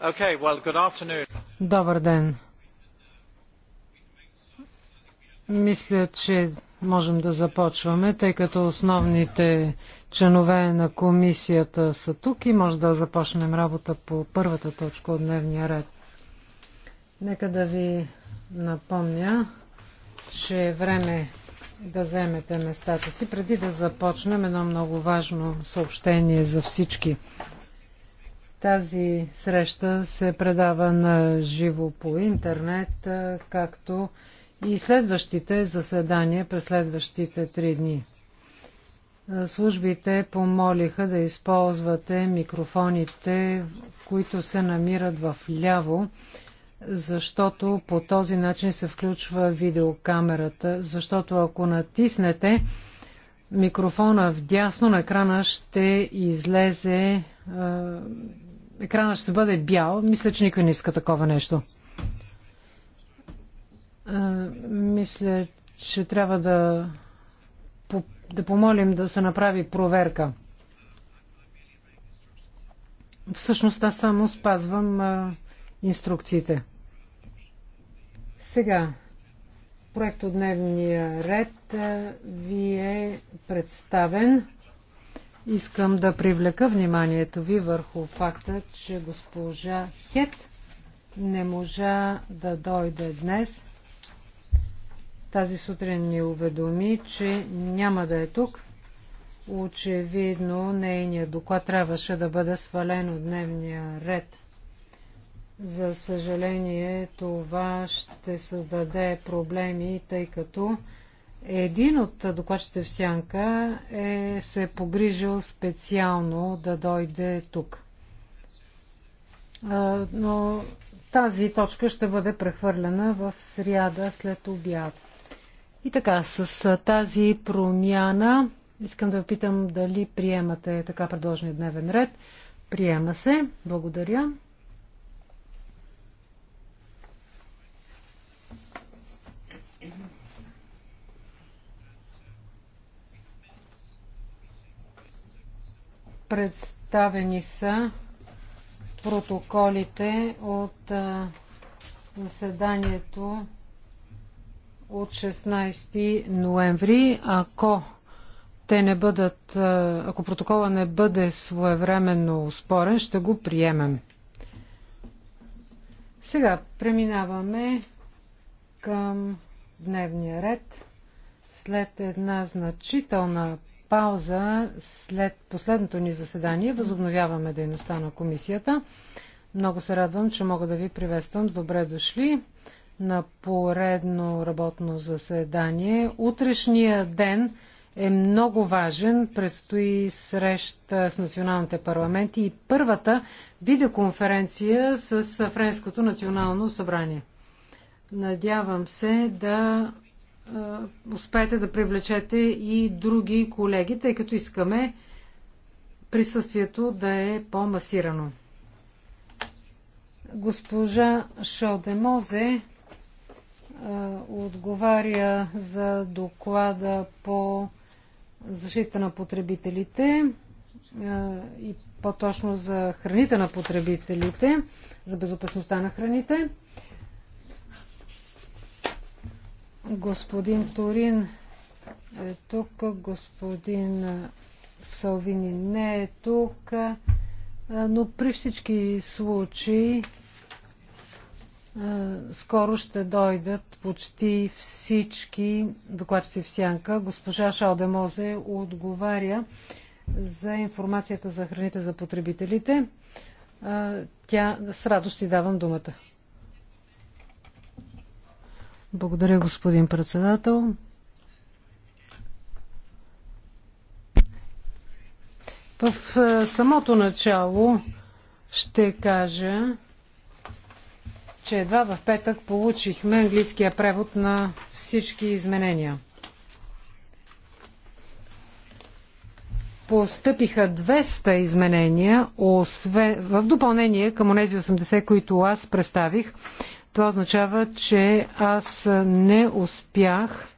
Okay, well, Добър ден. Мисля, че можем да започваме, тъй като основните членове на комисията са тук и може да започнем работа по първата точка от дневния ред. Нека да ви напомня, че е време да вземете местата си. Преди да започнем, едно много важно съобщение за всички. Тази среща се предава на живо по интернет, както и следващите заседания през следващите три дни. Службите помолиха да използвате микрофоните, които се намират в ляво, защото по този начин се включва видеокамерата, защото ако натиснете микрофона в дясно на екрана ще излезе екрана ще бъде бял. Мисля, че никой не иска такова нещо. Мисля, че трябва да, да помолим да се направи проверка. Всъщност аз само спазвам а, инструкциите. Сега, проект от дневния ред а, ви е представен. Искам да привлека вниманието ви върху факта, че госпожа Хет не можа да дойде днес. Тази сутрин ни уведоми, че няма да е тук. Очевидно, нейният доклад трябваше да бъде свален от дневния ред. За съжаление, това ще създаде проблеми, тъй като един от докладчите в Сянка е, се е погрижил специално да дойде тук. Но тази точка ще бъде прехвърлена в сряда след обяд. И така, с тази промяна искам да ви питам дали приемате така предложения дневен ред. Приема се. Благодаря. Представени са протоколите от заседанието от 16 ноември. Ако те не бъдат, ако протокола не бъде своевременно спорен, ще го приемем. Сега преминаваме към дневния ред. След една значителна пауза след последното ни заседание. Възобновяваме дейността на комисията. Много се радвам, че мога да ви приветствам. Добре дошли на поредно работно заседание. Утрешния ден е много важен. Предстои среща с националните парламенти и първата видеоконференция с Френското национално събрание. Надявам се да успеете да привлечете и други колеги, тъй като искаме присъствието да е по-масирано. Госпожа Шодемозе отговаря за доклада по защита на потребителите и по-точно за храните на потребителите, за безопасността на храните. Господин Торин е тук, господин Салвини не е тук, но при всички случаи скоро ще дойдат почти всички докладчици в сянка. Госпожа Шалдемозе отговаря за информацията за храните за потребителите. Тя с радост ти давам думата. Благодаря, господин председател. В е, самото начало ще кажа, че едва в петък получихме английския превод на всички изменения. Постъпиха 200 изменения, освен, в допълнение към тези 80, които аз представих това означава, че аз не успях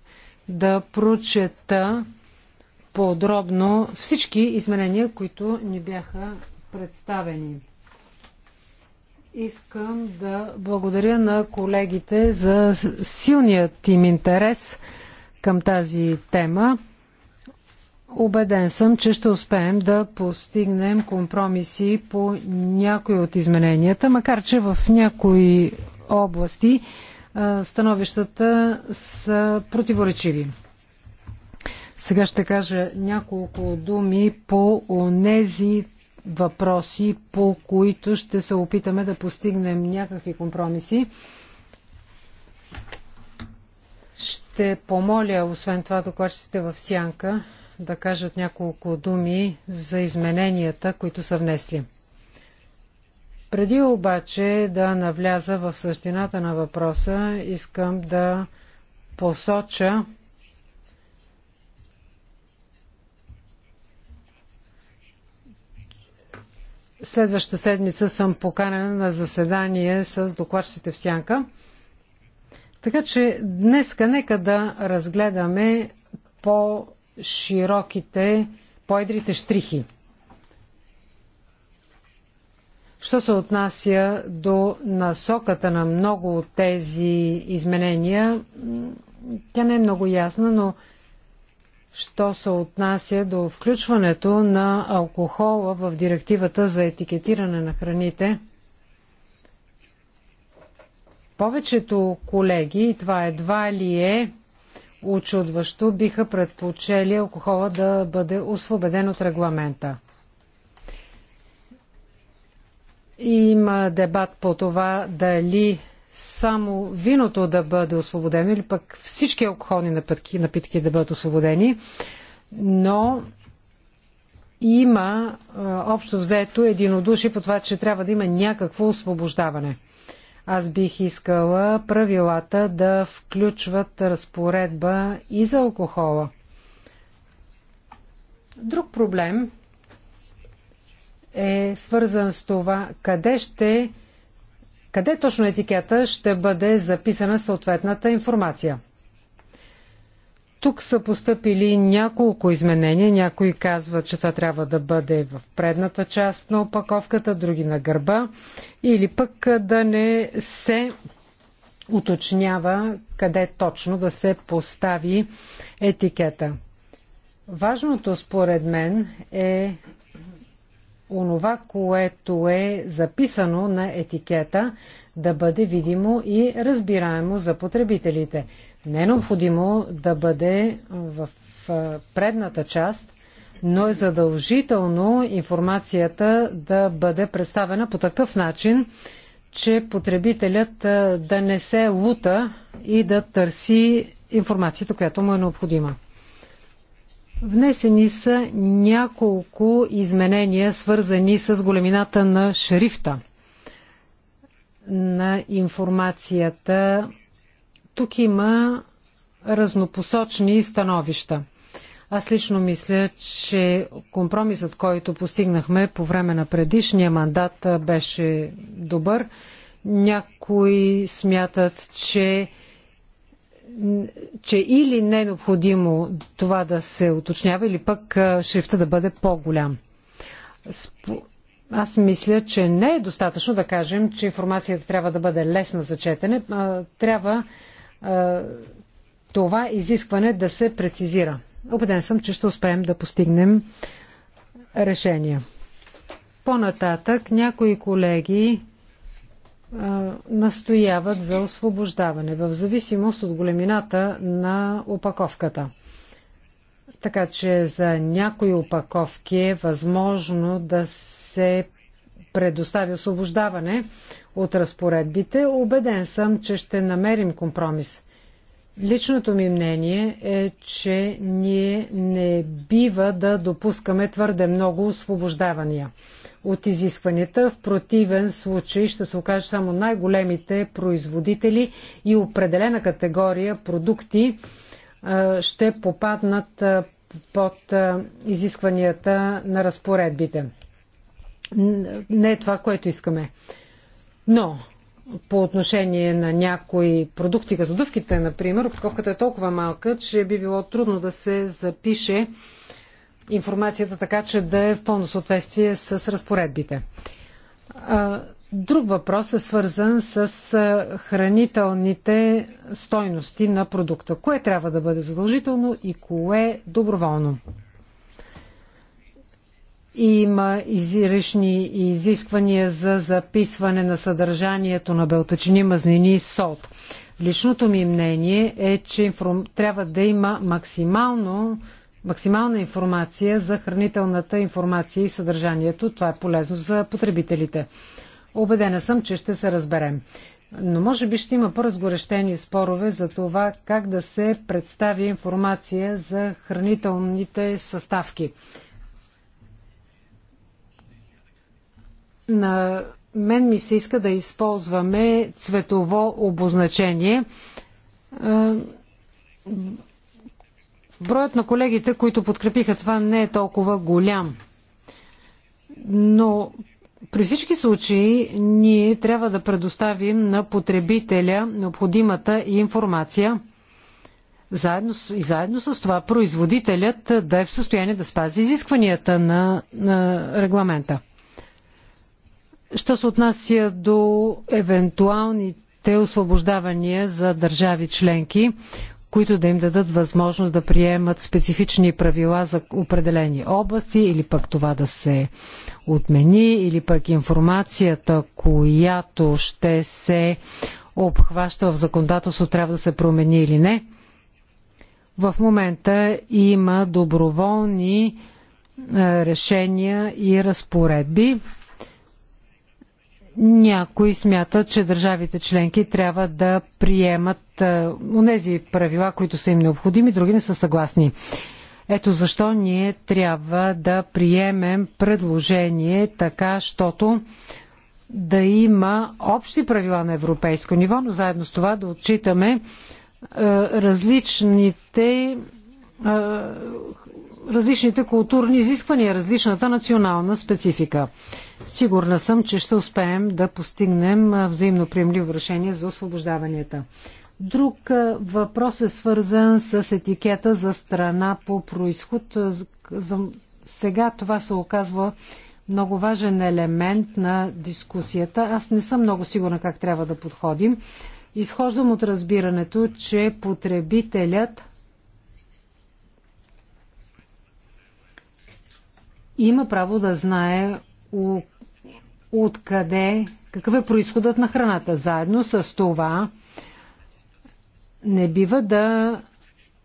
да прочета подробно всички изменения, които ни бяха представени. Искам да благодаря на колегите за силният им интерес към тази тема. Обеден съм, че ще успеем да постигнем компромиси по някои от измененията, макар че в някои области становищата са противоречиви. Сега ще кажа няколко думи по онези въпроси, по които ще се опитаме да постигнем някакви компромиси. Ще помоля, освен това, докладчиците в Сянка да кажат няколко думи за измененията, които са внесли. Преди обаче да навляза в същината на въпроса, искам да посоча Следващата седмица съм поканена на заседание с докладчите в Сянка. Така че днеска нека да разгледаме по-широките, по-едрите штрихи. Що се отнася до насоката на много от тези изменения, тя не е много ясна, но що се отнася до включването на алкохола в директивата за етикетиране на храните, повечето колеги, и това едва ли е очудващо, биха предпочели алкохола да бъде освободен от регламента. Има дебат по това дали само виното да бъде освободено или пък всички алкохолни напитки, напитки да бъдат освободени, но има общо взето единодушие по това, че трябва да има някакво освобождаване. Аз бих искала правилата да включват разпоредба и за алкохола. Друг проблем е свързан с това къде ще къде точно етикета ще бъде записана съответната информация. Тук са поступили няколко изменения. Някои казват, че това трябва да бъде в предната част на опаковката, други на гърба, или пък да не се уточнява къде точно да се постави етикета. Важното според мен е онова, което е записано на етикета, да бъде видимо и разбираемо за потребителите. Не е необходимо да бъде в предната част, но е задължително информацията да бъде представена по такъв начин, че потребителят да не се лута и да търси информацията, която му е необходима. Внесени са няколко изменения, свързани с големината на шрифта на информацията. Тук има разнопосочни становища. Аз лично мисля, че компромисът, който постигнахме по време на предишния мандат, беше добър. Някои смятат, че че или не е необходимо това да се уточнява, или пък шрифта да бъде по-голям. Аз мисля, че не е достатъчно да кажем, че информацията трябва да бъде лесна за четене. Трябва това изискване да се прецизира. Обеден съм, че ще успеем да постигнем решения. По-нататък някои колеги настояват за освобождаване в зависимост от големината на опаковката. Така че за някои опаковки е възможно да се предостави освобождаване от разпоредбите. Обеден съм, че ще намерим компромис. Личното ми мнение е, че ние не бива да допускаме твърде много освобождавания от изискванията. В противен случай ще се окаже само най-големите производители и определена категория продукти ще попаднат под изискванията на разпоредбите. Не е това, което искаме. Но по отношение на някои продукти, като дъвките, например, опаковката е толкова малка, че би било трудно да се запише информацията така, че да е в пълно съответствие с разпоредбите. Друг въпрос е свързан с хранителните стойности на продукта. Кое трябва да бъде задължително и кое доброволно? Има изрешни изисквания за записване на съдържанието на белтъчини, мазнини и солт. Личното ми мнение е, че трябва да има максимално максимална информация за хранителната информация и съдържанието. Това е полезно за потребителите. Обедена съм, че ще се разберем. Но може би ще има по-разгорещени спорове за това как да се представи информация за хранителните съставки. На мен ми се иска да използваме цветово обозначение е, Броят на колегите, които подкрепиха това, не е толкова голям. Но при всички случаи ние трябва да предоставим на потребителя необходимата информация заедно, и заедно с това производителят да е в състояние да спази изискванията на, на регламента. Що се отнася до евентуалните освобождавания за държави членки, които да им дадат възможност да приемат специфични правила за определени области или пък това да се отмени или пък информацията, която ще се обхваща в законодателство, трябва да се промени или не. В момента има доброволни е, решения и разпоредби. Някои смятат, че държавите членки трябва да приемат е, онези правила, които са им необходими, други не са съгласни. Ето защо ние трябва да приемем предложение така, щото да има общи правила на европейско ниво, но заедно с това да отчитаме е, различните е, различните културни изисквания, различната национална специфика. Сигурна съм, че ще успеем да постигнем взаимно приемливо решение за освобождаванията. Друг въпрос е свързан с етикета за страна по происход. Сега това се оказва много важен елемент на дискусията. Аз не съм много сигурна как трябва да подходим. Изхождам от разбирането, че потребителят има право да знае откъде, какъв е происходът на храната. Заедно с това не бива да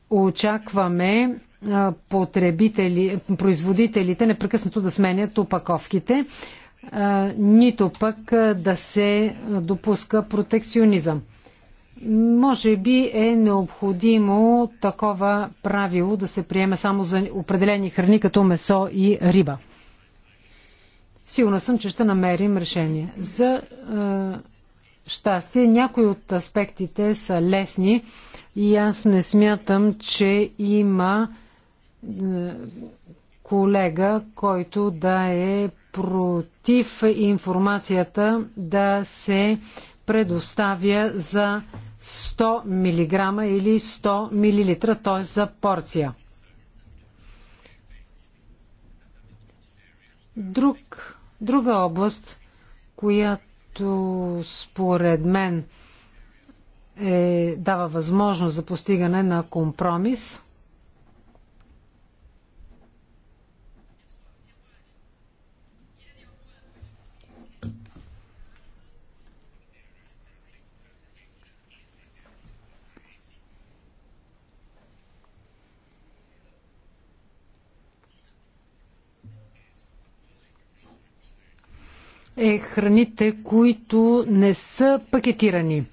очакваме потребители, производителите непрекъснато да сменят опаковките, нито пък да се допуска протекционизъм. Може би е необходимо такова правило да се приеме само за определени храни, като месо и риба. Сигурна съм, че ще намерим решение. За е, щастие, някои от аспектите са лесни и аз не смятам, че има е, колега, който да е против информацията да се предоставя за 100 мг или 100 мл, т.е. за порция. Друг, друга област, която според мен е, дава възможност за постигане на компромис – е храните, които не са пакетирани.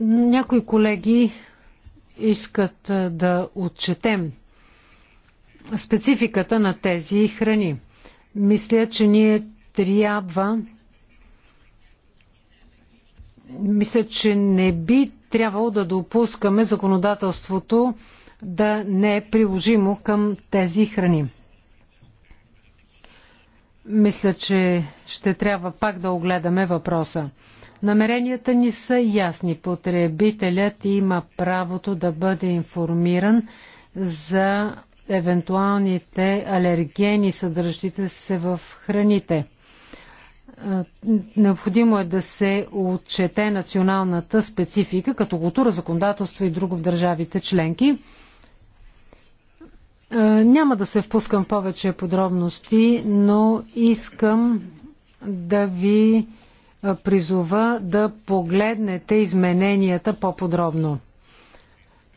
Някои колеги искат да отчетем спецификата на тези храни. Мисля, че ние трябва. Мисля, че не би трябвало да допускаме законодателството да не е приложимо към тези храни. Мисля, че ще трябва пак да огледаме въпроса. Намеренията ни са ясни. Потребителят има правото да бъде информиран за евентуалните алергени, съдържащите се в храните. Необходимо е да се отчете националната специфика като култура, законодателство и друго в държавите членки. Е, няма да се впускам повече подробности, но искам да ви е, призова да погледнете измененията по-подробно.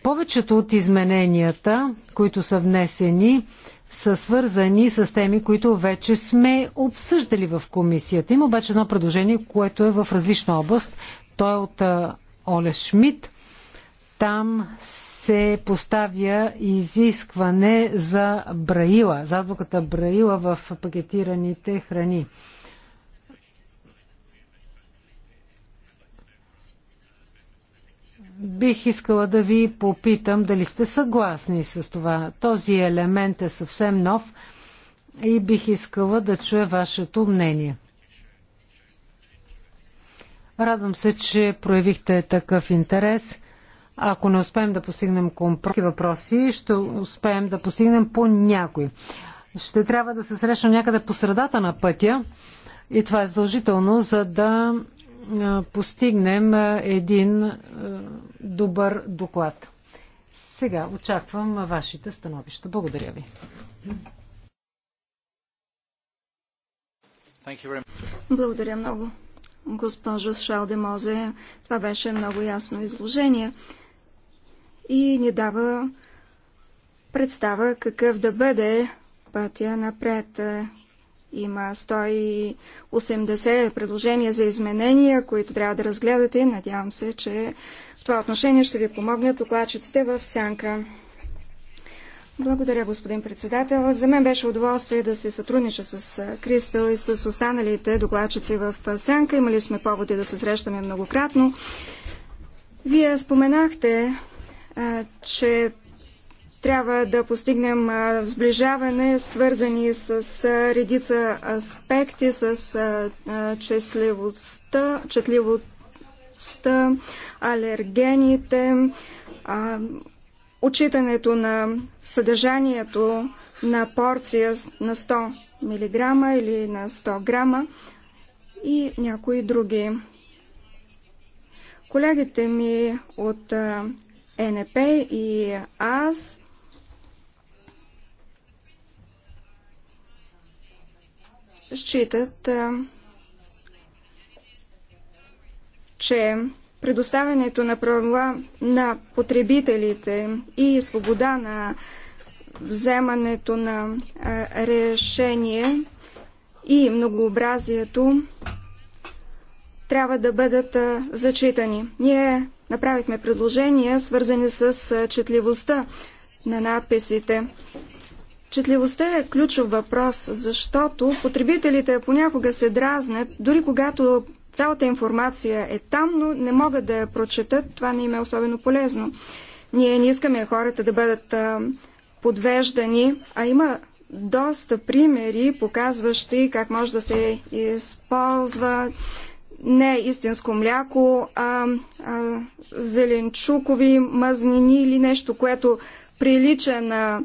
Повечето от измененията, които са внесени, са свързани с теми, които вече сме обсъждали в комисията. Има обаче едно предложение, което е в различна област. То е от е, Оле Шмидт там се поставя изискване за браила, за азбуката браила в пакетираните храни. Бих искала да ви попитам дали сте съгласни с това. Този елемент е съвсем нов и бих искала да чуя вашето мнение. Радвам се, че проявихте такъв интерес. Ако не успеем да постигнем компромисни въпроси, ще успеем да постигнем по някой. Ще трябва да се срещнем някъде по средата на пътя и това е задължително, за да постигнем един добър доклад. Сега очаквам вашите становища. Благодаря ви. Благодаря много, госпожо Шалдемозе. Това беше много ясно изложение и ни дава представа какъв да бъде пътя напред. Има 180 предложения за изменения, които трябва да разгледате. Надявам се, че в това отношение ще ви помогнат докладчиците в сянка. Благодаря, господин председател. За мен беше удоволствие да се сътруднича с Кристал и с останалите докладчици в Сянка. Имали сме поводи да се срещаме многократно. Вие споменахте че трябва да постигнем сближаване, свързани с редица аспекти, с честливостта, четливостта, алергените, отчитането на съдържанието на порция на 100 мг или на 100 грама и някои други. Колегите ми от ЕНП и аз считат, че предоставянето на права на потребителите и свобода на вземането на решение и многообразието трябва да бъдат зачитани. Ние направихме предложения, свързани с четливостта на надписите. Четливостта е ключов въпрос, защото потребителите понякога се дразнят, дори когато цялата информация е там, но не могат да я прочетат. Това не им е особено полезно. Ние не искаме хората да бъдат а, подвеждани, а има доста примери, показващи как може да се използва не истинско мляко, а, а зеленчукови мазнини или нещо, което прилича на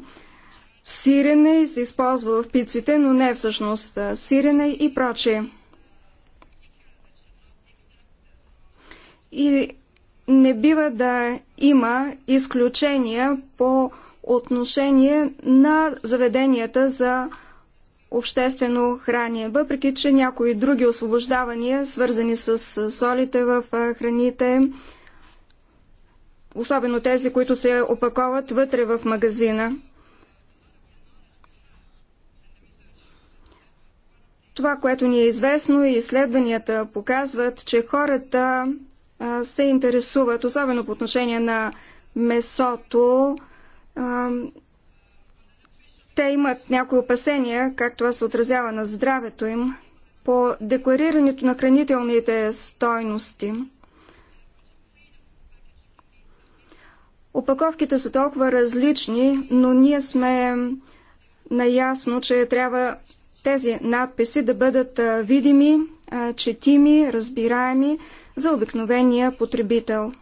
сирене и се използва в пиците, но не всъщност сирене и прочее. И не бива да има изключения по отношение на заведенията за обществено хранение. въпреки че някои други освобождавания, свързани с солите в храните, особено тези, които се опаковат вътре в магазина. Това, което ни е известно и изследванията показват, че хората се интересуват, особено по отношение на месото, те имат някои опасения, как това се отразява на здравето им, по декларирането на хранителните стойности. Опаковките са толкова различни, но ние сме наясно, че трябва тези надписи да бъдат видими, четими, разбираеми за обикновения потребител.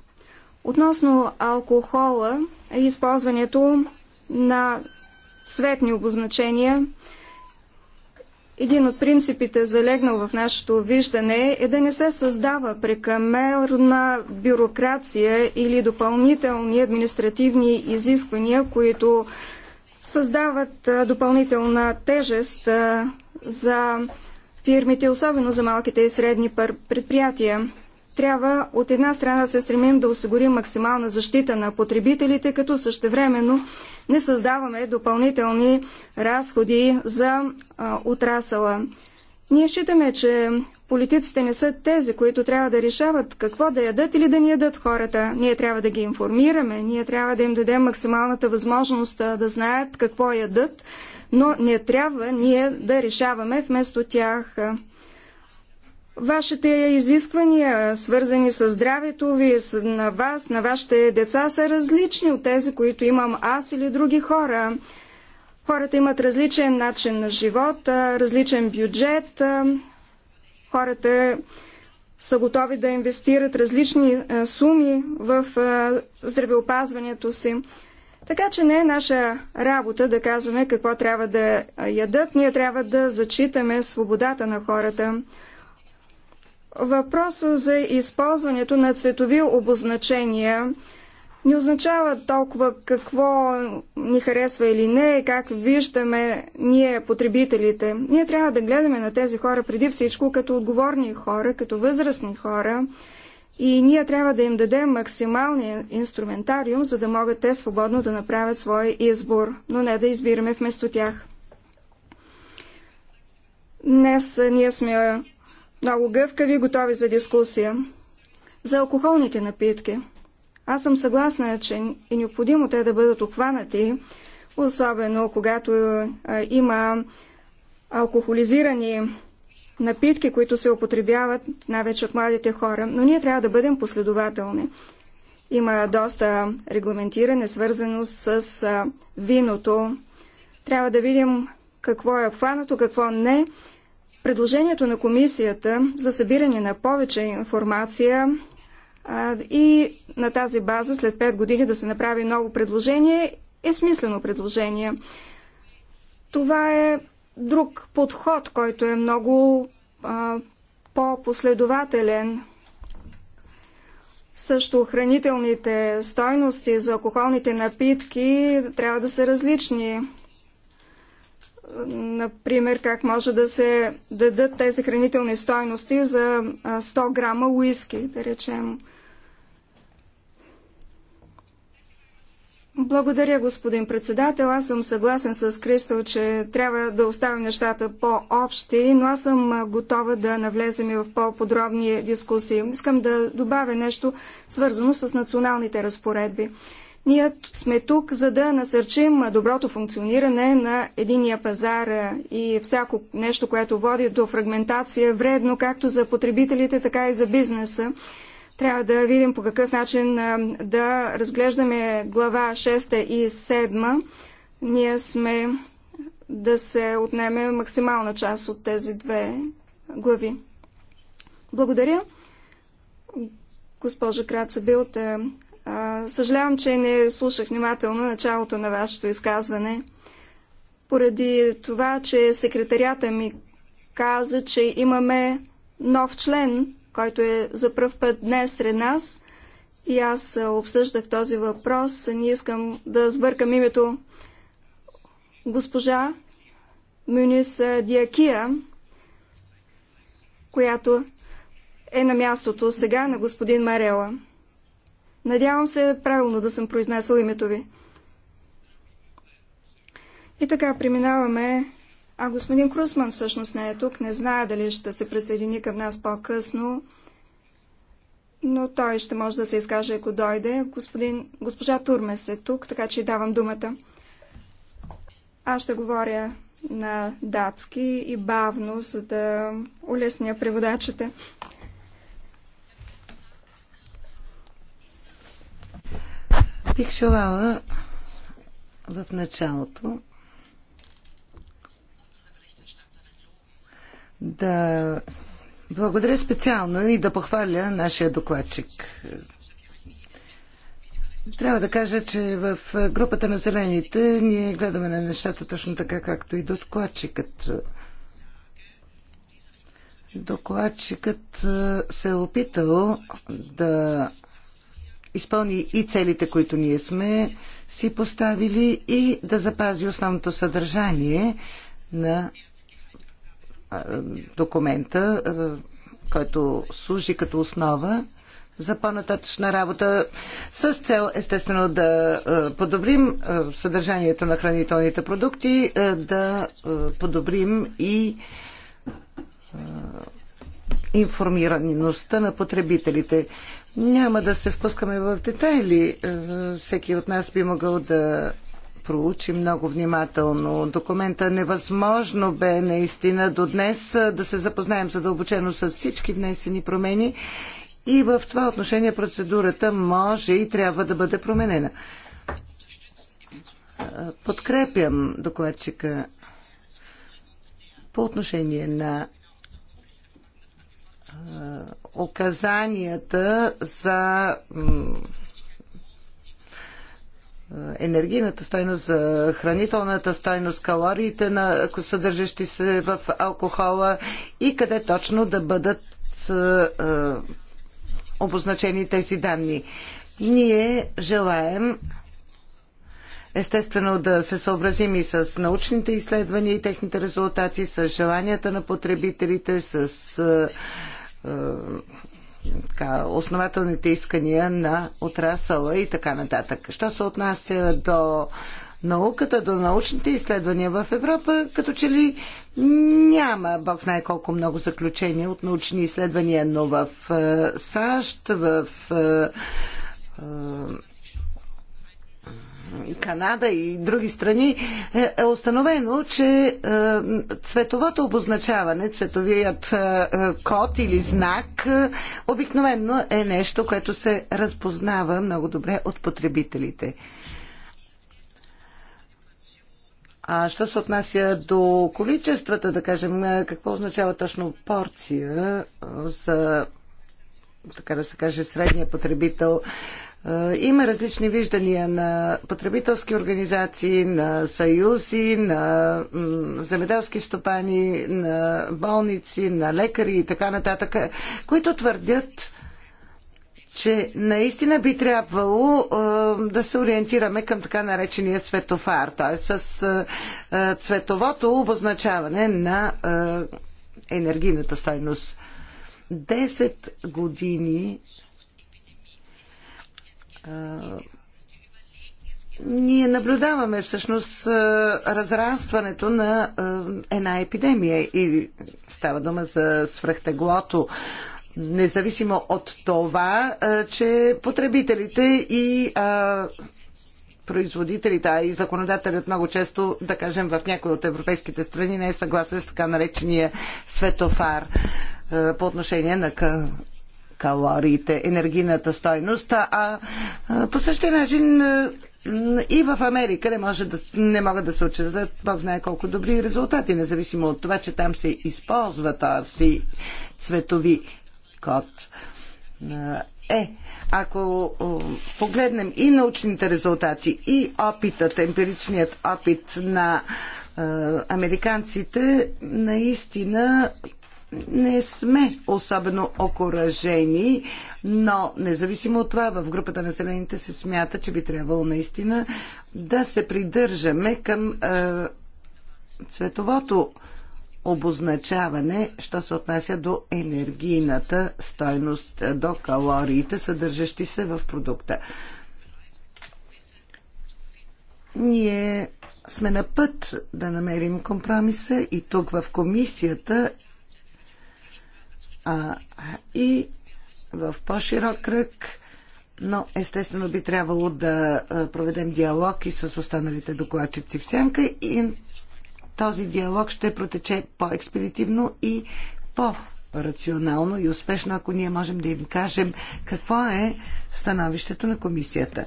Относно алкохола и използването на цветни обозначения. Един от принципите, залегнал в нашето виждане, е да не се създава прекамерна бюрокрация или допълнителни административни изисквания, които създават допълнителна тежест за фирмите, особено за малките и средни предприятия. Трябва от една страна да се стремим да осигурим максимална защита на потребителите, като същевременно не създаваме допълнителни разходи за а, отрасъла. Ние считаме, че политиците не са тези, които трябва да решават какво да ядат или да ни ядат хората. Ние трябва да ги информираме, ние трябва да им дадем максималната възможност да знаят какво ядат, но не трябва ние да решаваме вместо тях. Вашите изисквания, свързани с здравето ви, на вас, на вашите деца, са различни от тези, които имам аз или други хора. Хората имат различен начин на живот, различен бюджет. Хората са готови да инвестират различни суми в здравеопазването си. Така че не е наша работа да казваме какво трябва да ядат. Ние трябва да зачитаме свободата на хората. Въпроса за използването на цветови обозначения не означава толкова какво ни харесва или не, как виждаме ние потребителите. Ние трябва да гледаме на тези хора преди всичко като отговорни хора, като възрастни хора и ние трябва да им дадем максималния инструментариум, за да могат те свободно да направят своя избор, но не да избираме вместо тях. Днес ние сме много гъвкави, готови за дискусия. За алкохолните напитки. Аз съм съгласна, че е необходимо те да бъдат обхванати, особено когато е, има алкохолизирани напитки, които се употребяват най-вече от младите хора, но ние трябва да бъдем последователни. Има доста регламентиране, свързано с виното. Трябва да видим какво е обхванато, какво не, Предложението на комисията за събиране на повече информация а, и на тази база след 5 години да се направи ново предложение е смислено предложение. Това е друг подход, който е много по-последователен. Също хранителните стойности за алкохолните напитки трябва да са различни например, как може да се дадат тези хранителни стойности за 100 грама уиски, да речем. Благодаря, господин председател. Аз съм съгласен с Кристал, че трябва да оставим нещата по-общи, но аз съм готова да навлезем и в по-подробни дискусии. Искам да добавя нещо свързано с националните разпоредби. Ние сме тук, за да насърчим доброто функциониране на единия пазар и всяко нещо, което води до фрагментация, вредно както за потребителите, така и за бизнеса. Трябва да видим по какъв начин да разглеждаме глава 6 и 7. Ние сме да се отнеме максимална част от тези две глави. Благодаря. Госпожа Краца Билт Съжалявам, че не слушах внимателно началото на вашето изказване, поради това, че секретарята ми каза, че имаме нов член, който е за пръв път днес сред нас. И аз обсъждах този въпрос. Не искам да сбъркам името госпожа Мюнис Диакия, която е на мястото сега на господин Марела. Надявам се правилно да съм произнесъл името ви. И така преминаваме. А господин Крусман всъщност не е тук. Не знае дали ще се присъедини към нас по-късно, но той ще може да се изкаже, ако дойде. Господин, госпожа Турмес е тук, така че давам думата. Аз ще говоря на датски и бавно, за да улесня преводачите. бих желала в началото да благодаря специално и да похваля нашия докладчик. Трябва да кажа, че в групата на зелените ние гледаме на нещата точно така, както и докладчикът. Докладчикът е, се е опитал да изпълни и целите, които ние сме си поставили и да запази основното съдържание на документа, който служи като основа за по-нататъчна работа с цел естествено да подобрим съдържанието на хранителните продукти, да подобрим и информираността на потребителите. Няма да се впускаме в детайли. Е, всеки от нас би могъл да проучи много внимателно документа. Невъзможно бе наистина до днес е, да се запознаем задълбочено с всички внесени промени и в това отношение процедурата може и трябва да бъде променена. Е, подкрепям докладчика по отношение на е, указанията за е, енергийната стойност, за хранителната стойност, калориите, на, съдържащи се в алкохола и къде точно да бъдат е, обозначени тези данни. Ние желаем естествено да се съобразим и с научните изследвания и техните резултати, с желанията на потребителите, с е, така, основателните искания на отрасъла и така нататък. Що се отнася до науката, до научните изследвания в Европа, като че ли няма, Бог знае колко много заключения от научни изследвания, но в е, САЩ, в е, и Канада и други страни е, е установено, че е, цветовото обозначаване, цветовият е, код или знак обикновено е нещо, което се разпознава много добре от потребителите. А що се отнася до количествата, да кажем, какво означава точно порция за така да се каже, средния потребител. Е, има различни виждания на потребителски организации, на съюзи, на земеделски стопани, на болници, на лекари и така нататък, които твърдят, че наистина би трябвало е, да се ориентираме към така наречения светофар, т.е. с е, е цветовото обозначаване на е, енергийната стойност. 10 години ние наблюдаваме всъщност разрастването на една епидемия и става дума за свръхтеглото. Независимо от това, че потребителите и а, производителите, а и законодателят много често, да кажем, в някои от европейските страни не е съгласен с така наречения светофар по отношение на калориите, енергийната стойност, а по същия начин и в Америка не, може да, не могат да се отчетат Бог знае колко добри резултати, независимо от това, че там се използва този цветови код. Е, ако погледнем и научните резултати, и опитът, емпиричният опит на американците, наистина не сме особено окоръжени, но независимо от това в групата на зелените се смята, че би трябвало наистина да се придържаме към е, цветовото обозначаване, що се отнася до енергийната стойност, е, до калориите, съдържащи се в продукта. Ние сме на път да намерим компромиса и тук в комисията а, и в по-широк кръг, но естествено би трябвало да проведем диалог и с останалите докладчици в сянка и този диалог ще протече по-експедитивно и по- рационално и успешно, ако ние можем да им кажем какво е становището на комисията.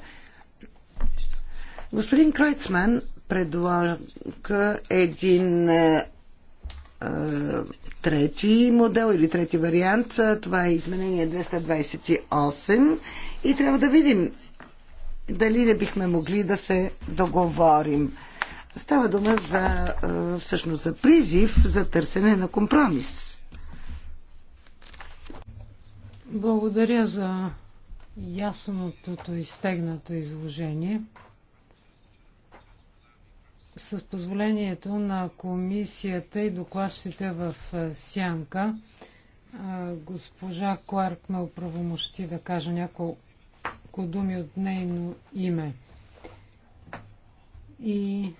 Господин Кройцман предлага един е, трети модел или трети вариант. Това е изменение 228 и трябва да видим дали не бихме могли да се договорим. Става дума за, е, всъщност за призив за търсене на компромис. Благодаря за ясното изтегнато изложение. С позволението на комисията и докладчиците в Сянка, госпожа Кларк ме оправомощи да кажа няколко думи от нейно име. И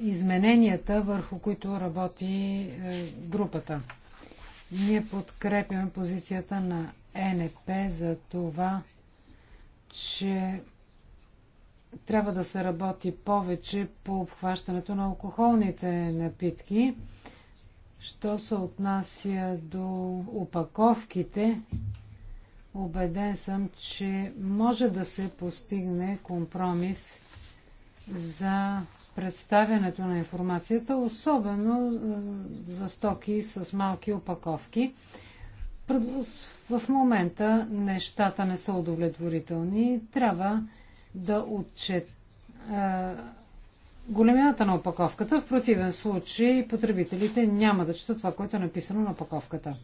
измененията, върху които работи е, групата. Ние подкрепяме позицията на ЕНП за това, че трябва да се работи повече по обхващането на алкохолните напитки. Що се отнася до упаковките, убеден съм, че може да се постигне компромис за представянето на информацията, особено е, за стоки с малки опаковки. В момента нещата не са удовлетворителни. Трябва да отчет големината на опаковката. В противен случай потребителите няма да четат това, което е написано на опаковката.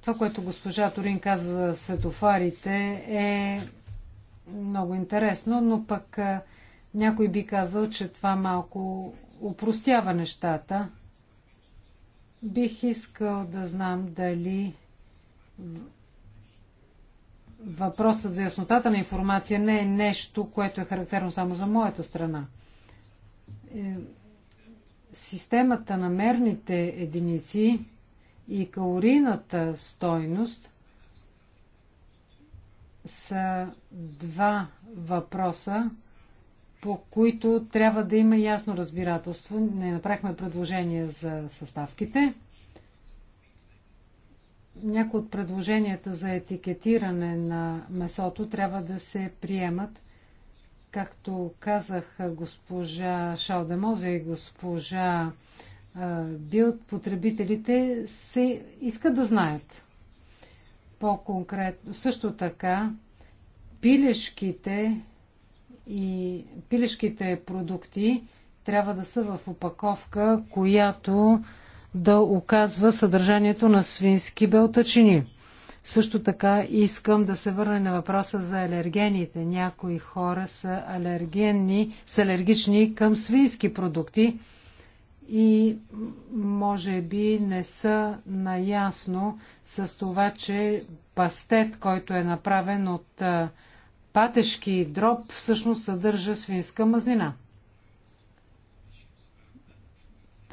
Това, което госпожа Торин каза за светофарите е много интересно, но пък някой би казал, че това малко упростява нещата. Бих искал да знам дали въпросът за яснотата на информация не е нещо, което е характерно само за моята страна. Е, системата на мерните единици и калорийната стойност са два въпроса, по които трябва да има ясно разбирателство. Не направихме предложение за съставките някои от предложенията за етикетиране на месото трябва да се приемат, както казах госпожа Шалдемоза и госпожа Билт, потребителите се искат да знаят по-конкретно. Също така, пилешките и пилешките продукти трябва да са в опаковка, която да оказва съдържанието на свински белтачини. Също така искам да се върна на въпроса за алергените. Някои хора са алергенни, са алергични към свински продукти и може би не са наясно с това, че пастет, който е направен от патешки дроб, всъщност съдържа свинска мазнина.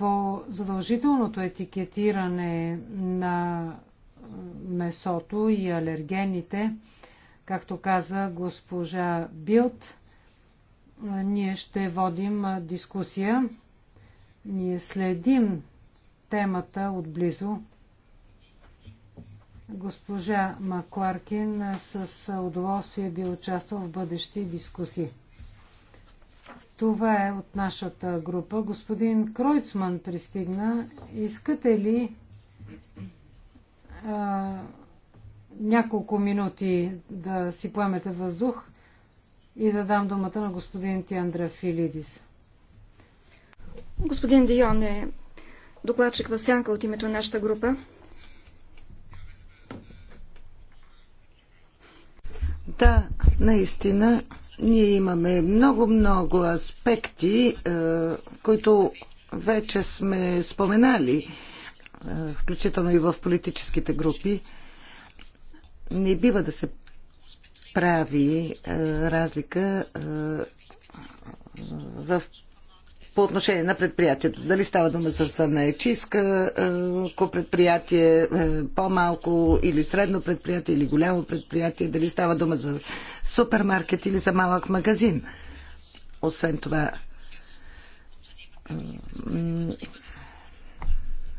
по задължителното етикетиране на месото и алергените, както каза госпожа Билт, ние ще водим дискусия. Ние следим темата отблизо. Госпожа Макларкин с удоволствие би участвал в бъдещи дискусии. Това е от нашата група. Господин Кройцман пристигна. Искате ли а, няколко минути да си поемете въздух и да дам думата на господин Тиандра Филидис? Господин Дион е докладчик в сянка от името на нашата група. Да, наистина ние имаме много-много аспекти, е, които вече сме споменали, е, включително и в политическите групи. Не бива да се прави е, разлика в по отношение на предприятието. Дали става дума за санаечиска е е, предприятие, е по-малко или средно предприятие или голямо предприятие, дали става дума за супермаркет или за малък магазин. Освен това,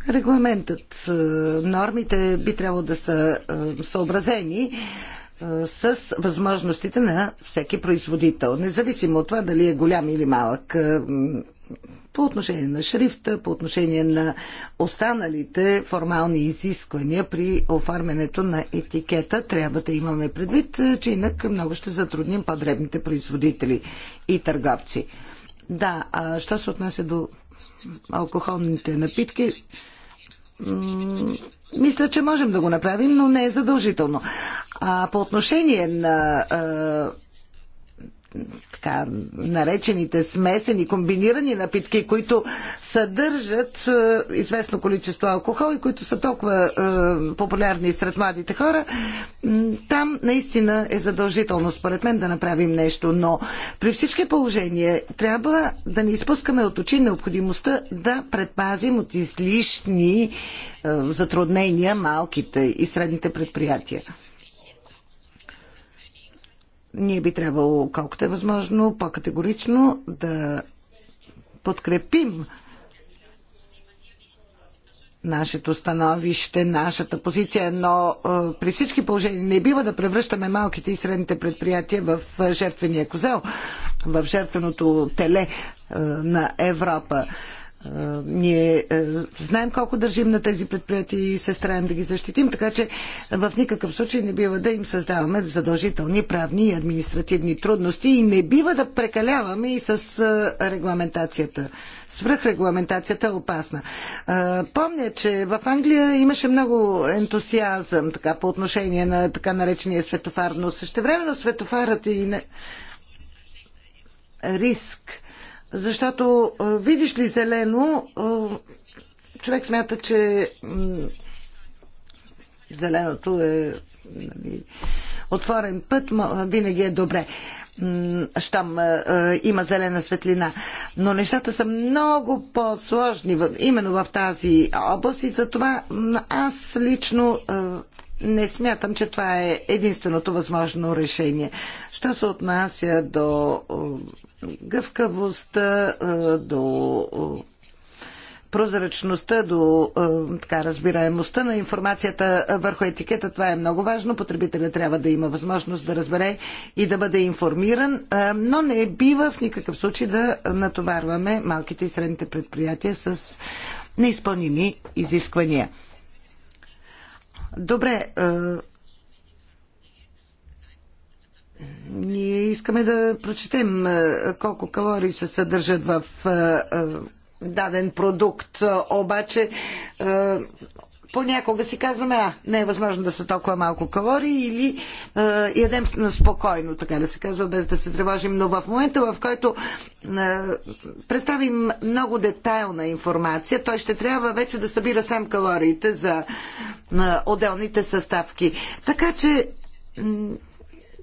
регламентът, нормите би трябвало да са съобразени с възможностите на всеки производител, независимо от това дали е голям или малък по отношение на шрифта, по отношение на останалите формални изисквания при оформянето на етикета, трябва да имаме предвид, е, че инак много ще затрудним по-дребните производители и търговци. Да, а що се отнася до алкохолните напитки, мисля, че можем да го направим, но не е задължително. А по отношение на е, така наречените смесени, комбинирани напитки, които съдържат е, известно количество алкохол и които са толкова е, популярни сред младите хора, там наистина е задължително според мен да направим нещо. Но при всички положения трябва да не изпускаме от очи необходимостта да предпазим от излишни е, затруднения малките и средните предприятия ние би трябвало колкото е възможно по-категорично да подкрепим нашето становище, нашата позиция, но а, е, при всички положения не бива да превръщаме малките и средните предприятия в е, жертвения козел, в жертвеното теле а, е, на Европа. Е, ние е, знаем колко държим на тези предприятия и се стараем да ги защитим, така че в никакъв случай не бива да им създаваме задължителни правни и административни трудности и не бива да прекаляваме и с е, регламентацията. Свръхрегламентацията е опасна. Помня, че в Англия имаше много ентусиазъм така, по отношение на така наречения светофар, но същевременно светофарът и не... риск защото, видиш ли зелено, човек смята, че зеленото е нали, отворен път, винаги е добре, щам има зелена светлина. Но нещата са много по-сложни именно в тази област и затова аз лично не смятам, че това е единственото възможно решение. Що се отнася до гъвкавостта, до прозрачността, до така, разбираемостта на информацията върху етикета. Това е много важно. Потребителя трябва да има възможност да разбере и да бъде информиран, но не бива в никакъв случай да натоварваме малките и средните предприятия с неизпълними изисквания. Добре, ние искаме да прочетем е, колко калории се съдържат в е, е, даден продукт, обаче понякога си казваме, а, не е възможно да са толкова малко калории или е, ядем спокойно, така да се казва, без да се тревожим. Но в момента, в който е, представим много детайлна информация, той ще трябва вече да събира сам калориите за е, отделните съставки. Така че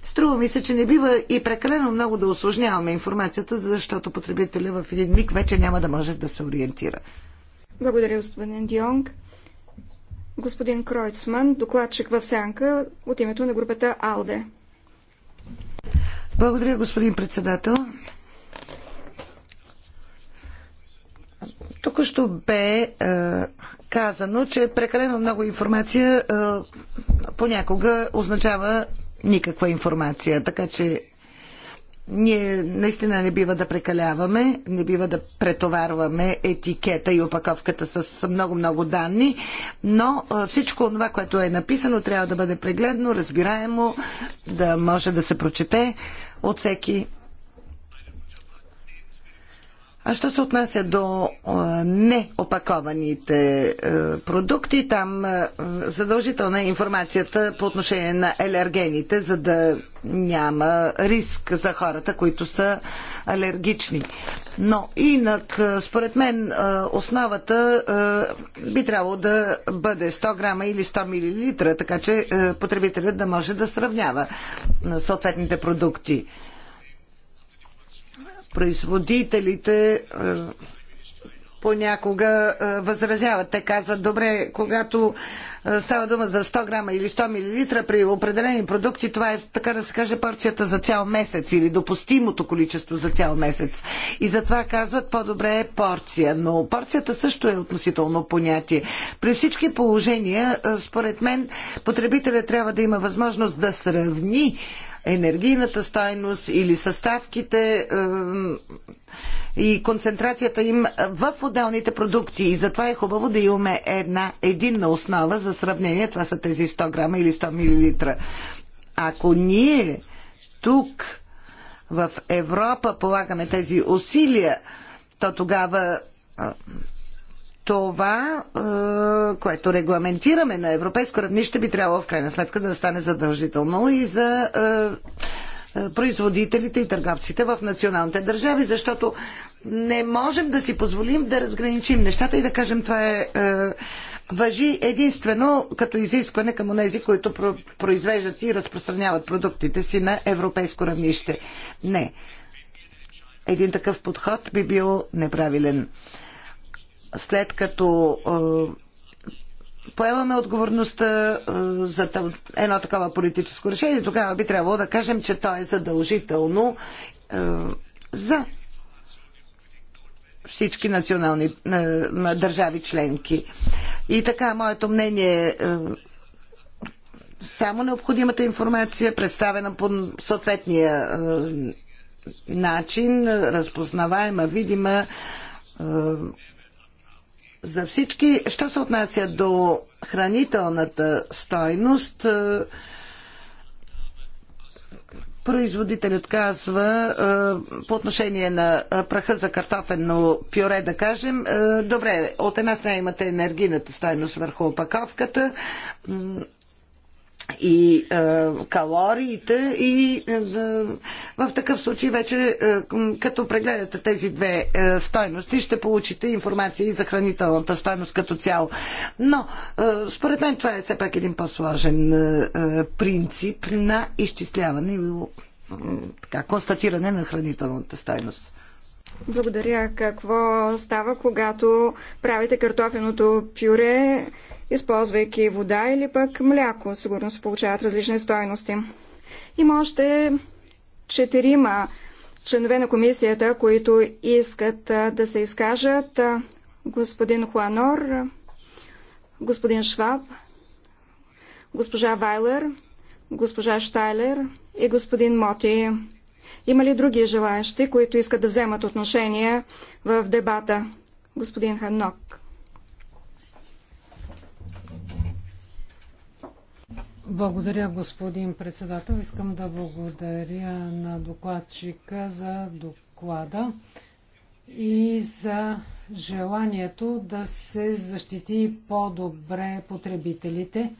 Струва ми се, че не бива и прекалено много да осложняваме информацията, защото потребителя в един миг вече няма да може да се ориентира. Благодаря, господин Дионг. Господин Кройцман, докладчик в Сянка от името на групата АЛДЕ. Благодаря, господин председател. Тук що бе е, казано, че прекалено много информация е, понякога означава никаква информация. Така че ние наистина не бива да прекаляваме, не бива да претоварваме етикета и опаковката с много-много данни, но всичко това, което е написано, трябва да бъде прегледно, разбираемо, да може да се прочете от всеки а що се отнася до неопакованите продукти, там задължителна е информацията по отношение на алергените, за да няма риск за хората, които са алергични. Но инак, според мен, основата би трябвало да бъде 100 грама или 100 милилитра, така че потребителят да може да сравнява съответните продукти производителите е, понякога е, възразяват. Те казват, добре, когато е, става дума за 100 грама или 100 мл при определени продукти, това е, така да се каже, порцията за цял месец или допустимото количество за цял месец. И затова казват, по-добре е порция. Но порцията също е относително понятие. При всички положения, според мен, потребителят трябва да има възможност да сравни енергийната стойност или съставките и концентрацията им в отделните продукти. И затова е хубаво да имаме една единна основа за сравнение. Това са тези 100 грама или 100 милилитра. Ако ние тук в Европа полагаме тези усилия, то тогава това, е, което регламентираме на европейско равнище, би трябвало в крайна сметка да стане задължително и за е, е, производителите и търговците в националните държави, защото не можем да си позволим да разграничим нещата и да кажем това е, въжи единствено като изискване към онези, които произвеждат и разпространяват продуктите си на европейско равнище. Не. Един такъв подход би бил неправилен след като поемаме отговорността за едно такова политическо решение, тогава би трябвало да кажем, че то е задължително за всички национални държави членки. И така, моето мнение е само необходимата информация, представена по съответния начин, разпознаваема, видима, за всички. Що се отнася до хранителната стойност, е, производителят казва е, по отношение на праха за картофено пюре, да кажем, е, добре, от една страна имате енергийната стойност върху опаковката, и а, е, калориите и е, а, в такъв случай вече а, е, като прегледате тези две а, стойности ще получите информация и за хранителната стойност като цяло. Но а, според мен това е все пак един по-сложен принцип на изчисляване и така, констатиране на хранителната стойност. Благодаря. Какво става, когато правите картофеното пюре, използвайки вода или пък мляко? Сигурно се получават различни стойности. Има още четирима членове на комисията, които искат да се изкажат. Господин Хуанор, господин Шваб, госпожа Вайлер, госпожа Штайлер и господин Моти. Има ли други желаящи, които искат да вземат отношение в дебата? Господин Ханок. Благодаря, господин председател. Искам да благодаря на докладчика за доклада и за желанието да се защити по-добре потребителите.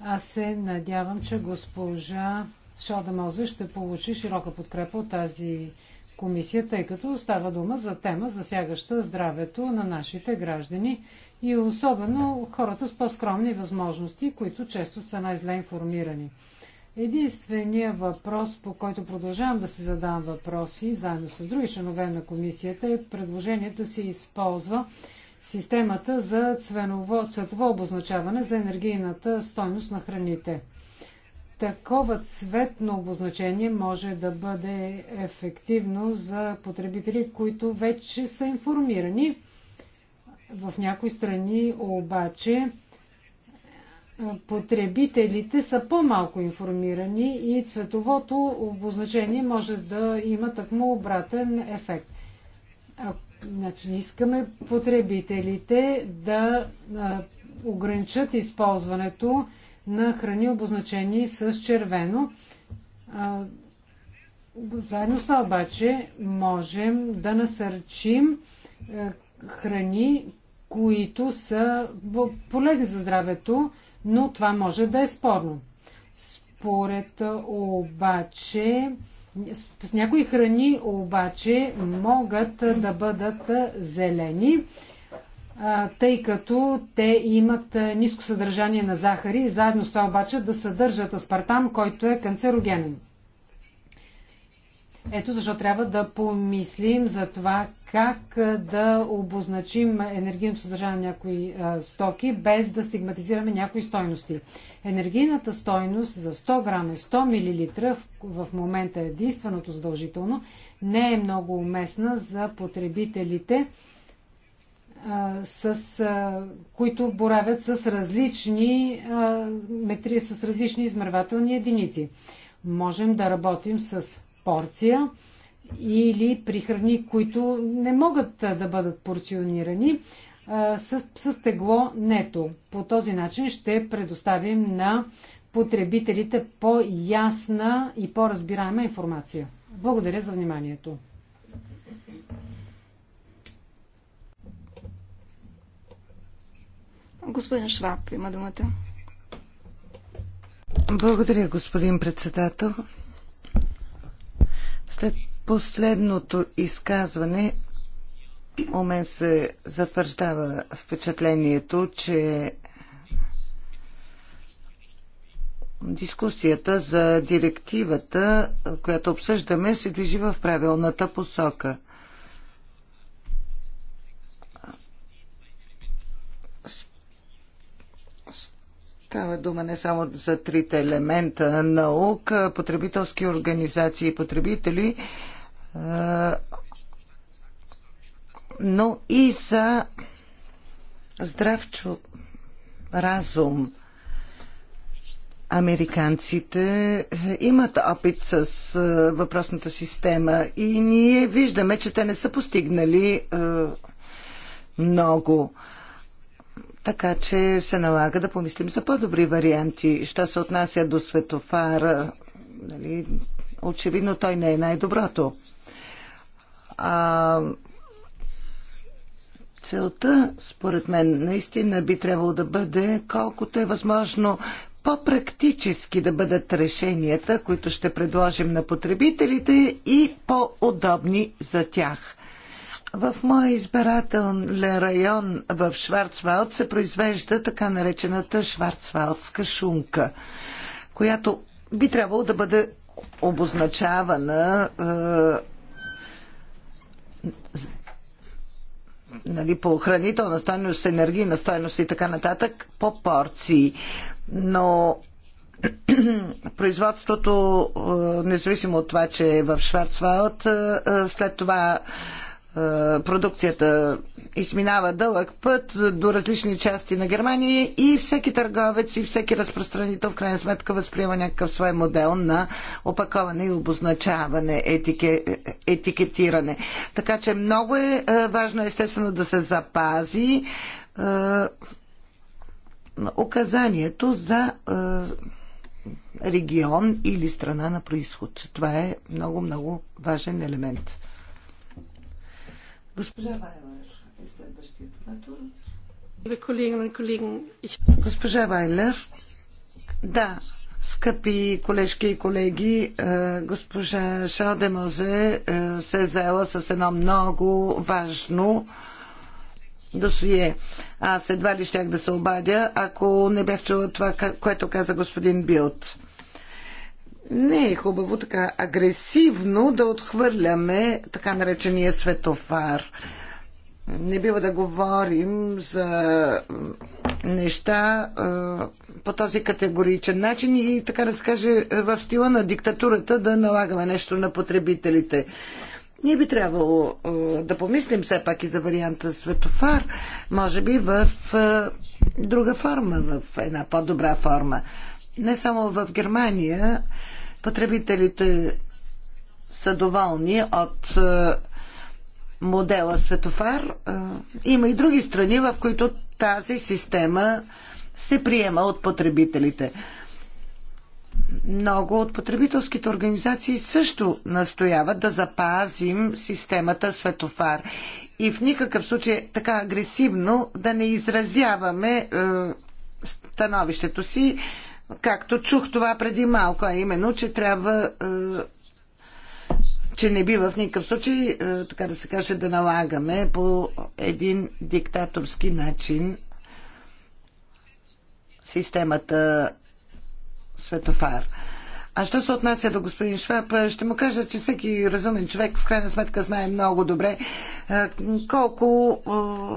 Аз се надявам, че госпожа Шалдемозе ще получи широка подкрепа от тази комисия, тъй като става дума за тема, засягаща здравето на нашите граждани и особено хората с по-скромни възможности, които често са най-зле информирани. Единственият въпрос, по който продължавам да си задавам въпроси, заедно с други членове на комисията, е предложението да се използва системата за цветово обозначаване за енергийната стойност на храните. Такова цветно обозначение може да бъде ефективно за потребители, които вече са информирани. В някои страни обаче е, потребителите са по-малко информирани и цветовото обозначение може да има такмо обратен ефект. А, значи, искаме потребителите да а, е, ограничат използването на храни, обозначени с червено. Заедно с това обаче можем да насърчим е, храни, които са полезни за здравето, но това може да е спорно. Според е, обаче, с някои храни обаче могат е, да бъдат зелени тъй като те имат ниско съдържание на захари заедно с това обаче да съдържат аспартам, който е канцерогенен. Ето защо трябва да помислим за това как да обозначим енергийното съдържание на някои стоки, без да стигматизираме някои стойности. Енергийната стойност за 100 грама 100 мл в момента е единственото задължително, не е много уместна за потребителите, с, а, които боравят с различни, а, метри, с различни измервателни единици. Можем да работим с порция или прихрани, които не могат да бъдат порционирани а, с, с тегло нето. По този начин ще предоставим на потребителите по-ясна и по-разбираема информация. Благодаря за вниманието. Господин Шваб има думата. Благодаря, господин председател. След последното изказване у мен се затвърждава впечатлението, че дискусията за директивата, която обсъждаме, се движи в правилната посока – Става дума не само за трите елемента наука, потребителски организации и потребители, но и за здравчо разум. Американците имат опит с въпросната система и ние виждаме, че те не са постигнали много. Така че се налага да помислим за по-добри варианти. Що се отнася до светофара, нали, очевидно той не е най-доброто. А, целта, според мен, наистина би трябвало да бъде колкото е възможно по-практически да бъдат решенията, които ще предложим на потребителите и по-удобни за тях. В моя избирателен район в Шварцвалд се произвежда така наречената шварцвалдска шунка, която би трябвало да бъде обозначавана е, нали, по хранителна стойност, енергийна стойност и така нататък по порции. Но производството, е, независимо от това, че е в Шварцвалд, е, е, след това е, продукцията изминава дълъг път до различни части на Германия и всеки търговец и всеки разпространител в крайна сметка възприема някакъв свой модел на опаковане и обозначаване, етике, етикетиране. Така че много е, е важно естествено да се запази е, указанието за е, регион или страна на происход. Това е много-много важен елемент. Госпожа Вайлер е следващият оратор. Госпожа Вайлер. Да, скъпи колежки и колеги, е, госпожа Шалдемозе е, се е заела с едно много важно досие. Аз едва ли щях да се обадя, ако не бях чула това, което каза господин Билт не е хубаво така агресивно да отхвърляме така наречения светофар. Не бива да говорим за неща по този категоричен начин и така да се каже в стила на диктатурата да налагаме нещо на потребителите. Ние би трябвало да помислим все пак и за варианта светофар, може би в друга форма, в една по-добра форма. Не само в Германия, Потребителите са доволни от е, модела Светофар. Е, има и други страни, в които тази система се приема от потребителите. Много от потребителските организации също настояват да запазим системата Светофар и в никакъв случай така агресивно да не изразяваме е, становището си както чух това преди малко, а именно, че трябва е, че не бива в никакъв случай, е, така да се каже, да налагаме по един диктаторски начин системата Светофар. А що се отнася до господин Шваб, е, ще му кажа, че всеки разумен човек в крайна сметка знае много добре е, колко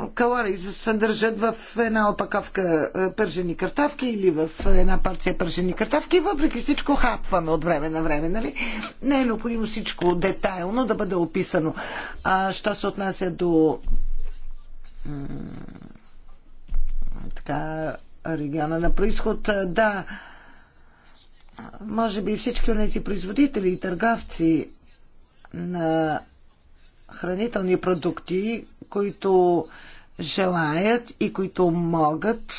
е, калории се съдържат в една опаковка пържени картавки или в една парция пържени картавки. Въпреки всичко хапваме от време на време, нали? Не е необходимо всичко детайлно да бъде описано. А що се отнася до така, региона на происход, да, може би всички от тези производители и търговци на хранителни продукти, които желаят и които могат,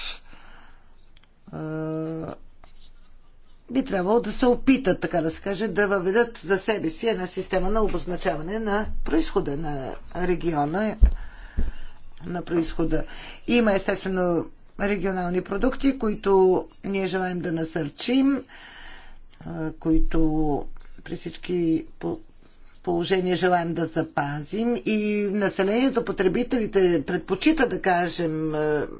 би трябвало да се опитат, така да се каже, да въведат за себе си една система на обозначаване на происхода на региона, на происхода. Има естествено регионални продукти, които ние желаем да насърчим които при всички положения желаем да запазим и населението, потребителите предпочита да кажем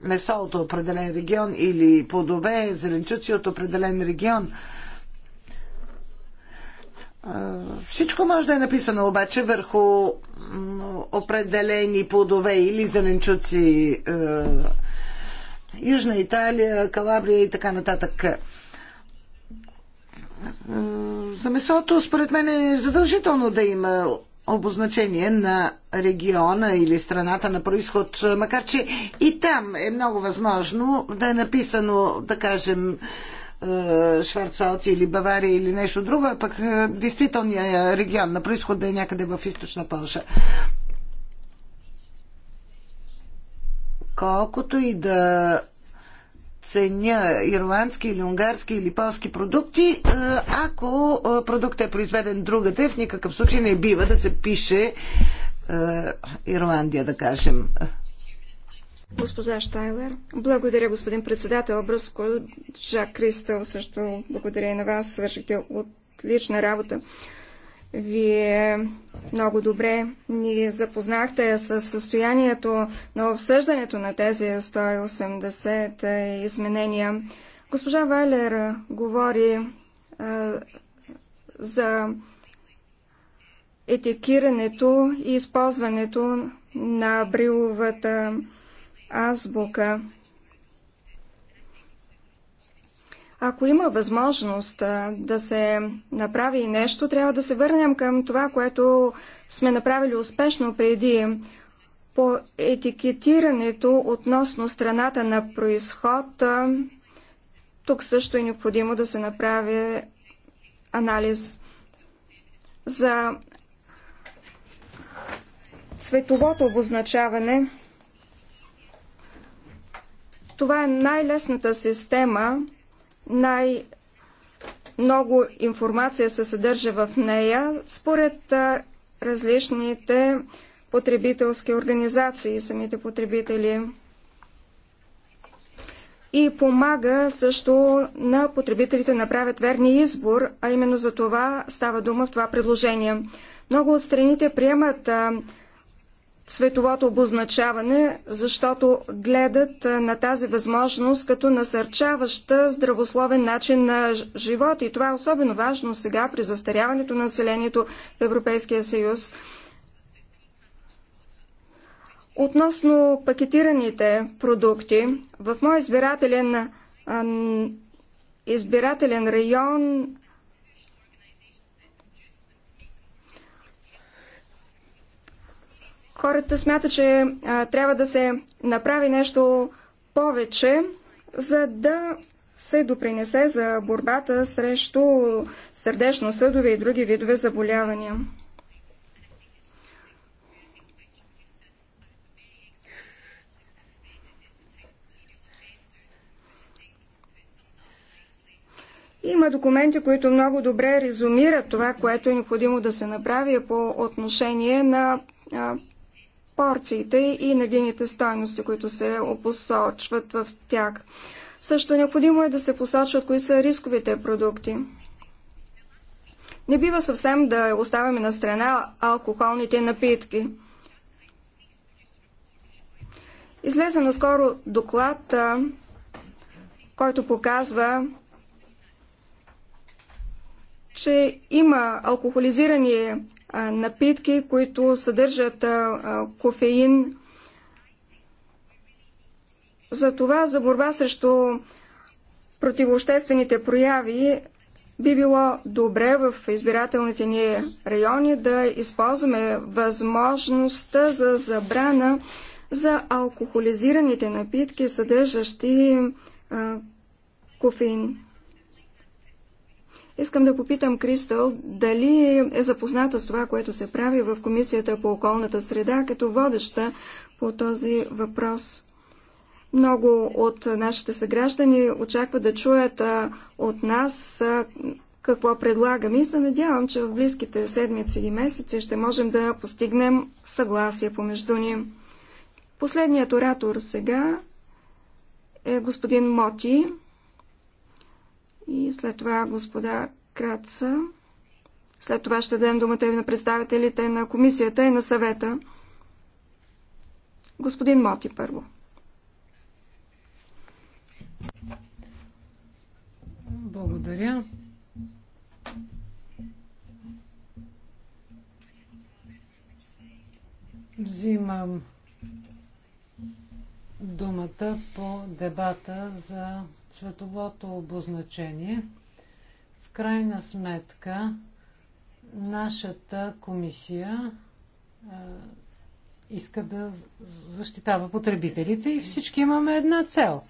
месо от определен регион или плодове, зеленчуци от определен регион. Всичко може да е написано обаче върху определени плодове или зеленчуци. Южна Италия, Калабрия и така нататък. За месото, според мен, е задължително да има обозначение на региона или страната на происход, макар че и там е много възможно да е написано, да кажем, е, Шварцвалти или Бавария или нещо друго, а пък е, действителният регион на происход да е някъде в източна Пълша. Колкото и да ценя ирландски или унгарски или полски продукти, е, ако е, продуктът е произведен другаде, в никакъв случай не бива да се пише е, Ирландия, да кажем. Госпожа Штайлер, благодаря господин председател който Жак Кристал, също благодаря и на вас, свършихте отлична работа. Вие много добре ни запознахте с състоянието на обсъждането на тези 180 изменения. Госпожа Вайлер говори а, за етикирането и използването на бриловата азбука. Ако има възможност да се направи нещо, трябва да се върнем към това, което сме направили успешно преди по етикетирането относно страната на происход. Тук също е необходимо да се направи анализ за световото обозначаване. Това е най-лесната система, най- много информация се съдържа в нея, според различните потребителски организации и самите потребители. И помага също на потребителите да направят верни избор, а именно за това става дума в това предложение. Много от страните приемат световото обозначаване, защото гледат на тази възможност като насърчаваща здравословен начин на живот. И това е особено важно сега при застаряването на населението в Европейския съюз. Относно пакетираните продукти, в мой избирателен, избирателен район Хората смятат, че а, трябва да се направи нещо повече, за да се допринесе за борбата срещу сърдечно-съдове и други видове заболявания. Има документи, които много добре резумират това, което е необходимо да се направи по отношение на пропорциите и енергийните стойности, които се посочват в тях. Също необходимо е да се посочват кои са рисковите продукти. Не бива съвсем да оставяме на страна алкохолните напитки. Излезе наскоро доклад, който показва, че има алкохолизирани напитки, които съдържат кофеин. За това, за борба срещу противообществените прояви, би било добре в избирателните ни райони да използваме възможността за забрана за алкохолизираните напитки, съдържащи а, кофеин. Искам да попитам Кристал дали е запозната с това, което се прави в Комисията по околната среда като водеща по този въпрос. Много от нашите съграждани очакват да чуят от нас какво предлагаме и се надявам, че в близките седмици и месеци ще можем да постигнем съгласие помежду ни. Последният оратор сега е господин Моти. И след това господа Краца. След това ще дадем думата и на представителите на комисията и на съвета. Господин Моти първо. Благодаря. Взимам думата по дебата за цветовото обозначение. В крайна сметка, нашата комисия е, иска да защитава потребителите и всички имаме една цел.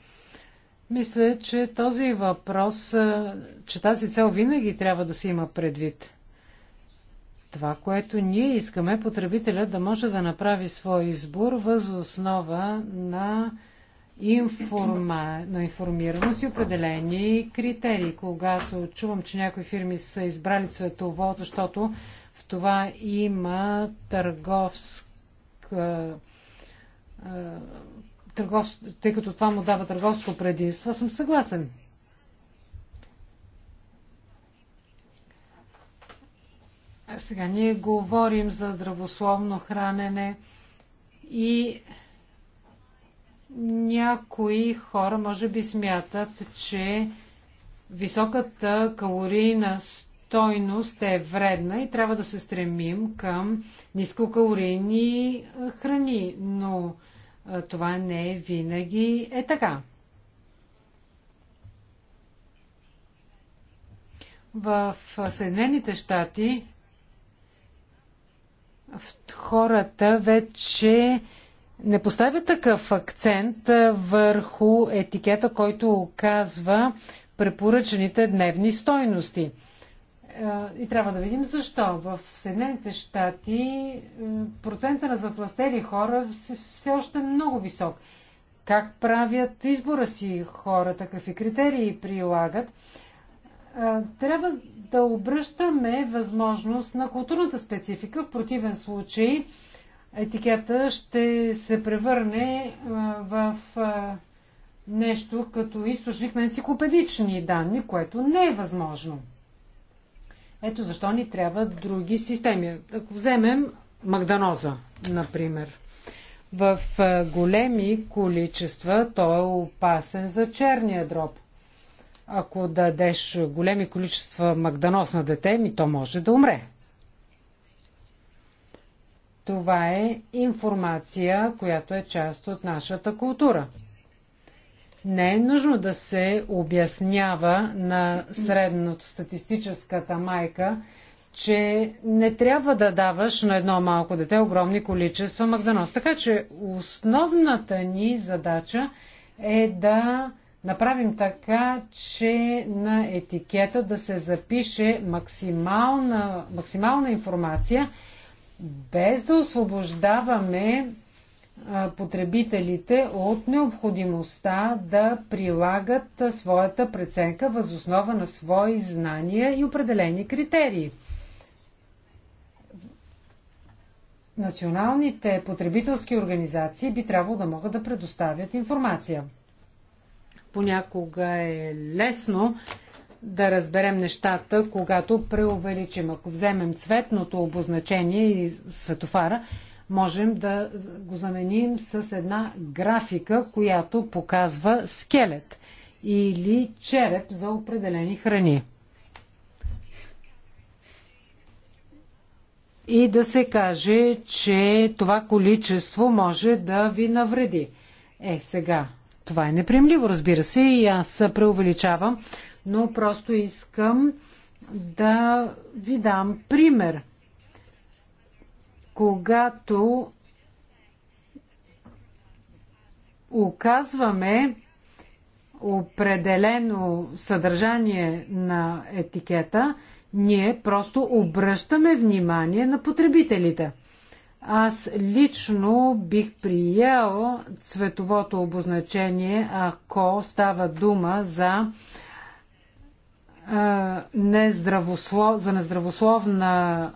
Мисля, че този въпрос, че тази цел винаги трябва да се има предвид. Това, което ние искаме, потребителя да може да направи своя избор въз основа на информа, на информираност и определени критерии. Когато чувам, че някои фирми са избрали цветово, защото в това има търговска тъй като това му дава търговско предимство, съм съгласен. А сега ние говорим за здравословно хранене и някои хора може би смятат, че високата калорийна стойност е вредна и трябва да се стремим към нискокалорийни храни, но това не е винаги е така. В Съединените щати хората вече не поставя такъв акцент върху етикета, който оказва препоръчените дневни стойности. И трябва да видим защо. В Съединените щати процента на запластели хора все още е много висок. Как правят избора си хората, какви критерии прилагат? Трябва да обръщаме възможност на културната специфика. В противен случай етикета ще се превърне в нещо като източник на енциклопедични данни, което не е възможно. Ето защо ни трябват други системи. Ако вземем магданоза, например, в големи количества той е опасен за черния дроб. Ако дадеш големи количества магданоз на дете, ми то може да умре. Това е информация, която е част от нашата култура. Не е нужно да се обяснява на средното статистическата майка, че не трябва да даваш на едно малко дете огромни количества магданоз. Така че основната ни задача е да направим така, че на етикета да се запише максимална, максимална информация – без да освобождаваме потребителите от необходимостта да прилагат своята преценка възоснова на свои знания и определени критерии. Националните потребителски организации би трябвало да могат да предоставят информация. Понякога е лесно да разберем нещата, когато преувеличим. Ако вземем цветното обозначение и светофара, можем да го заменим с една графика, която показва скелет или череп за определени храни. И да се каже, че това количество може да ви навреди. Е, сега, това е неприемливо, разбира се, и аз преувеличавам, но просто искам да ви дам пример. Когато оказваме определено съдържание на етикета, ние просто обръщаме внимание на потребителите. Аз лично бих приел цветовото обозначение, ако става дума за нездравослов, за нездравословна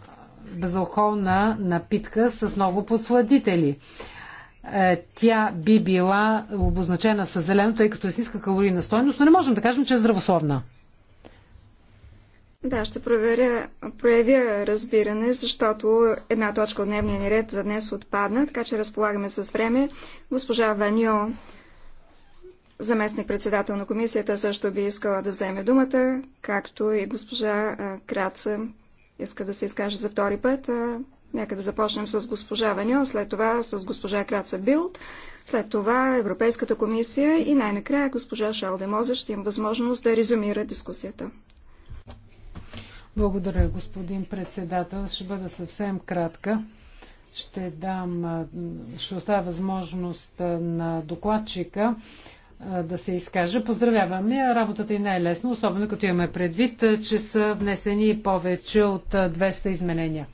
безалкохолна напитка с много подсладители. Е, тя би била обозначена с зелено, тъй като е с ниска калорийна стойност, но не можем да кажем, че е здравословна. Да, ще проверя, проявя разбиране, защото една точка от дневния ни ред за днес отпадна, така че разполагаме с време. Госпожа Ваньо Заместник-председател на комисията също би искала да вземе думата, както и госпожа Краца иска да се изкаже за втори път. Нека да започнем с госпожа Ваньо, след това с госпожа Краца Бил, след това Европейската комисия и най-накрая госпожа Шалдемоза ще има възможност да резюмира дискусията. Благодаря, господин председател. Ще бъда съвсем кратка. Ще дам, ще оставя възможност на докладчика да се изкажа. Поздравяваме, работата и най-лесно, особено като имаме предвид, че са внесени повече от 200 изменения.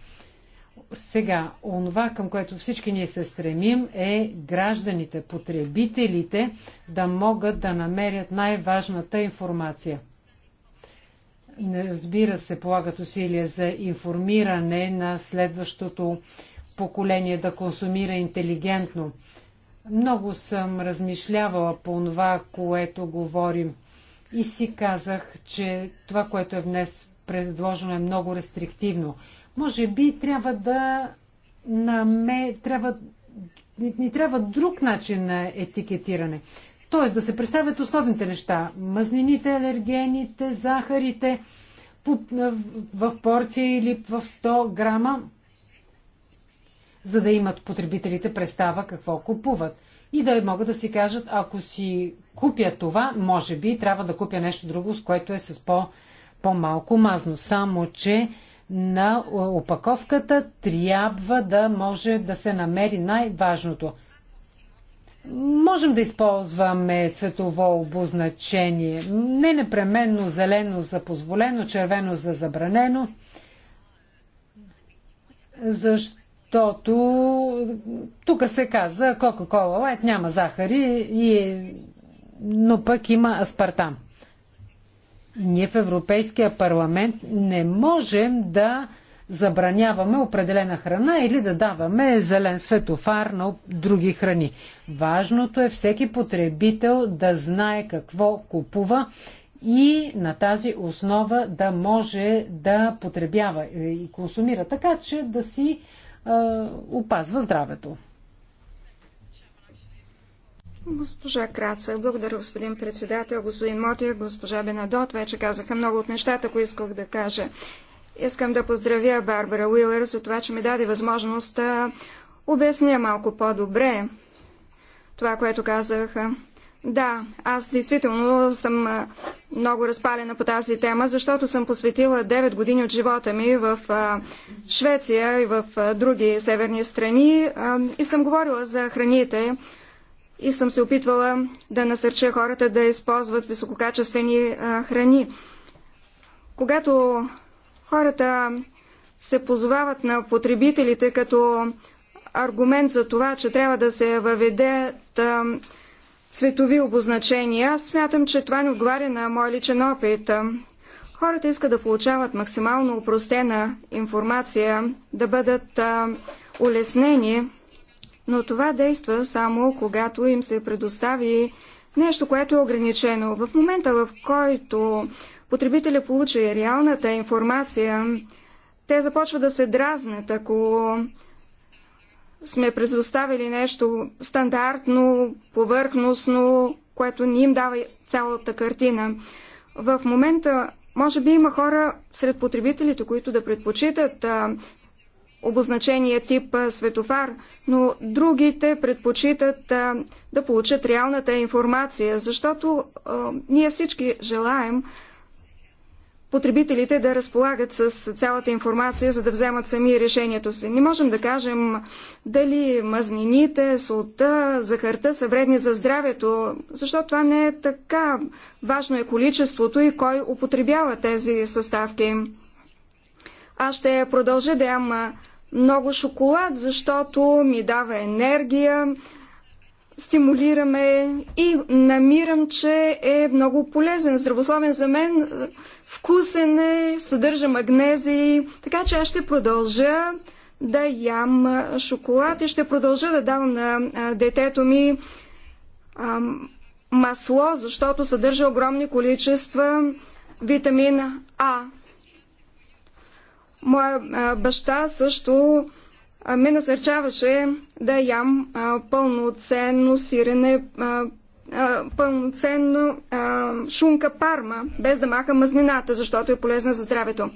Сега, онова, към което всички ние се стремим, е гражданите, потребителите да могат да намерят най-важната информация. Разбира се, полагат усилия за информиране на следващото поколение да консумира интелигентно. Много съм размишлявала по това, което говорим и си казах, че това, което е внес предложено е много рестриктивно. Може би трябва да наме, трябва, ни трябва друг начин на етикетиране. Тоест да се представят основните неща. Мазнините, алергените, захарите в порция или в 100 грама за да имат потребителите представа какво купуват. И да могат да си кажат, ако си купя това, може би трябва да купя нещо друго, с което е с по, по-малко мазно. Само, че на опаковката трябва да може да се намери най-важното. Можем да използваме цветово обозначение. Не непременно зелено за позволено, червено за забранено. Защо? защото тук се каза Кока-Кола лайт, няма захари, и, но пък има аспартам. Ние в Европейския парламент не можем да забраняваме определена храна или да даваме зелен светофар на други храни. Важното е всеки потребител да знае какво купува и на тази основа да може да потребява и консумира така, че да си опазва здравето. Госпожа Краца, благодаря господин председател, господин Моти, госпожа Бенадот. Вече казаха много от нещата, които исках да кажа. Искам да поздравя Барбара Уилър за това, че ми даде възможност да обясня малко по-добре това, което казаха да, аз действително съм много разпалена по тази тема, защото съм посветила 9 години от живота ми в Швеция и в други северни страни и съм говорила за храните и съм се опитвала да насърча хората да използват висококачествени храни. Когато хората се позовават на потребителите като аргумент за това, че трябва да се въведат цветови обозначения. Аз смятам, че това не отговаря на мой личен опит. Хората искат да получават максимално упростена информация, да бъдат а, улеснени, но това действа само когато им се предостави нещо, което е ограничено. В момента, в който потребителя получи реалната информация, те започват да се дразнят, ако сме предоставили нещо стандартно, повърхностно, което ни им дава цялата картина. В момента, може би, има хора сред потребителите, които да предпочитат а, обозначение тип а, светофар, но другите предпочитат а, да получат реалната информация, защото а, ние всички желаем потребителите да разполагат с цялата информация, за да вземат сами решението си. Не можем да кажем дали мазнините, солта, захарта са вредни за здравето, защото това не е така. Важно е количеството и кой употребява тези съставки. Аз ще продължа да ям много шоколад, защото ми дава енергия, стимулираме и намирам, че е много полезен, здравословен за мен, вкусен е, съдържа магнези, така че аз ще продължа да ям шоколад и ще продължа да давам на детето ми масло, защото съдържа огромни количества витамин А. Моя баща също ме насърчаваше да ям пълноценно сирене, пълноценно шунка парма, без да маха мазнината, защото е полезна за здравето.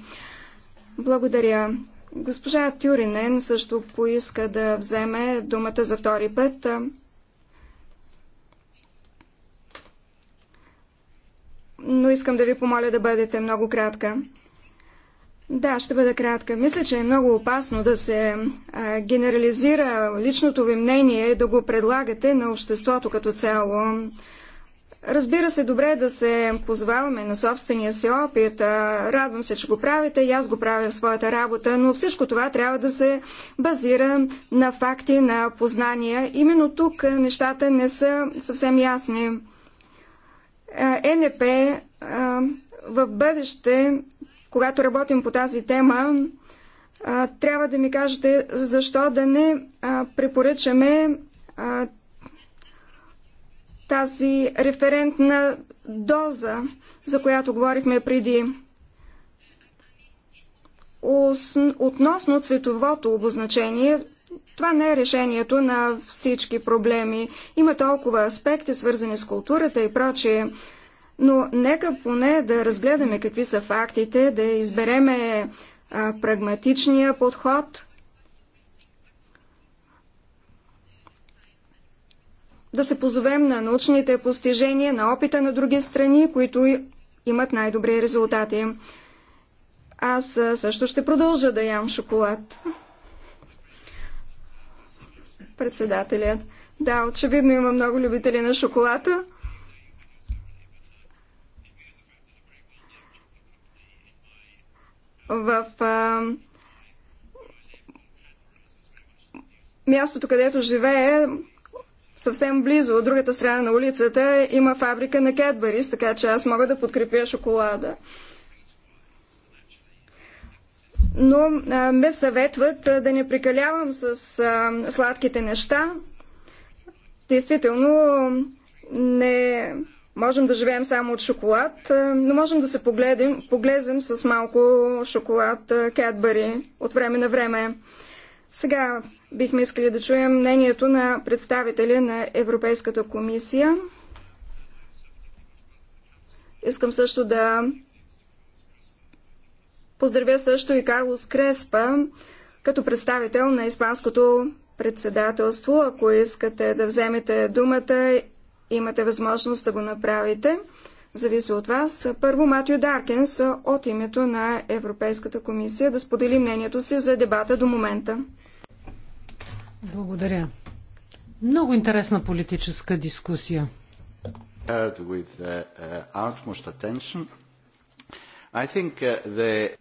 Благодаря. Госпожа Тюринен също поиска да вземе думата за втори път. Но искам да ви помоля да бъдете много кратка. Да, ще бъда кратка. Мисля, че е много опасно да се а, генерализира личното ви мнение и да го предлагате на обществото като цяло. Разбира се, добре е да се позоваваме на собствения си опит. Радвам се, че го правите и аз го правя в своята работа, но всичко това трябва да се базира на факти, на познания. Именно тук нещата не са съвсем ясни. а, е в бъдеще когато работим по тази тема, трябва да ми кажете защо да не препоръчаме тази референтна доза, за която говорихме преди. Относно цветовото обозначение, това не е решението на всички проблеми. Има толкова аспекти, свързани с културата и прочие. Но нека поне да разгледаме какви са фактите, да избереме а, прагматичния подход, да се позовем на научните постижения, на опита на други страни, които имат най-добри резултати. Аз също ще продължа да ям шоколад. Председателят. Да, очевидно има много любители на шоколада. в а, мястото, където живее, съвсем близо, от другата страна на улицата, има фабрика на Кетбарис, така че аз мога да подкрепя шоколада. Но а, ме съветват а, да не прикалявам с а, сладките неща. Действително не Можем да живеем само от шоколад, е, но можем да се погледим, поглезем с малко шоколад е, Кедбари от време на време. Сега бихме искали да чуем мнението на представителя на Европейската комисия. Искам също да поздравя също и Карлос Креспа като представител на Испанското председателство. Ако искате да вземете думата Имате възможност да го направите. Зависи от вас. Първо Матио Даркенс от името на Европейската комисия да сподели мнението си за дебата до момента. Благодаря. Много интересна политическа дискусия. Uh, uh, uh,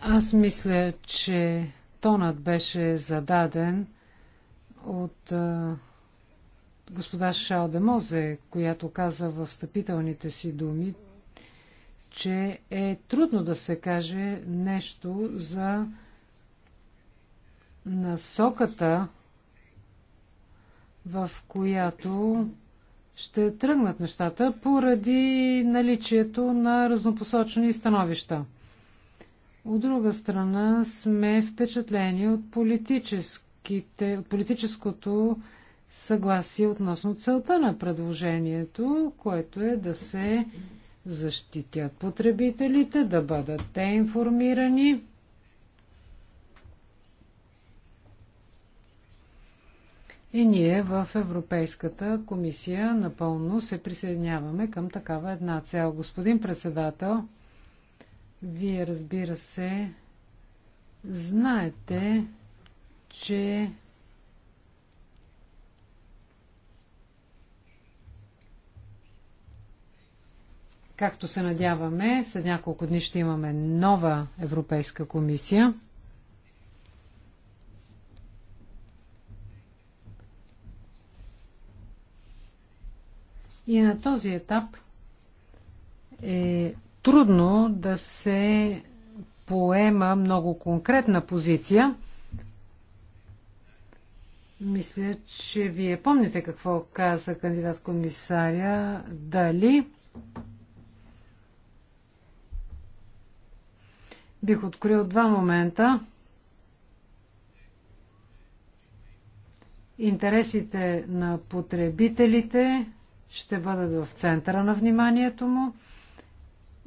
Аз мисля, че тонът беше зададен от господа Шао де Мозе, която каза в встъпителните си думи, че е трудно да се каже нещо за насоката, в която ще тръгнат нещата поради наличието на разнопосочни становища. От друга страна сме впечатлени от, политическите, от политическото съгласие относно целта на предложението, което е да се защитят потребителите, да бъдат те информирани. И ние в Европейската комисия напълно се присъединяваме към такава една цел. Господин председател, вие разбира се, знаете, че Както се надяваме, след няколко дни ще имаме нова Европейска комисия. И на този етап е трудно да се поема много конкретна позиция. Мисля, че вие помните какво каза кандидат комисаря. Дали Бих открил два момента. Интересите на потребителите ще бъдат в центъра на вниманието му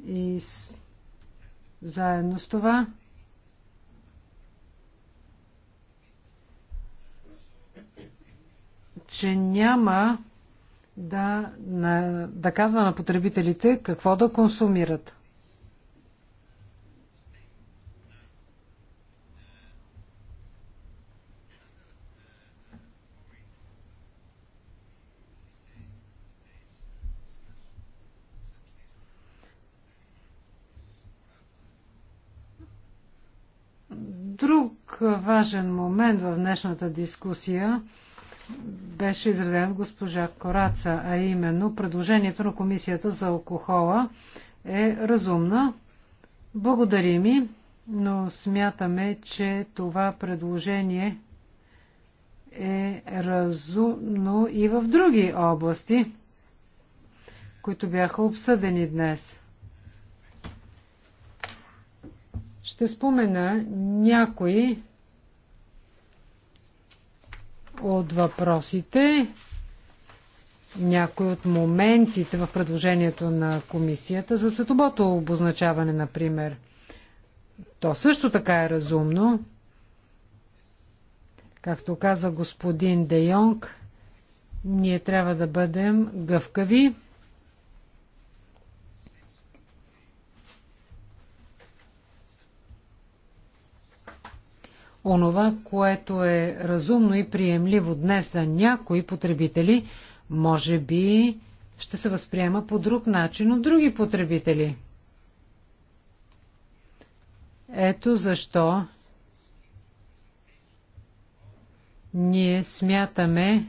и заедно с това че няма да, на, да казва на потребителите какво да консумират. важен момент в днешната дискусия беше изразен госпожа Кораца, а именно предложението на Комисията за алкохола е разумна. Благодари ми, но смятаме, че това предложение е разумно и в други области, които бяха обсъдени днес. Ще спомена някои от въпросите, някои от моментите в предложението на комисията за световото обозначаване, например. То също така е разумно. Както каза господин Де Йонг, ние трябва да бъдем гъвкави. онова, което е разумно и приемливо днес за някои потребители, може би ще се възприема по друг начин от други потребители. Ето защо ние смятаме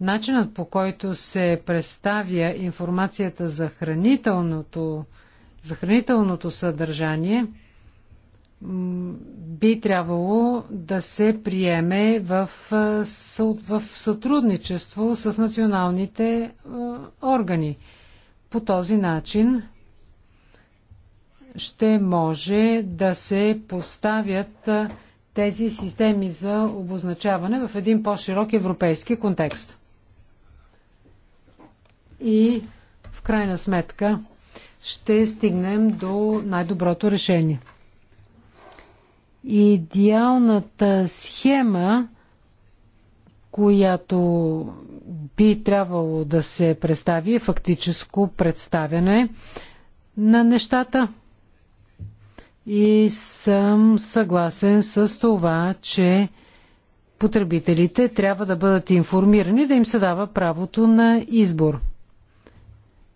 начинът по който се представя информацията за хранителното, за хранителното съдържание би трябвало да се приеме в, в сътрудничество с националните органи. По този начин ще може да се поставят тези системи за обозначаване в един по-широк европейски контекст. И в крайна сметка ще стигнем до най-доброто решение идеалната схема, която би трябвало да се представи, е фактическо представяне на нещата. И съм съгласен с това, че потребителите трябва да бъдат информирани, да им се дава правото на избор.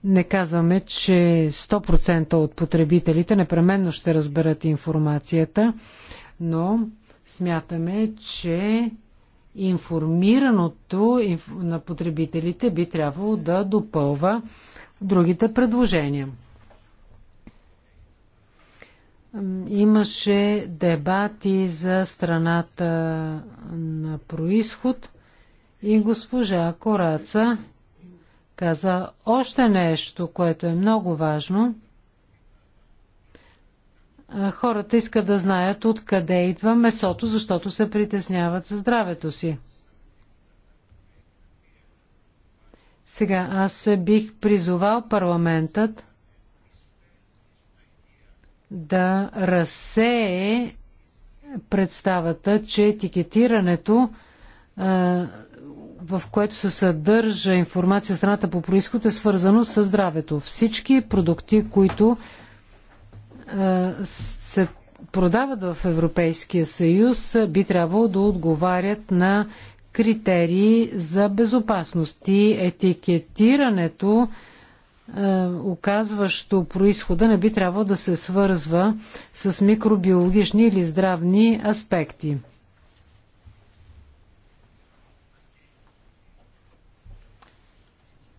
Не казваме, че 100% от потребителите непременно ще разберат информацията но смятаме, че информираното на потребителите би трябвало да допълва другите предложения. Имаше дебати за страната на происход и госпожа Кораца каза още нещо, което е много важно – Хората искат да знаят откъде идва месото, защото се притесняват за здравето си. Сега аз бих призовал парламентът да разсее представата, че етикетирането, в което се съдържа информация страната по происход, е свързано с здравето. Всички продукти, които се продават в Европейския съюз, би трябвало да отговарят на критерии за безопасност и етикетирането оказващо происхода не би трябвало да се свързва с микробиологични или здравни аспекти.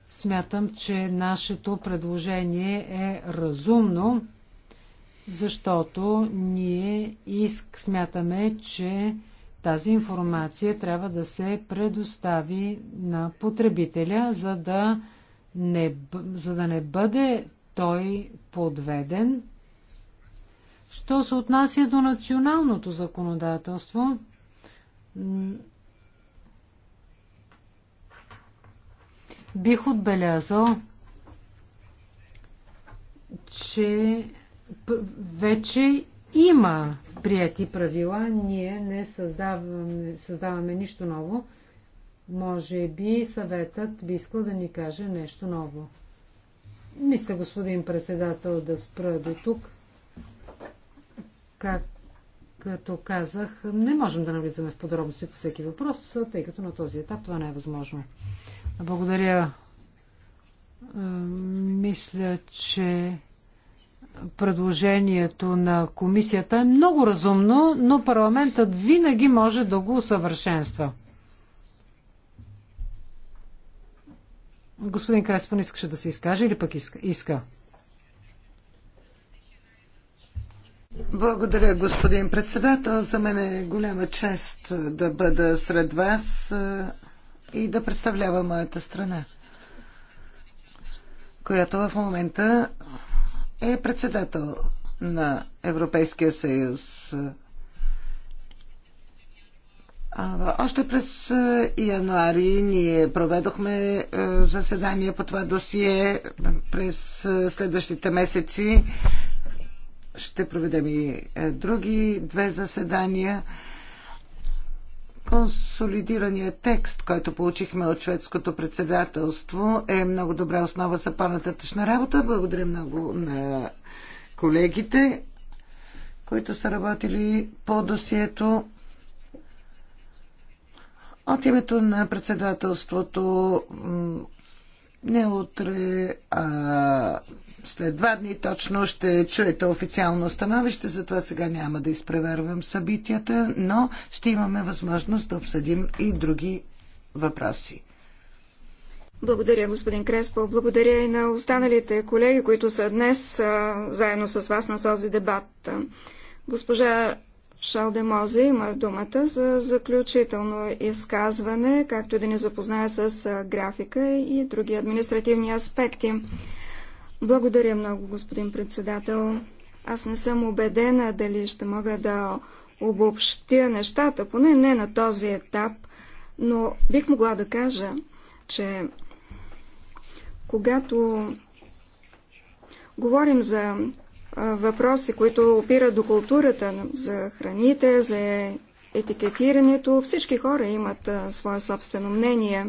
Смятам, че нашето предложение е разумно защото ние иск, смятаме, че тази информация трябва да се предостави на потребителя, за да не, за да не бъде той подведен. Що се отнася до националното законодателство, бих отбелязал, че вече има прияти правила, ние не създаваме, създаваме нищо ново. Може би съветът би искал да ни каже нещо ново. Мисля, господин председател, да спра до тук. Как, като казах, не можем да навлизаме в подробности по всеки въпрос, тъй като на този етап това не е възможно. Благодаря. Е, мисля, че предложението на комисията е много разумно, но парламентът винаги може да го усъвършенства. Господин Креспан искаше да се изкаже или пък иска? иска? Благодаря, господин председател. За мен е голяма чест да бъда сред вас е, и да представлява моята страна, която в момента е председател на Европейския съюз. Още през е, януари ние проведохме е, заседание по това досие. През е, следващите месеци ще проведем и други две заседания. Консолидираният текст, който получихме от шведското председателство, е много добра основа за по-нататъчна работа. Благодаря много на колегите, които са работили по досието. От името на председателството не утре, а след два дни точно ще чуете официално становище, затова сега няма да изпреварвам събитията, но ще имаме възможност да обсъдим и други въпроси. Благодаря, господин Креспо. Благодаря и на останалите колеги, които са днес а, заедно с вас на този дебат. Госпожа Мози има думата за заключително изказване, както и да ни запознае с графика и други административни аспекти. Благодаря много, господин председател. Аз не съм убедена дали ще мога да обобщя нещата, поне не на този етап, но бих могла да кажа, че когато говорим за въпроси, които опират до културата, за храните, за етикетирането, всички хора имат свое собствено мнение.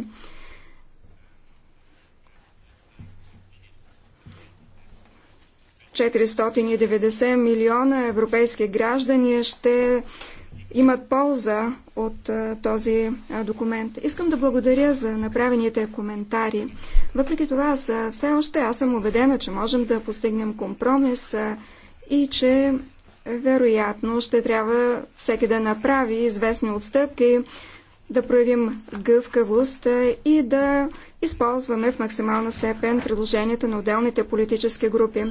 490 милиона европейски граждани ще имат полза от този документ. Искам да благодаря за направените коментари. Въпреки това, аз все още аз съм убедена, че можем да постигнем компромис и че вероятно ще трябва всеки да направи известни отстъпки, да проявим гъвкавост и да използваме в максимална степен предложенията на отделните политически групи.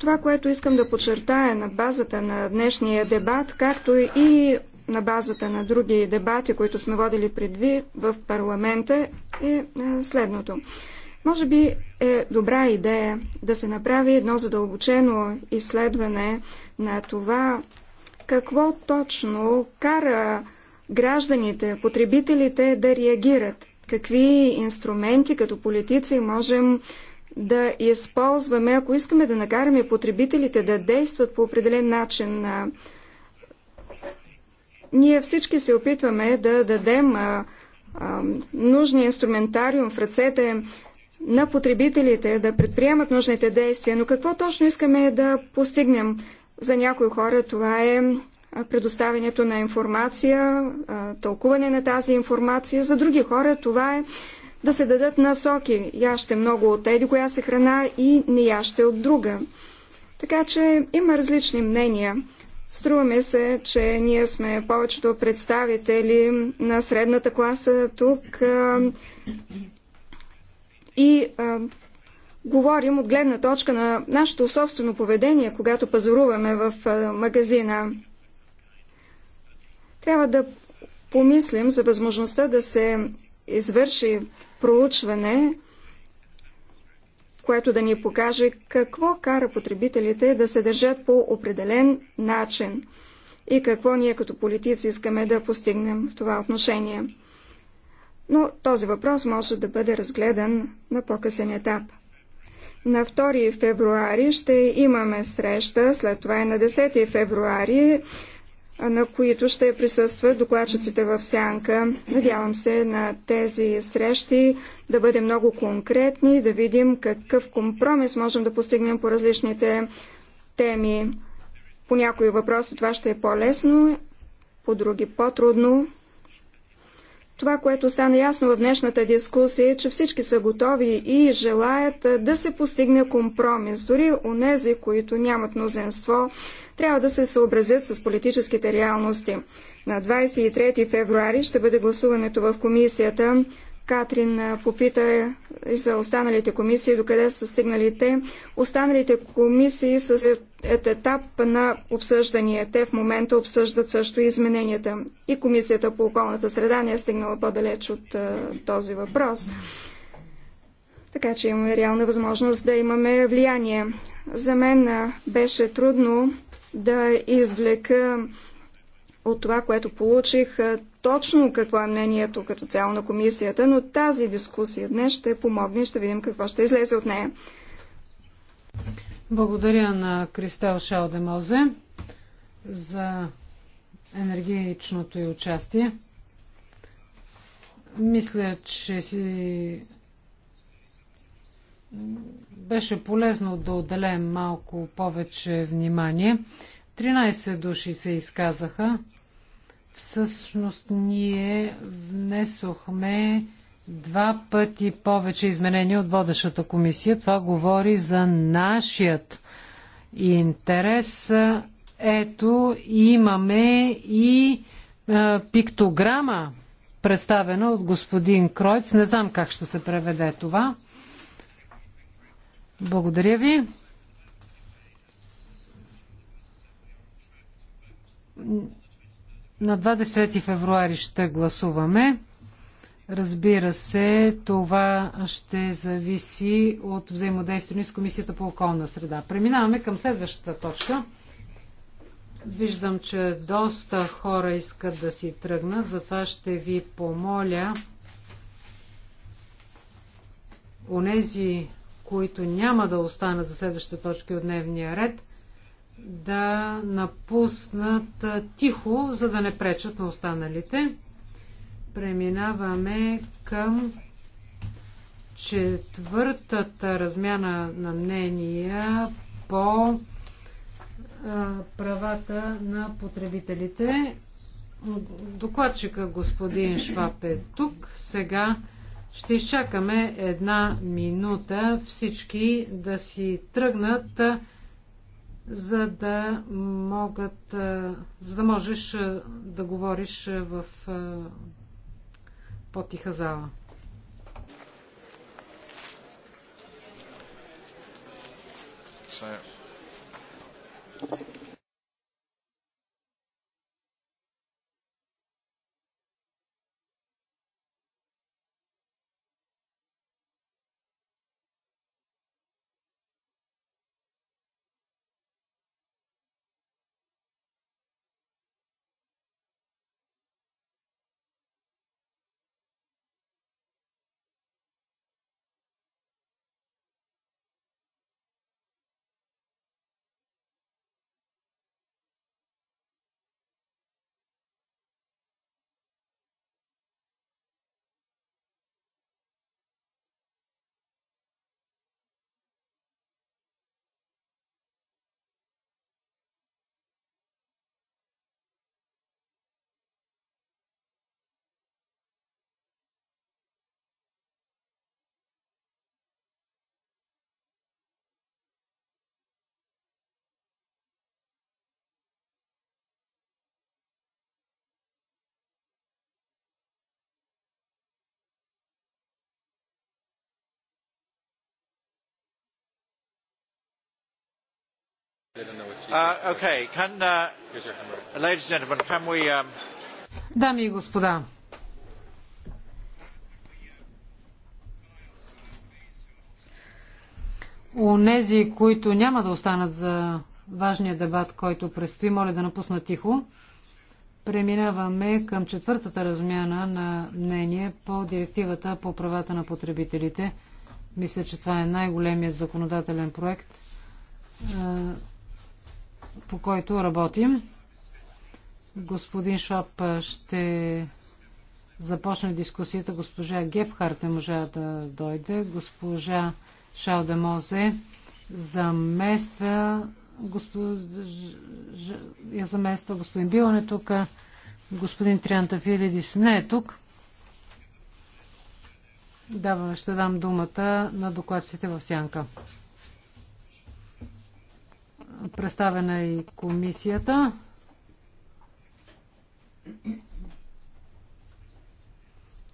Това, което искам да подчертая на базата на днешния дебат, както и на базата на други дебати, които сме водили предви в парламента, е, е следното. Може би е добра идея да се направи едно задълбочено изследване на това какво точно кара гражданите, потребителите да реагират. Какви инструменти като политици можем да използваме, ако искаме да накараме потребителите да действат по определен начин. Ние всички се опитваме да дадем нужния инструментариум в ръцете на потребителите да предприемат нужните действия, но какво точно искаме да постигнем? За някои хора това е предоставянето на информация, тълкуване на тази информация. За други хора това е да се дадат насоки. Яще много от еди коя се храна и не яще от друга. Така че има различни мнения. Струваме се, че ние сме повечето представители на средната класа тук а, и а, говорим от гледна точка на нашето собствено поведение, когато пазаруваме в а, магазина. Трябва да помислим за възможността да се извърши проучване, което да ни покаже какво кара потребителите да се държат по определен начин и какво ние като политици искаме да постигнем в това отношение. Но този въпрос може да бъде разгледан на по-късен етап. На 2 февруари ще имаме среща, след това и е на 10 февруари на които ще присъстват докладчиците в сянка. Надявам се на тези срещи да бъдем много конкретни, да видим какъв компромис можем да постигнем по различните теми. По някои въпроси това ще е по-лесно, по други по-трудно. Това, което стана ясно в днешната дискусия е, че всички са готови и желаят да се постигне компромис. Дори у нези, които нямат мнозинство, трябва да се съобразят с политическите реалности. На 23 февруари ще бъде гласуването в комисията. Катрин попита и за останалите комисии, докъде са стигнали те. Останалите комисии са ет етап на обсъждание. Те в момента обсъждат също измененията. И комисията по околната среда не е стигнала по-далеч от този въпрос. Така че имаме реална възможност да имаме влияние. За мен беше трудно да извлека от това, което получих, точно какво е мнението като цяло на комисията, но тази дискусия днес ще помогне и ще видим какво ще излезе от нея. Благодаря на Кристел Шалдемозе за енергичното й участие. Мисля, че си беше полезно да отделем малко повече внимание. 13 души се изказаха. Всъщност ние внесохме два пъти повече изменения от водещата комисия. Това говори за нашият интерес. Ето, имаме и е, пиктограма, представена от господин Кройц. Не знам как ще се преведе това. Благодаря ви. На 23 февруари ще гласуваме. Разбира се, това ще зависи от взаимодействието с Комисията по околна среда. Преминаваме към следващата точка. Виждам, че доста хора искат да си тръгнат, затова ще ви помоля онези, които няма да останат за следващите точки от дневния ред, да напуснат тихо, за да не пречат на останалите. Преминаваме към четвъртата размяна на мнения по правата на потребителите. Докладчика господин Шваб е тук. Сега ще изчакаме една минута всички да си тръгнат, за да могат, за да можеш да говориш в по-тиха зала. you. Uh, um, Дами и господа, Онези, които няма да останат за важния дебат, който предстои, моля да напусна тихо. Преминаваме към четвъртата размяна на мнение по директивата по правата на потребителите. Мисля, че това е най-големият законодателен проект по който работим. Господин Шваб ще започне дискусията. Госпожа Гепхарт не можа да дойде. Госпожа Шалда Мозе замества госпожа, я замества господин Билане тук. Господин Филидис не е тук. Давам, ще дам думата на докладците в сянка представена и комисията.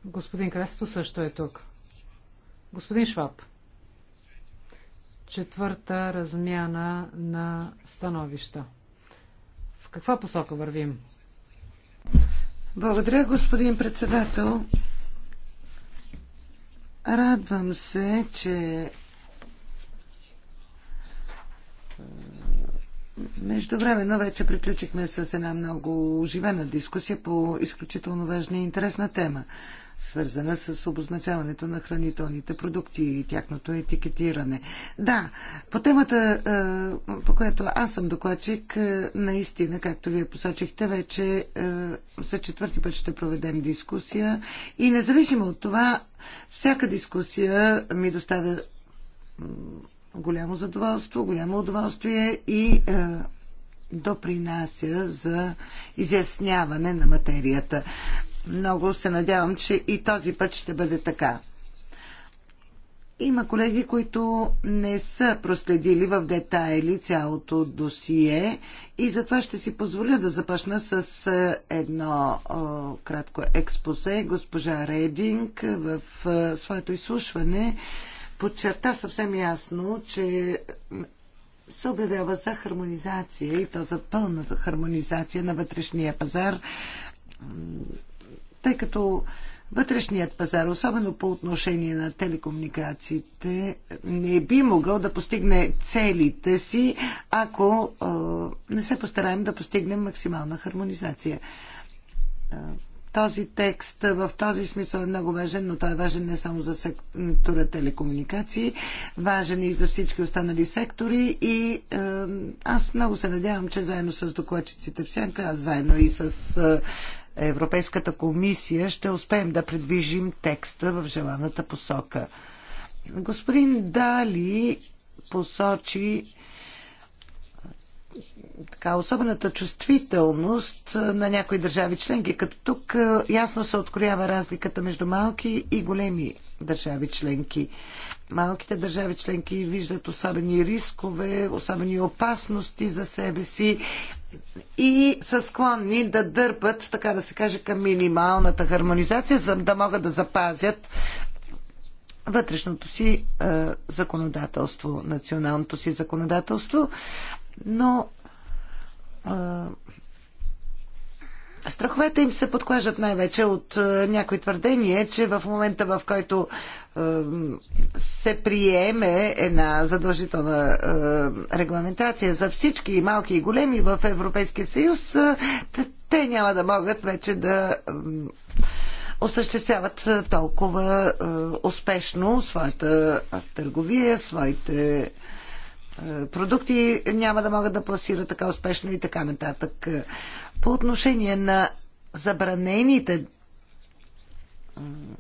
Господин Креспо също е тук. Господин Шваб. Четвърта размяна на становища. В каква посока вървим? Благодаря, господин председател. Радвам се, че Междувременно вече приключихме с една много оживена дискусия по изключително важна и интересна тема, свързана с обозначаването на хранителните продукти и тяхното етикетиране. Да, по темата, е, по която аз съм докладчик, е, наистина, както вие посочихте, вече е, за четвърти път ще проведем дискусия и независимо от това, всяка дискусия ми доставя голямо задоволство, голямо удоволствие и е, допринася за изясняване на материята. Много се надявам, че и този път ще бъде така. Има колеги, които не са проследили в детайли цялото досие и затова ще си позволя да започна с е, едно о, кратко експозе. Госпожа Рединг в о, е, своето изслушване подчерта съвсем ясно, че се обявява за хармонизация и то за пълната хармонизация на вътрешния пазар, тъй като вътрешният пазар, особено по отношение на телекомуникациите, не би могъл да постигне целите си, ако не се постараем да постигнем максимална хармонизация. Този текст в този смисъл е много важен, но той е важен не само за сектора телекомуникации, важен и за всички останали сектори и е, аз много се надявам, че заедно с докладчиците в Сянка, а заедно и с е, Европейската комисия ще успеем да предвижим текста в желаната посока. Господин Дали посочи така, особената чувствителност на някои държави членки, като тук ясно се откроява разликата между малки и големи държави членки. Малките държави членки виждат особени рискове, особени опасности за себе си и са склонни да дърпат, така да се каже, към минималната хармонизация, за да могат да запазят вътрешното си е, законодателство, националното си законодателство но а, страховете им се подклажат най-вече от а, някои твърдение, че в момента в който а, се приеме една задължителна а, регламентация за всички и малки и големи в Европейския съюз, а, те няма да могат вече да осъществяват толкова успешно своята търговия, своите а, продукти няма да могат да пласират така успешно и така нататък. По отношение на забранените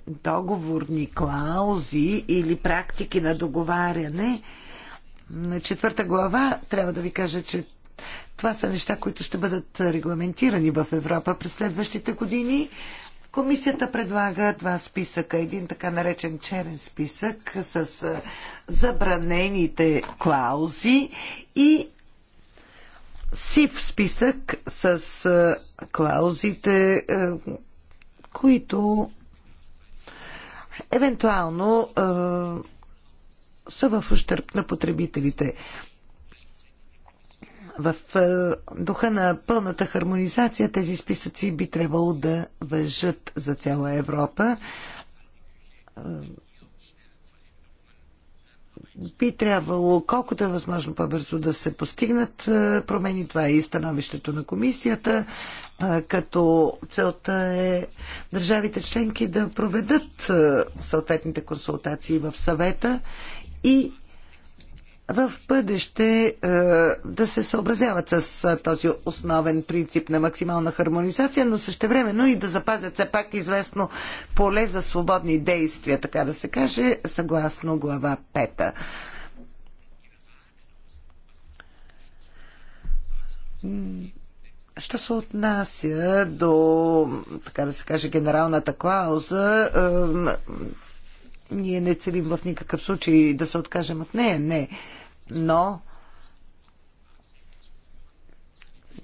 договорни клаузи или практики на договаряне, на четвърта глава трябва да ви кажа, че това са неща, които ще бъдат регламентирани в Европа през следващите години. Комисията предлага два списъка. Един така наречен черен списък с забранените клаузи и сив списък с клаузите, които евентуално са в ущърп на потребителите. В е, духа на пълната хармонизация тези списъци би трябвало да въжат за цяла Европа. Е, би трябвало колкото е възможно по-бързо да се постигнат е, промени. Това е и становището на комисията, като целта е държавите членки да проведат съответните консултации в съвета и в бъдеще е, да се съобразяват с е, този основен принцип на максимална хармонизация, но същевременно и да запазят все пак известно поле за свободни действия, така да се каже, съгласно глава 5. Що се отнася до, така да се каже, генералната клауза, ние не целим в никакъв случай да се откажем от нея, не. Но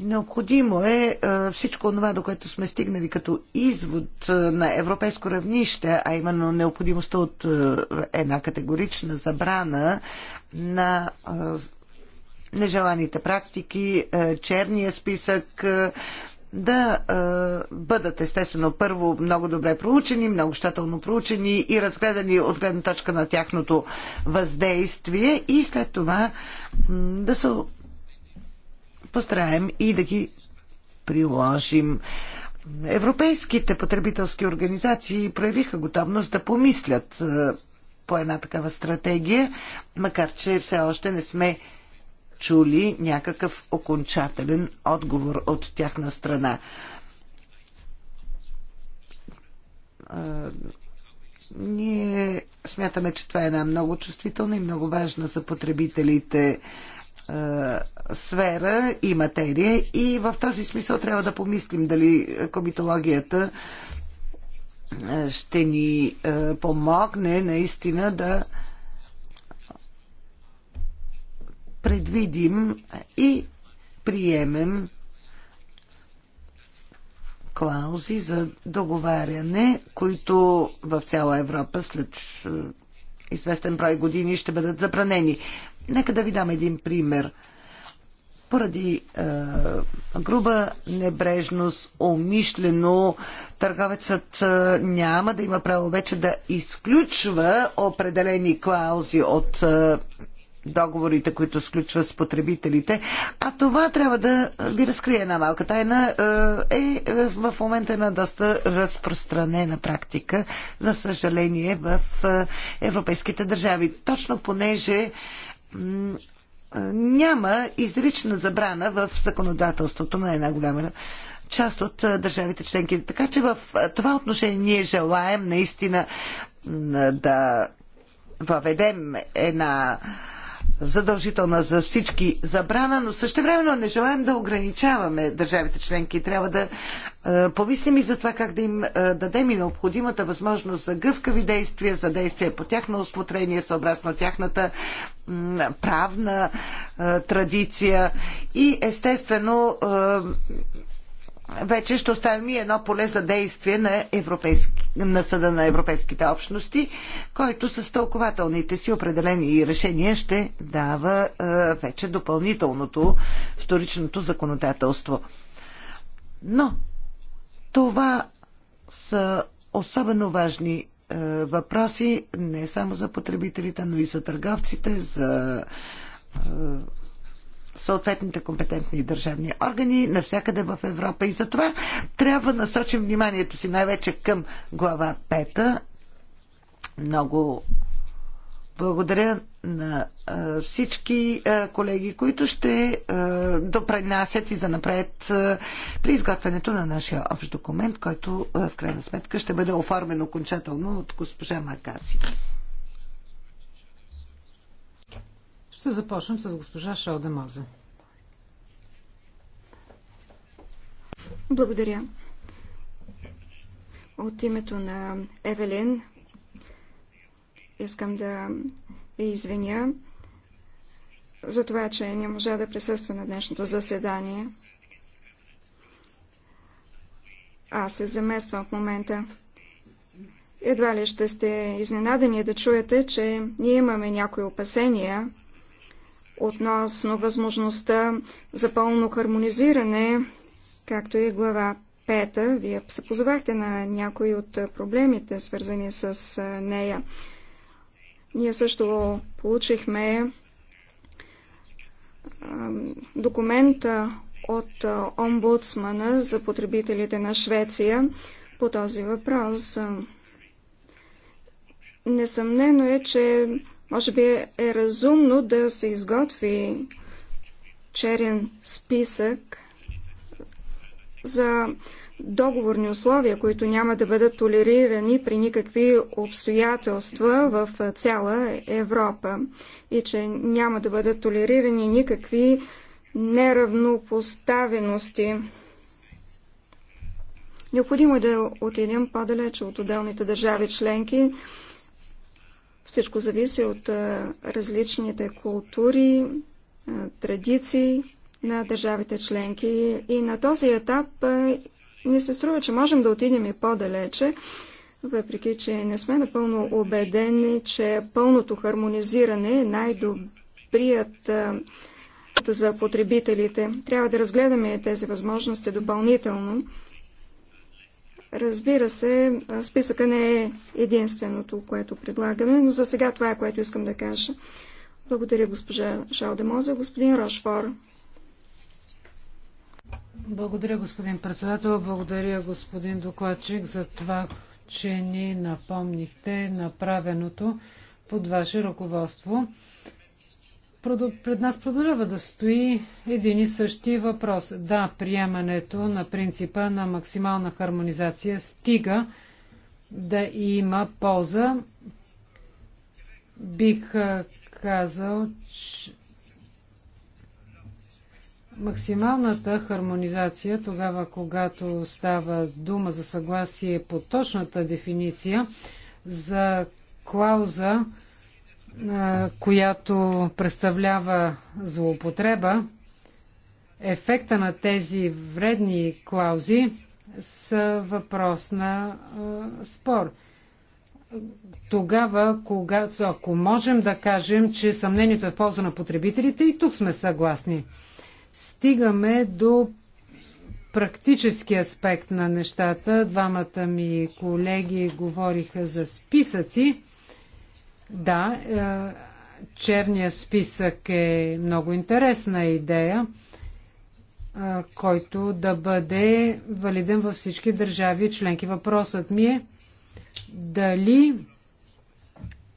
Необходимо е всичко това, до което сме стигнали като извод на европейско равнище, а именно необходимостта от една категорична забрана на нежеланите практики, черния списък, да а, бъдат естествено първо много добре проучени, много щателно проучени и разгледани от гледна точка на тяхното въздействие и след това да се постараем и да ги приложим. Европейските потребителски организации проявиха готовност да помислят по една такава стратегия, макар че все още не сме чули някакъв окончателен отговор от тяхна страна. Ние смятаме, че това е една много чувствителна и много важна за потребителите сфера и материя и в този смисъл трябва да помислим дали комитологията ще ни помогне наистина да предвидим и приемем клаузи за договаряне, които в цяла Европа след е, известен брой години ще бъдат забранени. Нека да ви дам един пример. Поради е, груба небрежност, умишлено, търговецът е, няма да има право вече да изключва определени клаузи от е, договорите, които сключва с потребителите. А това трябва да ви разкрие една малка тайна. Е, е в момента на доста разпространена практика, за съжаление, в е, европейските държави. Точно понеже е, няма изрична забрана в законодателството на една голяма част от държавите членки. Така че в това отношение ние желаем наистина да въведем една задължителна за всички забрана, но същевременно не желаем да ограничаваме държавите членки. Трябва да е, помислим и за това как да им е, дадем и необходимата възможност за гъвкави действия, за действия по тяхно осмотрение, съобразно тяхната правна е, традиция и естествено вече ще оставим и едно поле за действие на, европейски, на Съда на Европейските общности, който с тълкователните си определени решения ще дава е, вече допълнителното вторичното законодателство. Но това са особено важни е, въпроси не само за потребителите, но и за търговците, за е, съответните компетентни държавни органи навсякъде в Европа. И затова трябва да насочим вниманието си най-вече към глава 5. Много благодаря на всички колеги, които ще допренасят и занапред при изготвянето на нашия общ документ, който в крайна сметка ще бъде оформен окончателно от госпожа Макаси. Ще започнем с госпожа Шалдемозе. Благодаря. От името на Евелин искам да я извиня за това, че не можа да присъства на днешното заседание. Аз се замествам в момента. Едва ли ще сте изненадани да чуете, че ние имаме някои опасения относно възможността за пълно хармонизиране, както и глава 5. Вие се позовахте на някои от проблемите, свързани с нея. Ние също получихме документа от омбудсмана за потребителите на Швеция по този въпрос. Несъмнено е, че може би е разумно да се изготви черен списък за договорни условия, които няма да бъдат толерирани при никакви обстоятелства в цяла Европа и че няма да бъдат толерирани никакви неравнопоставености. Необходимо е да отидем по-далече от отделните държави членки, всичко зависи от различните култури, традиции на държавите членки. И на този етап ни се струва, че можем да отидем и по-далече, въпреки че не сме напълно убедени, че пълното хармонизиране е най-добрият за потребителите. Трябва да разгледаме тези възможности допълнително. Разбира се, списъка не е единственото, което предлагаме, но за сега това е, което искам да кажа. Благодаря госпожа Шалдемоза. Господин Рошфор. Благодаря, господин председател. Благодаря, господин докладчик, за това, че ни напомнихте направеното под ваше ръководство пред нас продължава да стои един и същи въпрос. Да, приемането на принципа на максимална хармонизация стига да има полза. Бих казал, че максималната хармонизация, тогава когато става дума за съгласие по точната дефиниция за клауза, която представлява злоупотреба, ефекта на тези вредни клаузи са въпрос на а, спор. Тогава, когато, ако можем да кажем, че съмнението е в полза на потребителите, и тук сме съгласни. Стигаме до практически аспект на нещата. Двамата ми колеги говориха за списъци да, е, черния списък е много интересна идея, е, който да бъде валиден във всички държави и членки. Въпросът ми е дали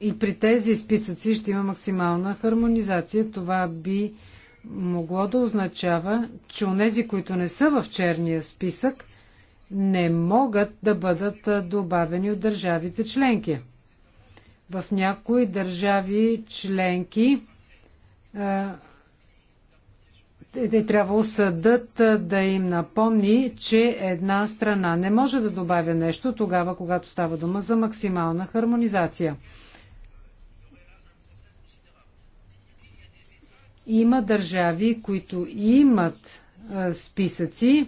и при тези списъци ще има максимална хармонизация. Това би могло да означава, че онези, които не са в черния списък, не могат да бъдат е, добавени от държавите членки. В някои държави членки е, е трябвало съдът да им напомни, че една страна не може да добавя нещо тогава, когато става дума за максимална хармонизация. Има държави, които имат списъци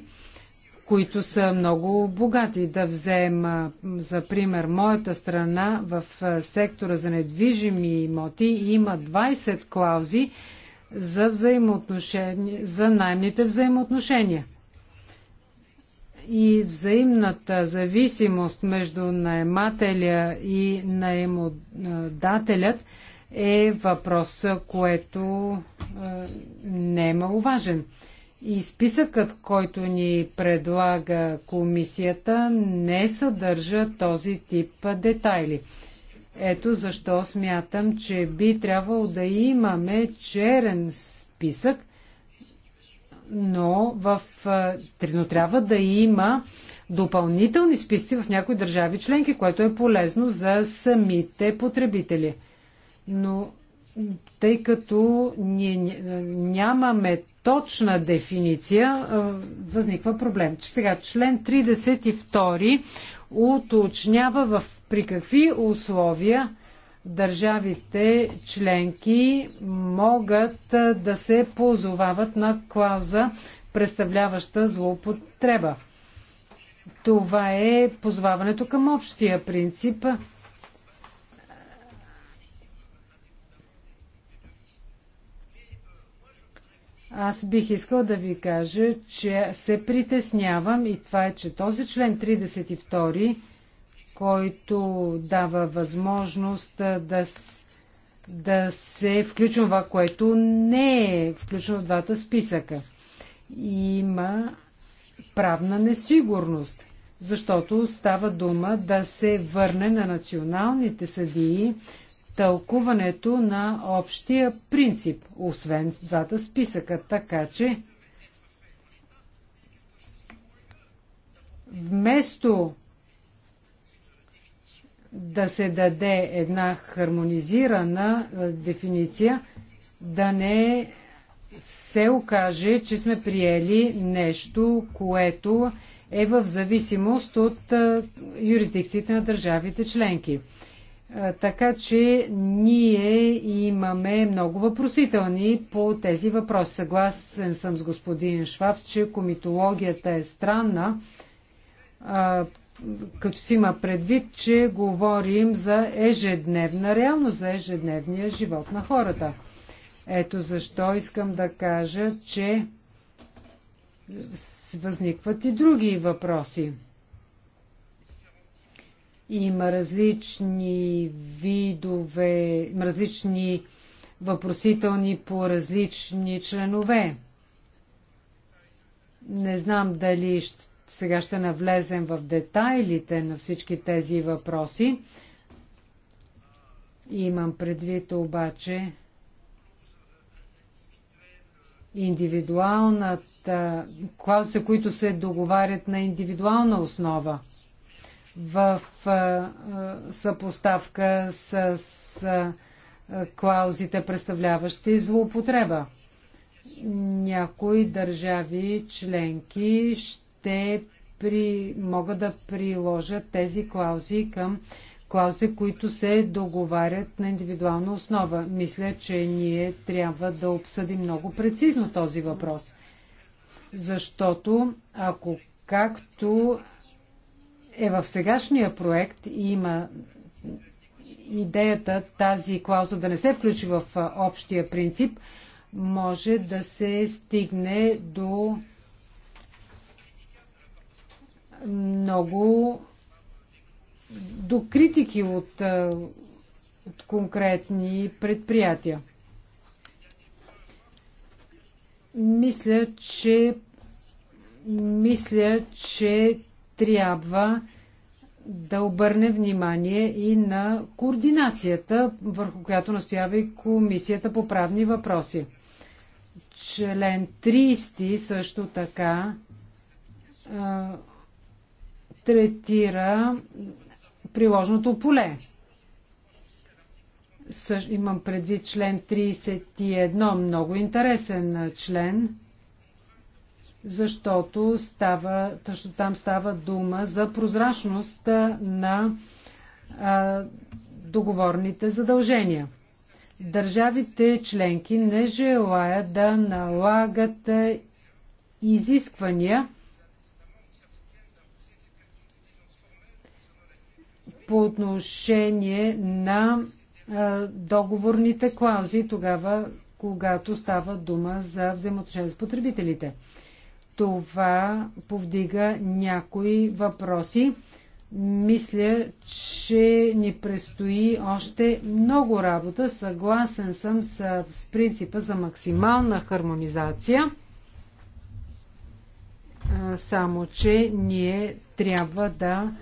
които са много богати. Да взема за пример моята страна в сектора за недвижими имоти има 20 клаузи за, за наймните взаимоотношения. И взаимната зависимост между наемателя и наемодателят е въпрос, което не е маловажен. важен и списъкът, който ни предлага комисията, не съдържа този тип детайли. Ето защо смятам, че би трябвало да имаме черен списък, но, в, но трябва да има допълнителни списъци в някои държави членки, което е полезно за самите потребители. Но тъй като ние нямаме точна дефиниция възниква проблем. Сега член 32 уточнява в, при какви условия държавите членки могат да се позовават на клауза, представляваща злоупотреба. Това е позваването към общия принцип Аз бих искал да ви кажа, че се притеснявам и това е, че този член 32, който дава възможност да, да се включва това, което не е включено в двата списъка. Има правна несигурност, защото става дума да се върне на националните съдии тълкуването на общия принцип, освен двата списъка. Така че вместо да се даде една хармонизирана дефиниция, да не се окаже, че сме приели нещо, което е в зависимост от юрисдикциите на държавите членки. Така че ние имаме много въпросителни по тези въпроси. Съгласен съм с господин Шваб, че комитологията е странна, като си има предвид, че говорим за ежедневна реалност, за ежедневния живот на хората. Ето защо искам да кажа, че възникват и други въпроси. Има различни видове, различни въпросителни по различни членове. Не знам дали сега ще навлезем в детайлите на всички тези въпроси. Имам предвид обаче индивидуалната клаузи, които се договарят на индивидуална основа – в съпоставка с клаузите, представляващи злоупотреба. Някои държави членки ще при, могат да приложат тези клаузи към клаузи, които се договарят на индивидуална основа. Мисля, че ние трябва да обсъдим много прецизно този въпрос. Защото ако както е в сегашния проект и има идеята тази клауза да не се включи в общия принцип, може да се стигне до много до критики от, от конкретни предприятия. Мисля, че мисля, че трябва да обърне внимание и на координацията, върху която настоява и Комисията по правни въпроси. Член 30 също така а, третира приложното поле. Съж, имам предвид член 31, много интересен член защото става, защото там става дума за прозрачност на а, договорните задължения. Държавите членки не желаят да налагат изисквания по отношение на а, договорните клаузи, тогава, когато става дума за взаимоотношения с потребителите. Това повдига някои въпроси. Мисля, че ни предстои още много работа. Съгласен съм с, с принципа за максимална хармонизация. Само, че ние трябва да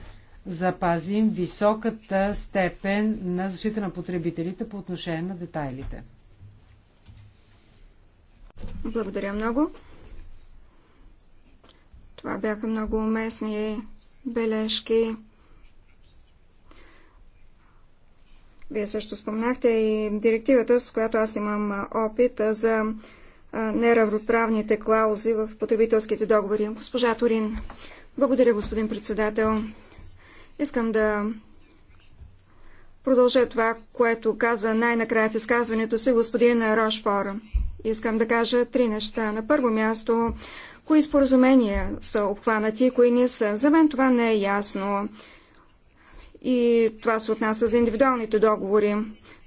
запазим високата степен на защита на потребителите по отношение на детайлите. Благодаря много. Това бяха много уместни бележки. Вие също спомнахте и директивата, с която аз имам опит за неравноправните клаузи в потребителските договори. Госпожа Торин, благодаря, господин председател. Искам да продължа това, което каза най-накрая в изказването си господин Рошфор. Искам да кажа три неща. На първо място, кои споразумения са обхванати и кои не са. За мен това не е ясно. И това се отнася за индивидуалните договори.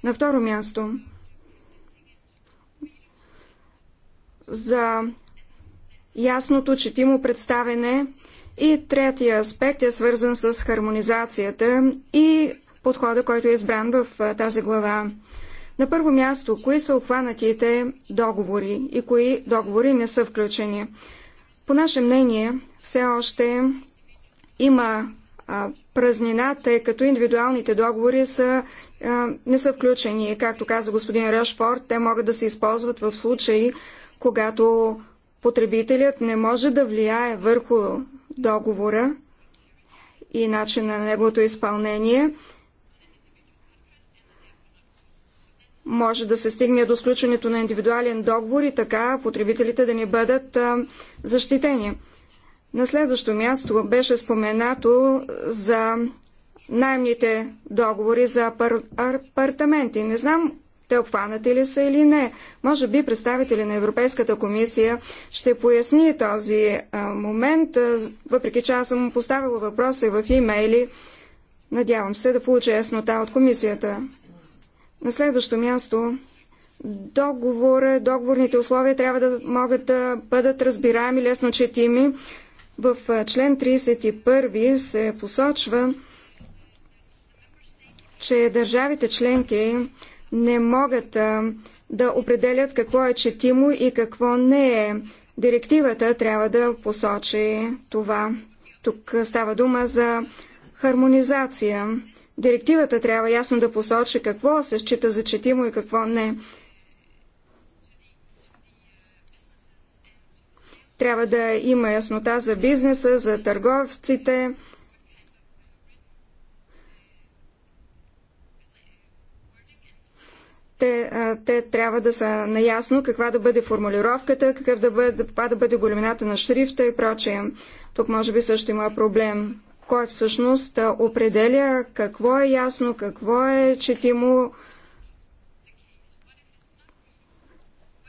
На второ място, за ясното четимо представене и третия аспект е свързан с хармонизацията и подхода, който е избран в тази глава. На първо място, кои са обхванатите договори и кои договори не са включени. По наше мнение, все още има празнина, тъй като индивидуалните договори са, а, не са включени. Както каза господин Рашфорд, те могат да се използват в случаи, когато потребителят не може да влияе върху договора и начина на неговото изпълнение може да се стигне до сключването на индивидуален договор и така потребителите да не бъдат защитени. На следващо място беше споменато за найемните договори за апартаменти. Не знам те обхванати ли са или не. Може би представители на Европейската комисия ще поясни този момент, въпреки че аз съм поставила въпроса в имейли. Надявам се да получа яснота от комисията. На следващо място, договор, договорните условия трябва да могат да бъдат разбираеми, лесно четими. В член 31 се посочва, че държавите членки не могат да определят какво е четимо и какво не е. Директивата трябва да посочи това. Тук става дума за хармонизация. Директивата трябва ясно да посочи какво се счита за четимо и какво не. Трябва да има яснота за бизнеса, за търговците. Те, те трябва да са наясно каква да бъде формулировката, какъв да бъде, каква да бъде големината на шрифта и прочее. Тук може би също има проблем кой всъщност определя какво е ясно, какво е четимо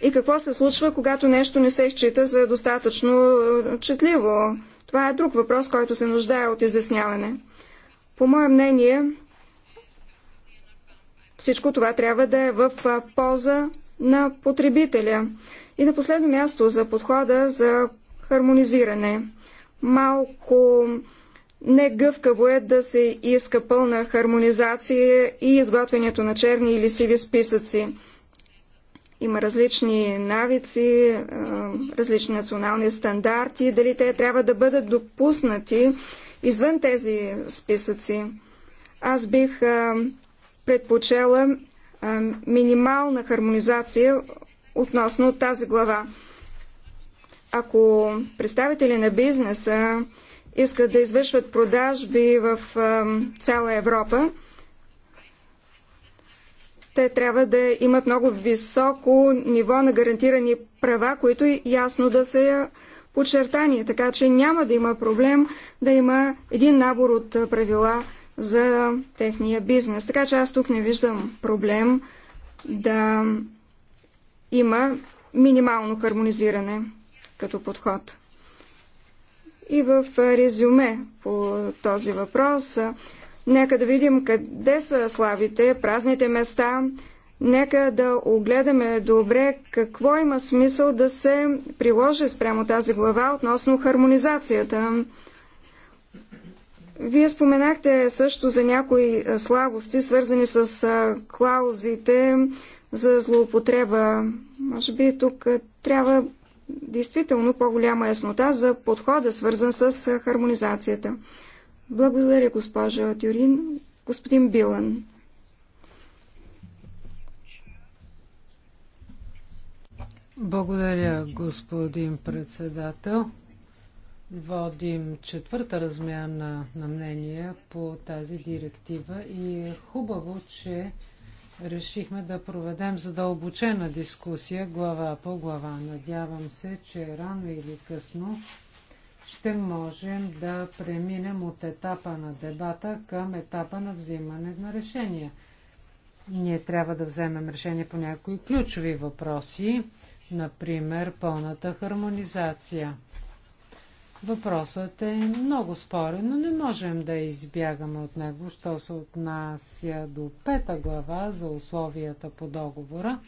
и какво се случва, когато нещо не се счита за достатъчно четливо. Това е друг въпрос, който се нуждае от изясняване. По мое мнение, всичко това трябва да е в полза на потребителя. И на последно място за подхода за хармонизиране. Малко гъвкаво е да се иска пълна хармонизация и изготвянето на черни или сиви списъци. Има различни навици, различни национални стандарти. Дали те трябва да бъдат допуснати извън тези списъци? Аз бих предпочела минимална хармонизация относно тази глава. Ако представители на бизнеса искат да извършват продажби в цяла Европа, те трябва да имат много високо ниво на гарантирани права, които ясно да са подчертани. Така че няма да има проблем да има един набор от правила за техния бизнес. Така че аз тук не виждам проблем да има минимално хармонизиране като подход и в резюме по този въпрос. Нека да видим къде са славите, празните места. Нека да огледаме добре какво има смисъл да се приложи спрямо тази глава относно хармонизацията. Вие споменахте също за някои слабости, свързани с клаузите за злоупотреба. Може би тук трябва действително по-голяма яснота за подхода, свързан с хармонизацията. Благодаря, госпожа Тюрин. Господин Билан. Благодаря, господин председател. Водим четвърта размяна на мнения по тази директива и е хубаво, че решихме да проведем задълбочена дискусия глава по глава. Надявам се, че рано или късно ще можем да преминем от етапа на дебата към етапа на взимане на решения. Ние трябва да вземем решение по някои ключови въпроси, например пълната хармонизация – Въпросът е много спорен, но не можем да избягаме от него, що се отнася до пета глава за условията по договора.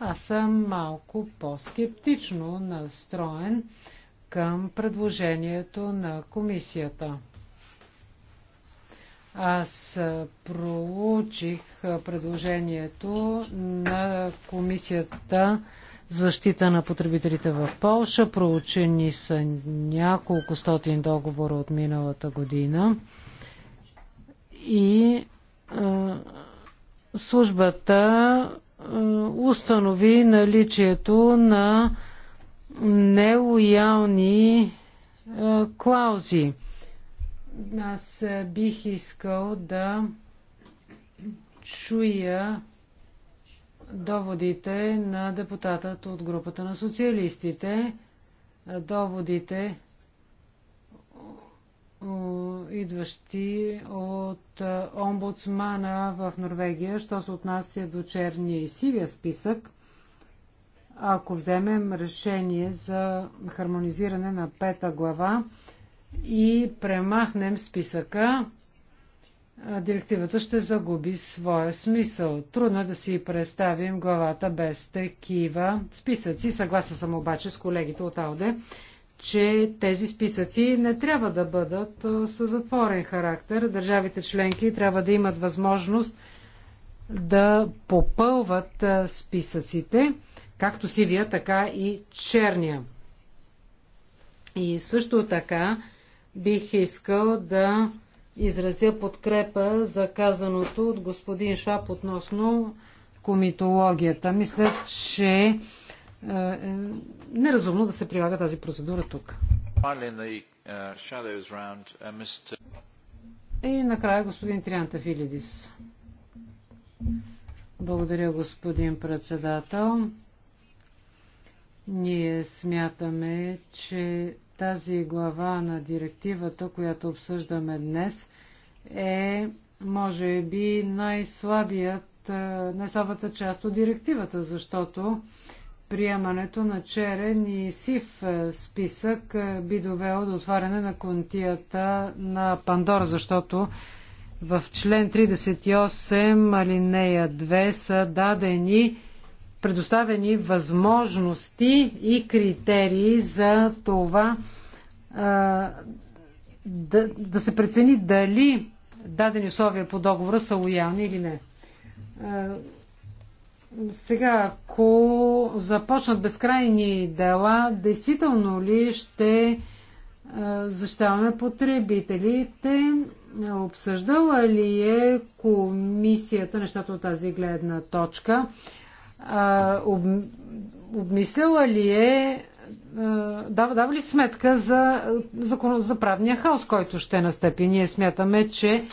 Аз съм малко по-скептично настроен към предложението на комисията. Аз проучих предложението на комисията защита на потребителите в Полша. Проучени са няколко стотин договора от миналата година. И а, службата а, установи наличието на нелоялни а, клаузи. Аз бих искал да чуя доводите на депутатът от групата на социалистите, доводите идващи от омбудсмана в Норвегия, що се отнася до черния и сивия списък. Ако вземем решение за хармонизиране на пета глава и премахнем списъка, директивата ще загуби своя смисъл. Трудно е да си представим главата без такива списъци. Съгласа съм обаче с колегите от АОДЕ, че тези списъци не трябва да бъдат с затворен характер. Държавите членки трябва да имат възможност да попълват списъците, както сивия, така и черния. И също така бих искал да изразя подкрепа за казаното от господин Шап относно комитологията. Мисля, че е, е неразумно да се прилага тази процедура тук. Uh, uh, И накрая господин Трианта Филидис. Благодаря, господин председател. Ние смятаме, че тази глава на директивата, която обсъждаме днес, е може би най-слабият, е, най-слабата част от директивата, защото приемането на черен и сив е, списък е, би довело до отваряне на контията на Пандора, защото в член 38 алинея 2 са дадени предоставени възможности и критерии за това да, да се прецени дали дадени условия по договора са лоялни или не. Сега, ако започнат безкрайни дела, действително ли ще защитаваме потребителите? Обсъждала ли е комисията нещата от тази гледна точка? а, об, обмисляла ли е, дава, дава ли сметка за, за, за правния хаос, който ще настъпи? Ние смятаме, че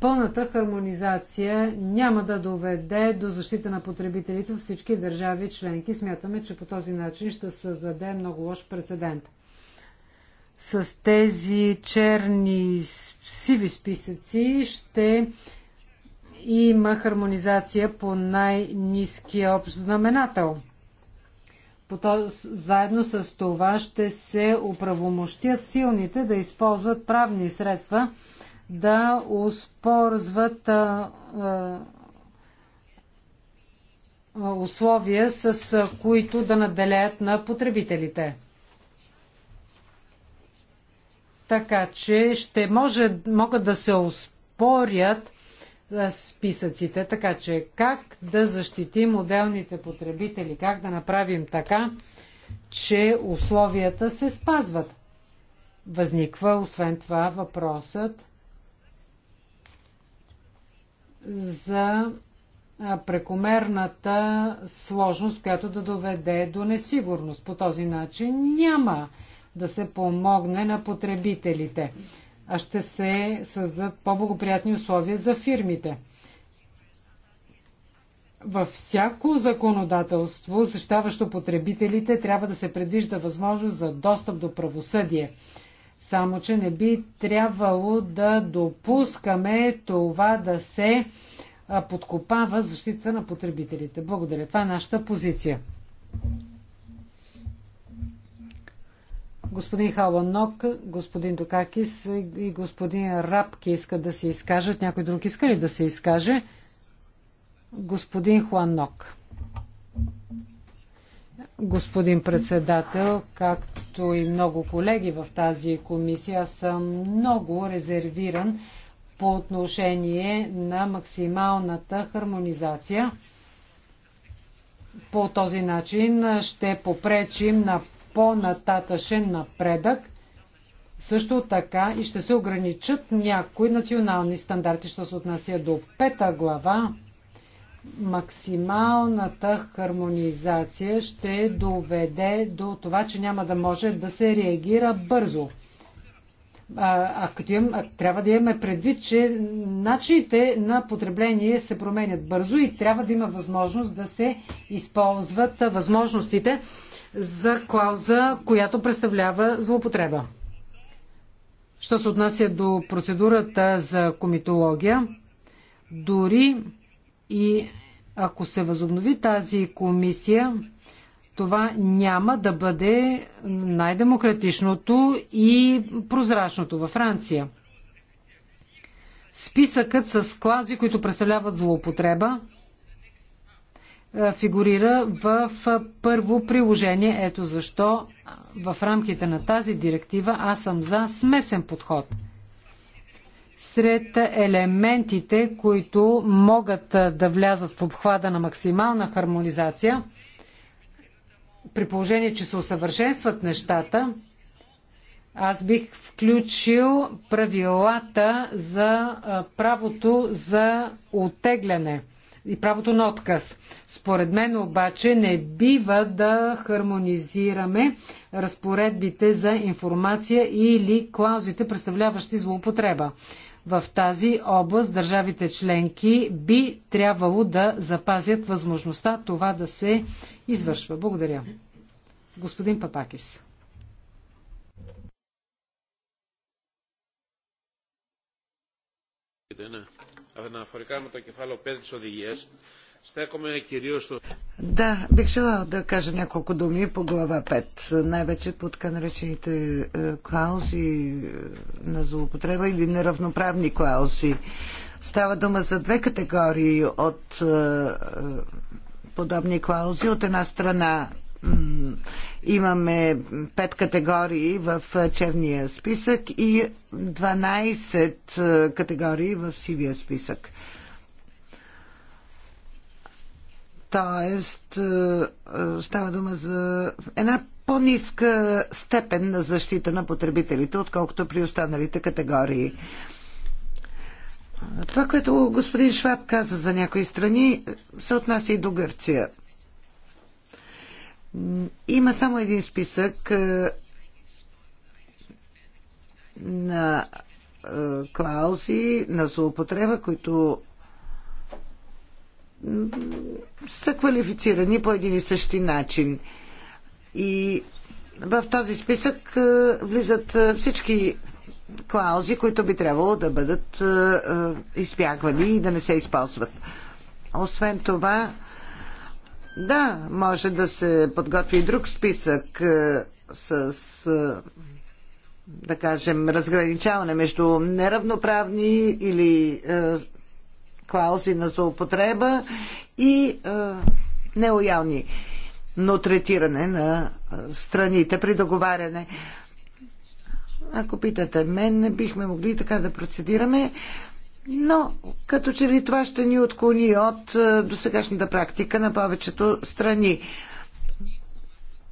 пълната хармонизация няма да доведе до защита на потребителите във всички държави членки. Смятаме, че по този начин ще създаде много лош прецедент. С тези черни сиви списъци ще има хармонизация по най-низкия общ знаменател. Заедно с това ще се оправомощят силните да използват правни средства, да успорзват а, а, условия, с а, които да наделят на потребителите. Така че ще може, могат да се успорят списъците. Така че как да защитим отделните потребители, как да направим така, че условията се спазват. Възниква освен това въпросът за прекомерната сложност, която да доведе до несигурност. По този начин няма да се помогне на потребителите а ще се създадат по-благоприятни условия за фирмите. Във всяко законодателство, защитаващо потребителите, трябва да се предвижда възможност за достъп до правосъдие. Само, че не би трябвало да допускаме това да се подкопава защита на потребителите. Благодаря. Това е нашата позиция. Господин Халанок, господин Докакис и господин Рапки искат да се изкажат. Някой друг иска ли да се изкаже? Господин Хуанок. Господин председател, както и много колеги в тази комисия, съм много резервиран по отношение на максималната хармонизация. По този начин ще попречим на по-нататъшен напредък. Също така и ще се ограничат някои национални стандарти, що се отнася до пета глава. Максималната хармонизация ще доведе до това, че няма да може да се реагира бързо. А, а като имам, а, трябва да имаме предвид, че начините на потребление се променят бързо и трябва да има възможност да се използват възможностите за клауза, която представлява злоупотреба. Що се отнася до процедурата за комитология, дори и ако се възобнови тази комисия, това няма да бъде най-демократичното и прозрачното във Франция. Списъкът с клази, които представляват злоупотреба, е, фигурира в е, първо приложение. Ето защо е, в рамките на тази директива аз съм за смесен подход. Сред елементите, които могат да влязат в обхвата на максимална хармонизация, при положение, че се усъвършенстват нещата, аз бих включил правилата за правото за оттегляне – и правото на отказ. Според мен обаче не бива да хармонизираме разпоредбите за информация или клаузите, представляващи злоупотреба. В тази област държавите членки би трябвало да запазят възможността това да се извършва. Благодаря. Господин Папакис. Дена αναφορικά με το κεφάλαιο 5 της οδηγίας, στέκομαι κυρίως στο... Да, бих желал да кажа няколко думи по глава 5, най-вече по така наречените е, клаузи е, на злоупотреба или неравноправни клаузи. Става дума за две категории от е, подобни клаузи. От една страна Имаме пет категории в черния списък и 12 категории в сивия списък. Тоест, става дума за една по-ниска степен на защита на потребителите, отколкото при останалите категории. Това, което господин Шваб каза за някои страни, се отнася и до Гърция. Има само един списък е, на е, клаузи на злоупотреба, които са квалифицирани по един и същи начин. И в този списък е, влизат всички клаузи, които би трябвало да бъдат избягвани и да не се използват. Освен това, да, може да се подготви и друг списък е, с, е, да кажем, разграничаване между неравноправни или е, клаузи на злоупотреба и нелоялни, но третиране на страните при договаряне. Ако питате мен, не бихме могли така да процедираме. Но като че ли това ще ни отклони от е, досегашната практика на повечето страни.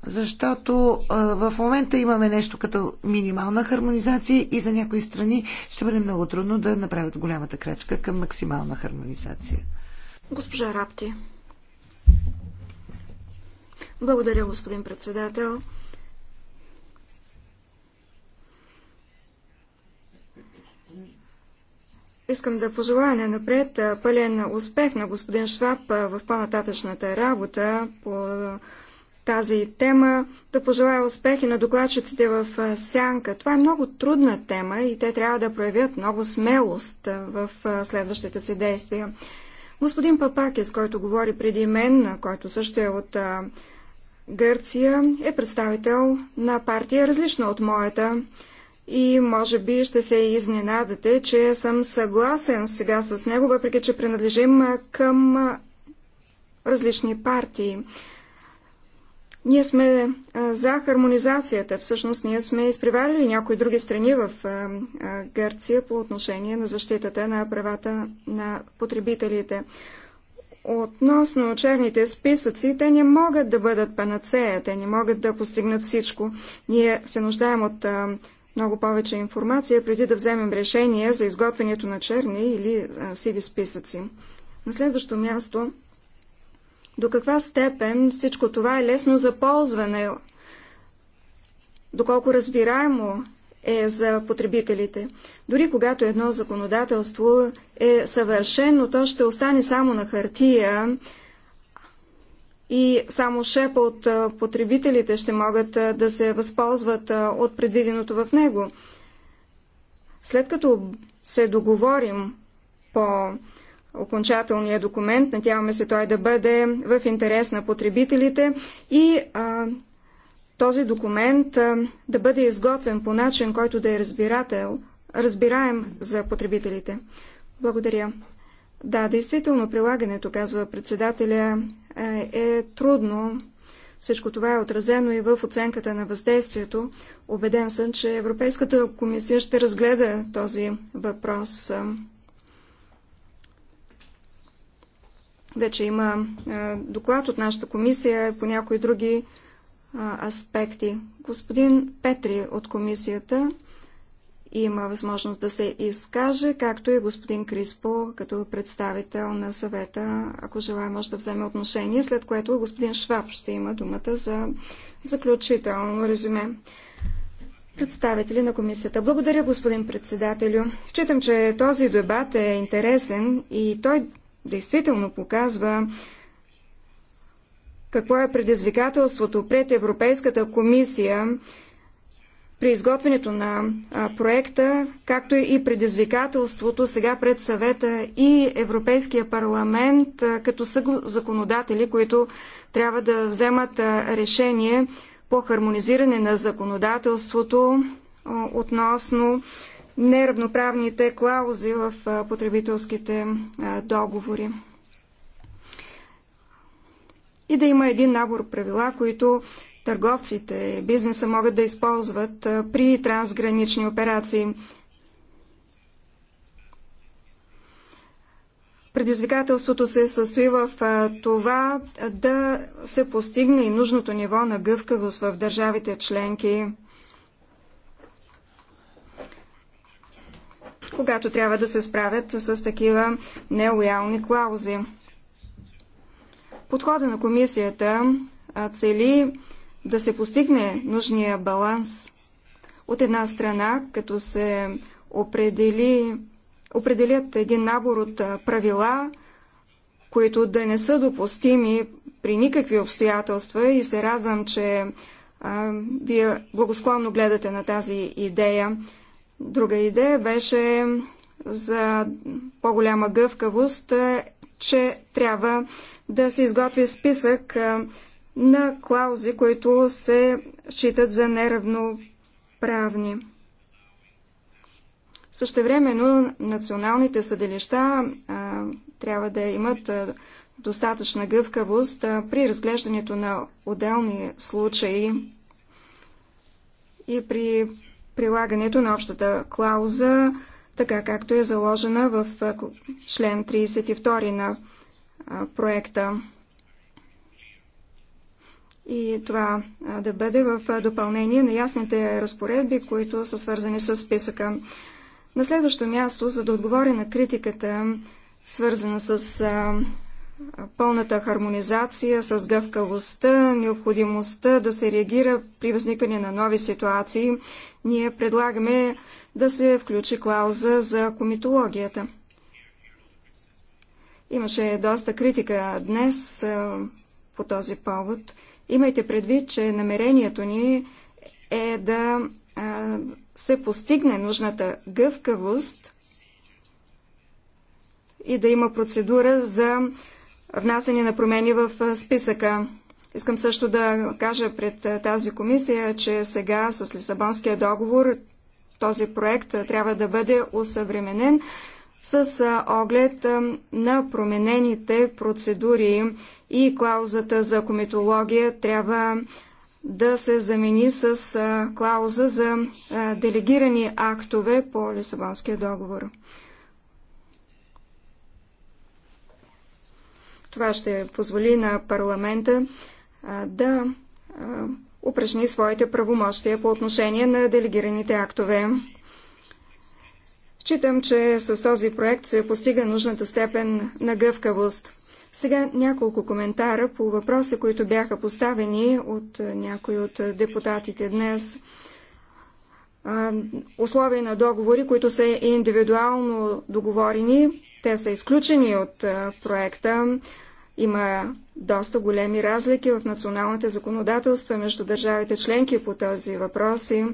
Защото е, в момента имаме нещо като минимална хармонизация и за някои страни ще бъде много трудно да направят голямата крачка към максимална хармонизация. Госпожа Рапти. Благодаря, господин председател. Искам да пожелая на напред пълен успех на господин Шваб в по-нататъчната работа по тази тема, да пожелая успехи на докладчиците в Сянка. Това е много трудна тема и те трябва да проявят много смелост в следващите си действия. Господин Папакис, който говори преди мен, който също е от Гърция, е представител на партия, различна от моята и може би ще се изненадате, че съм съгласен сега с него, въпреки че принадлежим към различни партии. Ние сме за хармонизацията. Всъщност ние сме изпреварили някои други страни в Гърция по отношение на защитата на правата на потребителите. Относно черните списъци, те не могат да бъдат панацея, те не могат да постигнат всичко. Ние се нуждаем от много повече информация, преди да вземем решение за изготвянето на черни или сиви списъци. На следващо място, до каква степен всичко това е лесно за ползване, доколко разбираемо е за потребителите. Дори когато едно законодателство е съвършено, то ще остане само на хартия, и само шепа от потребителите ще могат да се възползват от предвиденото в него. След като се договорим по окончателния документ, надяваме се той да бъде в интерес на потребителите и а, този документ а, да бъде изготвен по начин, който да е разбирател, разбираем за потребителите. Благодаря. Да, действително прилагането, казва председателя, е, е трудно. Всичко това е отразено и в оценката на въздействието. Обеден съм, че Европейската комисия ще разгледа този въпрос. Вече има е, доклад от нашата комисия по някои други аспекти. Господин Петри от комисията има възможност да се изкаже, както и господин Криспо като представител на съвета, ако желая може да вземе отношение, след което господин Шваб ще има думата за заключително резюме. Представители на комисията. Благодаря, господин председателю. Читам, че този дебат е интересен и той действително показва какво е предизвикателството пред Европейската комисия при изготвянето на проекта, както и предизвикателството сега пред съвета и Европейския парламент като са законодатели, които трябва да вземат решение по хармонизиране на законодателството относно неравноправните клаузи в потребителските договори. И да има един набор правила, които търговците и бизнеса могат да използват при трансгранични операции. Предизвикателството се състои в това да се постигне и нужното ниво на гъвкавост в държавите членки. когато трябва да се справят с такива нелоялни клаузи. Подхода на комисията цели да се постигне нужния баланс. От една страна, като се определи, определят един набор от правила, които да не са допустими при никакви обстоятелства и се радвам, че а, вие благосклонно гледате на тази идея. Друга идея беше за по-голяма гъвкавост, че трябва да се изготви списък на клаузи, които се считат за неравноправни. Същевременно националните съдилища а, трябва да имат а, достатъчна гъвкавост а, при разглеждането на отделни случаи и при прилагането на общата клауза, така както е заложена в член 32 на проекта и това да бъде в допълнение на ясните разпоредби, които са свързани с списъка. На следващо място, за да отговоря на критиката, свързана с пълната хармонизация, с гъвкавостта, необходимостта да се реагира при възникване на нови ситуации, ние предлагаме да се включи клауза за комитологията. Имаше доста критика днес по този повод – Имайте предвид, че намерението ни е да се постигне нужната гъвкавост и да има процедура за внасяне на промени в списъка. Искам също да кажа пред тази комисия, че сега с Лисабонския договор този проект трябва да бъде усъвременен с оглед на променените процедури и клаузата за кометология трябва да се замени с клауза за делегирани актове по Лисабонския договор. Това ще позволи на парламента да упражни своите правомощия по отношение на делегираните актове. Читам, че с този проект се постига нужната степен на гъвкавост. Сега няколко коментара по въпроса, които бяха поставени от е, някои от е, депутатите днес. Условия на договори, които са индивидуално договорени, те са изключени от е, проекта. Има доста големи разлики в националните законодателства между държавите членки по този въпрос и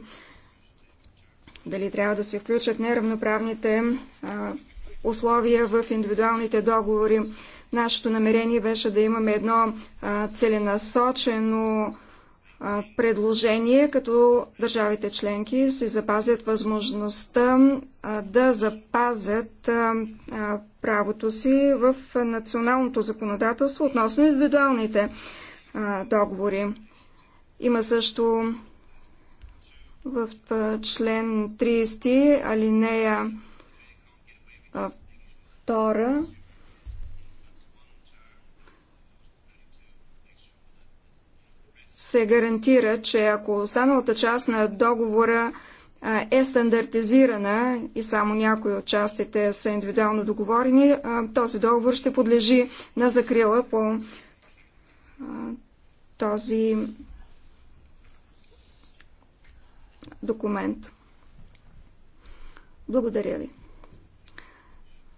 дали трябва да се включат неравноправните условия в индивидуалните договори. Нашето намерение беше да имаме едно целенасочено предложение, като държавите членки си запазят възможността да запазят правото си в националното законодателство относно индивидуалните договори. Има също в член 30 алинея 2 се гарантира, че ако останалата част на договора е стандартизирана и само някои от частите са индивидуално договорени, този договор ще подлежи на закрила по този документ. Благодаря ви.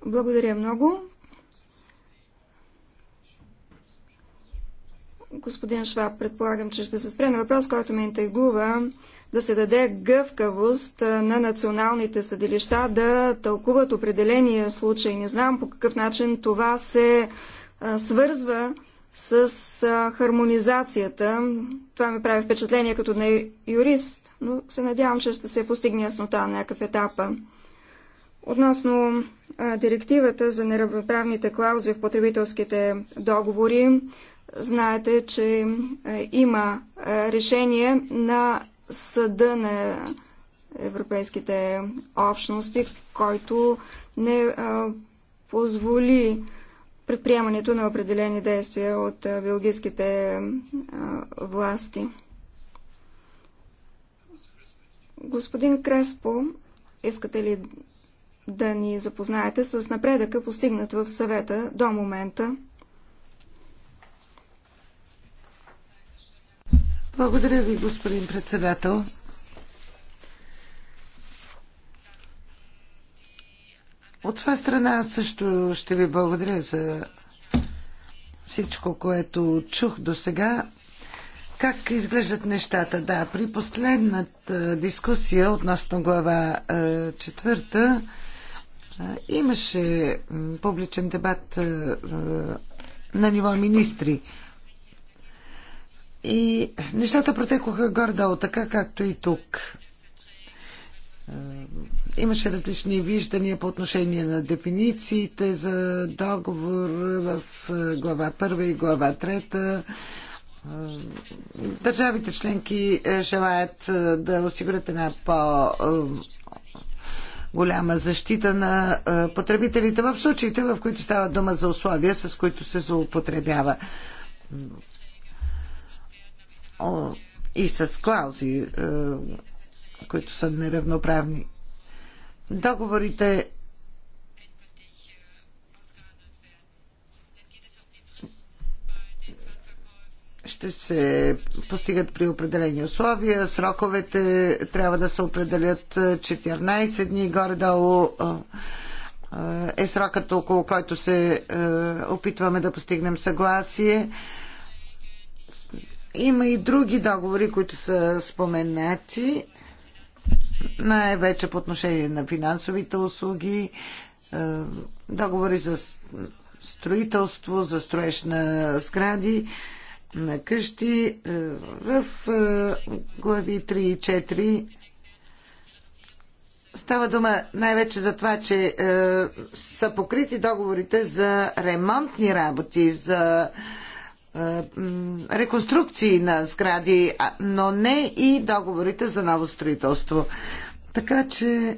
Благодаря много. Господин Шваб, предполагам, че ще се спре на въпрос, който ме интригува да се даде гъвкавост на националните съдилища да тълкуват определения случай. Не знам по какъв начин това се свързва с хармонизацията. Това ми прави впечатление като на юрист, но се надявам, че ще се постигне яснота на някакъв етапа. Относно директивата за неравноправните клаузи в потребителските договори, Знаете, че е, има е, решение на съда на европейските общности, който не е, позволи предприемането на определени действия от белгийските власти. Господин Креспо, искате ли да ни запознаете с напредъка, постигнат в съвета до момента? Благодаря ви, господин председател. От своя страна също ще ви благодаря за всичко, което чух до сега. Как изглеждат нещата? Да, при последната дискусия относно глава четвърта имаше публичен дебат на ниво министри. И нещата протекоха горе-долу така, както и тук. Е, имаше различни виждания по отношение на дефинициите за договор в е, глава 1 и глава 3. Е, държавите членки желаят да осигурят една по голяма защита на потребителите в случаите, в които става дума за условия, с които се злоупотребява и с клаузи, е, които са неравноправни. Договорите ще се постигат при определени условия. Сроковете трябва да се определят 14 дни горе-долу е, е срокът, около който се е, опитваме да постигнем съгласие. Има и други договори, които са споменати, най-вече по отношение на финансовите услуги, е, договори за строителство, за строеж на сгради, на къщи. Е, в е, глави 3 и 4 Става дума най-вече за това, че са покрити договорите за ремонтни работи, за е, реконструкции на сгради, но не и договорите за ново строителство. Така че е,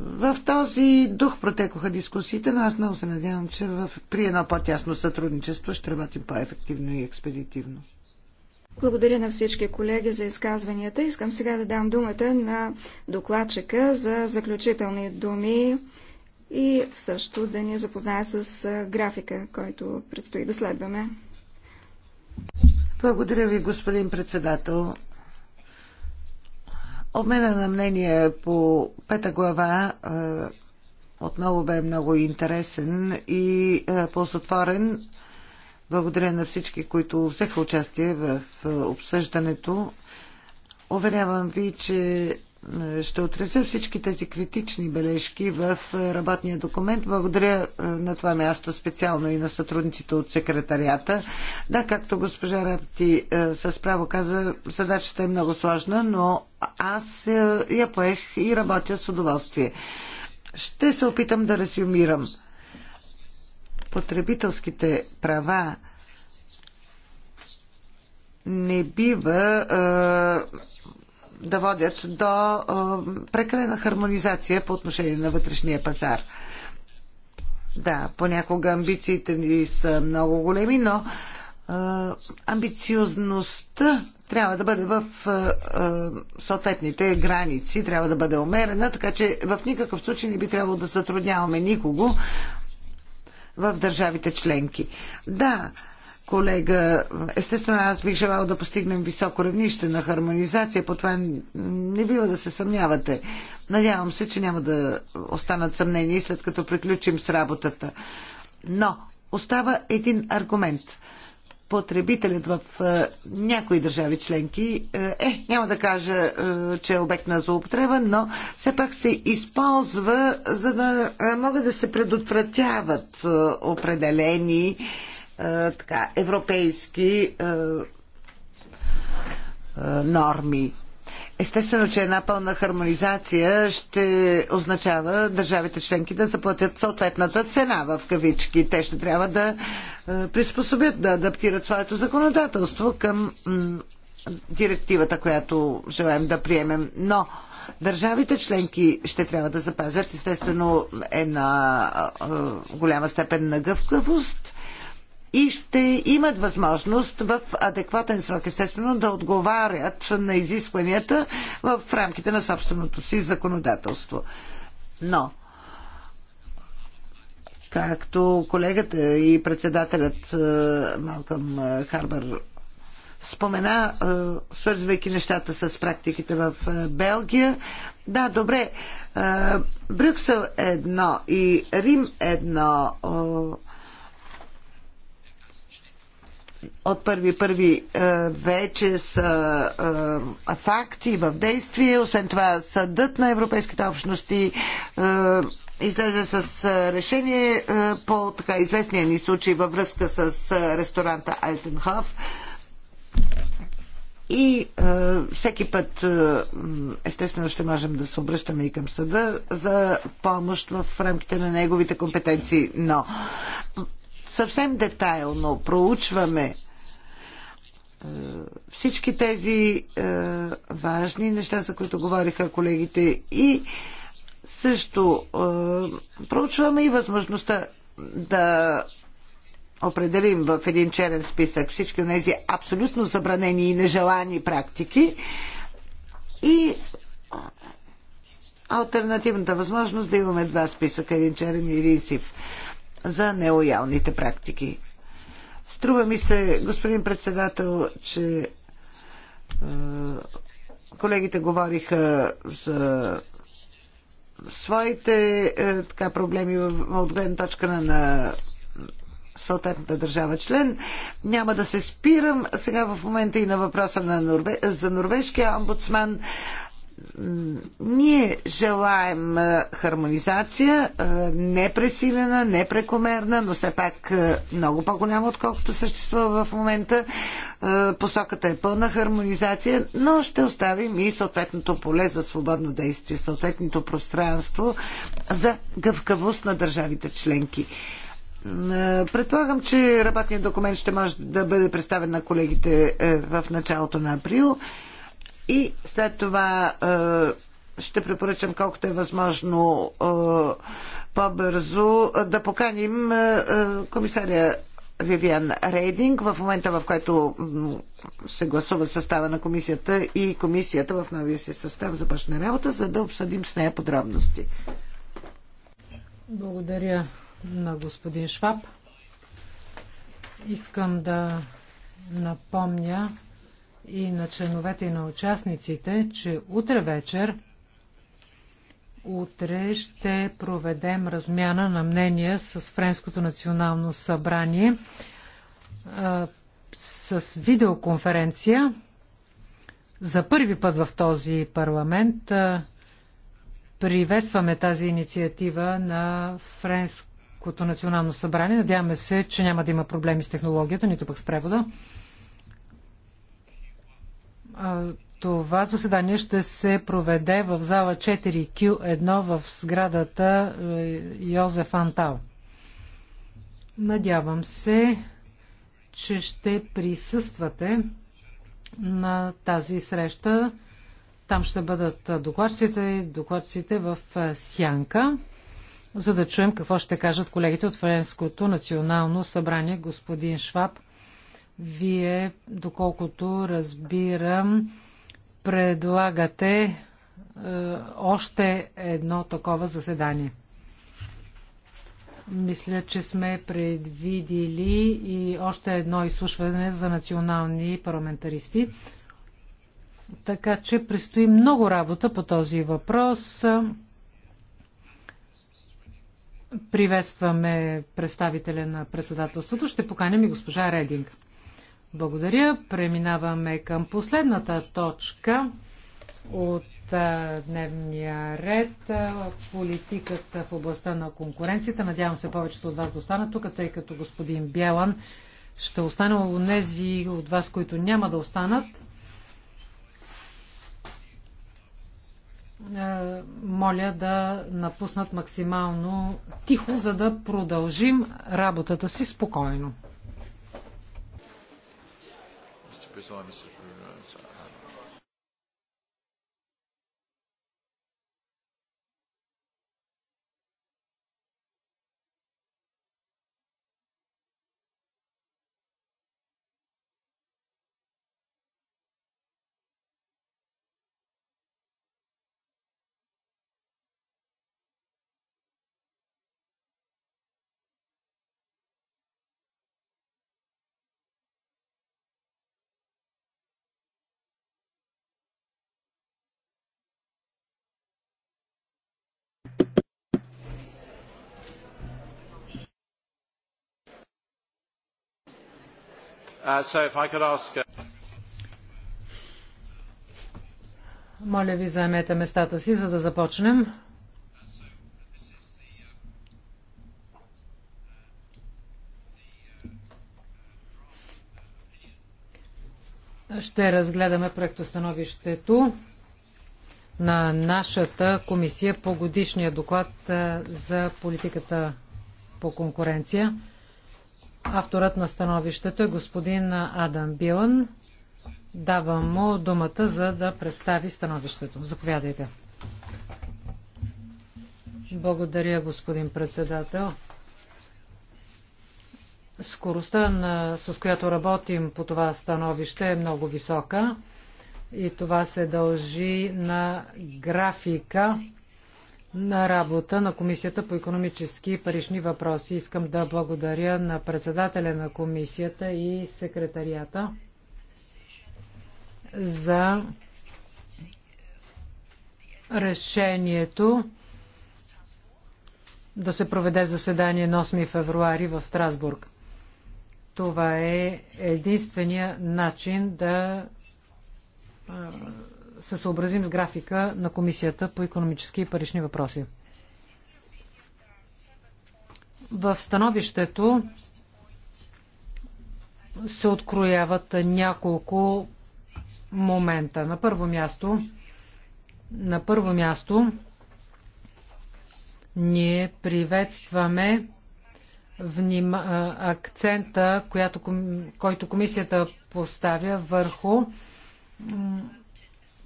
в този дух протекоха дискусиите, но аз много се надявам, че в, при едно по-тясно сътрудничество ще работим по-ефективно и експедитивно. Благодаря на всички колеги за изказванията. Искам сега да дам думата на докладчика за заключителни думи и също да ни запознае с графика, който предстои да следваме. Благодаря ви, господин председател. Обмена на мнение по пета глава отново бе много интересен и ползотворен. Благодаря на всички, които взеха участие в обсъждането. Уверявам ви, че ще отразя всички тези критични бележки в е, работния документ. Благодаря е, на това място специално и на сътрудниците от секретарията. Да, както госпожа Рапти е, с право каза, задачата е много сложна, но аз я поех и работя с удоволствие. Ще се опитам да резюмирам. Потребителските права не бива да водят до прекалена хармонизация по отношение на вътрешния пазар. Да, понякога амбициите ни са много големи, но амбициозността трябва да бъде в съответните граници, трябва да бъде умерена, така че в никакъв случай не би трябвало да затрудняваме никого в държавите членки. Да, колега. Естествено, аз бих желал да постигнем високо равнище на хармонизация, по това не бива да се съмнявате. Надявам се, че няма да останат съмнения след като приключим с работата. Но остава един аргумент. Потребителят в е, някои държави членки е, е няма да кажа, е, че е обект на злоупотреба, но все пак се използва, за да могат да се предотвратяват определени така, европейски норми. Естествено, че една пълна хармонизация ще означава държавите членки да заплатят съответната цена в кавички. Те ще трябва да приспособят, да адаптират своето законодателство към директивата, която желаем да приемем. Но държавите членки ще трябва да запазят естествено една голяма степен на гъвкавост и ще имат възможност в адекватен срок, естествено, да отговарят на изискванията в рамките на собственото си законодателство. Но, както колегата и председателят е, Малкъм Харбър спомена, е, свързвайки нещата с практиките в е, Белгия. Да, добре, Брюксел едно и Рим едно от първи първи е, вече са е, факти в действие. Освен това съдът на европейските общности е, излезе с решение по така известния ни случай във връзка с ресторанта Альтенхоф. И е, всеки път, е, естествено, ще можем да се обръщаме и към съда за помощ в рамките на неговите компетенции. Но съвсем детайлно проучваме е, всички тези е, важни неща, за които говориха колегите и също е, проучваме и възможността да определим в един черен списък всички от тези абсолютно забранени и нежелани практики и альтернативната възможност да имаме два списъка, един черен и един сив за нелоялните практики. Струва ми се, господин председател, че е, колегите говориха за своите е, така, проблеми от гледна точка на, на съответната държава член. Няма да се спирам сега в момента и на въпроса на Норве... за норвежкия омбудсман. Ние желаем хармонизация, не пресилена, не прекомерна, но все пак много по-голяма, отколкото съществува в момента. Посоката е пълна хармонизация, но ще оставим и съответното поле за свободно действие, съответното пространство за гъвкавост на държавите членки. Предполагам, че работният документ ще може да бъде представен на колегите е, в началото на април. И след това е, ще препоръчам колкото е възможно е, по-бързо е, да поканим комисаря Вивиан Рейдинг в момента, в който се гласува състава на комисията и комисията в новия си състав започне работа, за да обсъдим с нея подробности. Благодаря на господин Шваб. Искам да напомня и на членовете и на участниците, че утре вечер Утре ще проведем размяна на мнения с Френското национално събрание а, с видеоконференция. За първи път в този парламент а, приветстваме тази инициатива на Френското национално събрание. Надяваме се, че няма да има проблеми с технологията, нито пък с превода. Това заседание ще се проведе в зала 4Q1 в сградата е, Йозеф Антал. Надявам се, че ще присъствате на тази среща. Там ще бъдат докладците и докладците в е, Сянка, за да чуем какво ще кажат колегите от Френското национално събрание господин Шваб – вие, доколкото разбирам, предлагате е, още едно такова заседание. Мисля, че сме предвидили и още едно изслушване за национални парламентаристи. Така че предстои много работа по този въпрос. Приветстваме представителя на председателството. Ще поканим и госпожа Рединг. Благодаря. Преминаваме към последната точка от дневния ред политиката в областта на конкуренцията. Надявам се повечето от вас да останат тук, тъй като господин Бялан ще остане от нези от вас, които няма да останат. Моля да напуснат максимално тихо, за да продължим работата си спокойно resign, Mr. Uh, uh, Моля ви, заемете местата си, за да започнем. Ще разгледаме проектостановището на нашата комисия по годишния доклад за политиката по конкуренция. Авторът на становището е господин Адам Билан. Давам му думата, за да представи становището. Заповядайте. Благодаря, господин председател. Скоростта, на, с която работим по това становище, е много висока и това се дължи на графика, на работа на Комисията по економически и парични въпроси. Искам да благодаря на председателя на комисията и секретарията за решението да се проведе заседание на 8 февруари в Страсбург. Това е единствения начин да се съобразим с графика на Комисията по економически и парични въпроси. В становището се открояват няколко момента. На първо място, на първо място ние приветстваме внима, акцента, която... който комисията поставя върху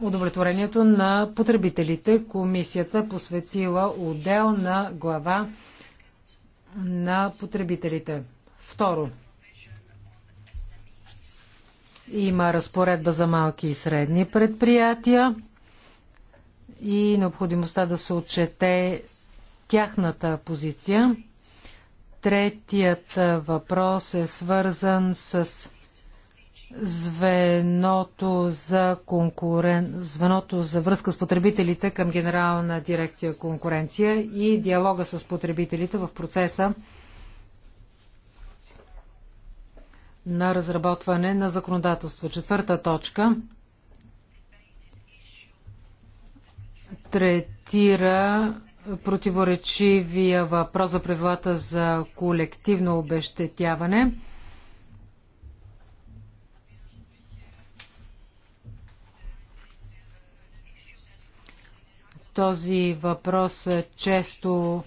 удовлетворението на потребителите. Комисията посветила отдел на глава на потребителите. Второ, има разпоредба за малки и средни предприятия и необходимостта да се отчете тяхната позиция. Третият въпрос е свързан с звеното за, конкурен... звеното за връзка с потребителите към Генерална дирекция конкуренция и диалога с потребителите в процеса на разработване на законодателство. Четвърта точка третира противоречивия въпрос за правилата за колективно обещетяване – Този въпрос е, често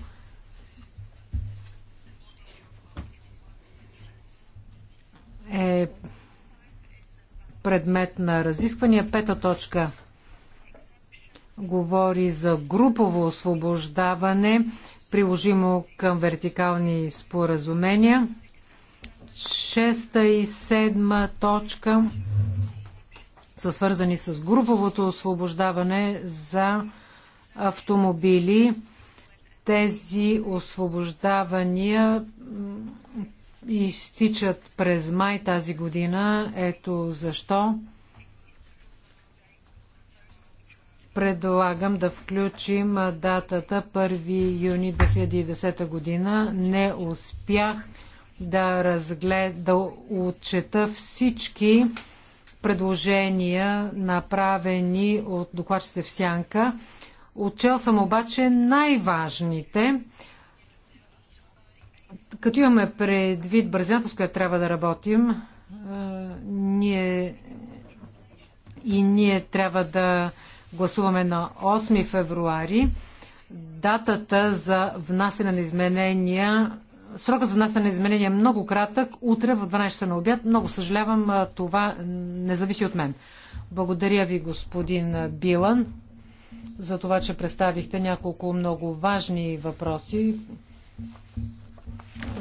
е предмет на разисквания. Пета точка говори за групово освобождаване, приложимо към вертикални споразумения. Шеста и седма точка са свързани с груповото освобождаване за автомобили. Тези освобождавания изтичат през май тази година. Ето защо предлагам да включим датата 1 юни 2010 година. Не успях да разглед, да отчета всички предложения, направени от докладчите в Сянка. Отчел съм обаче най-важните. Като имаме предвид бързината, с която трябва да работим, ние и ние трябва да гласуваме на 8 февруари. Датата за внасяне на изменения, срока за внасяне на изменения е много кратък. Утре в 12 часа на обяд. Много съжалявам, това не зависи от мен. Благодаря ви, господин Билан за това, че представихте няколко много важни въпроси.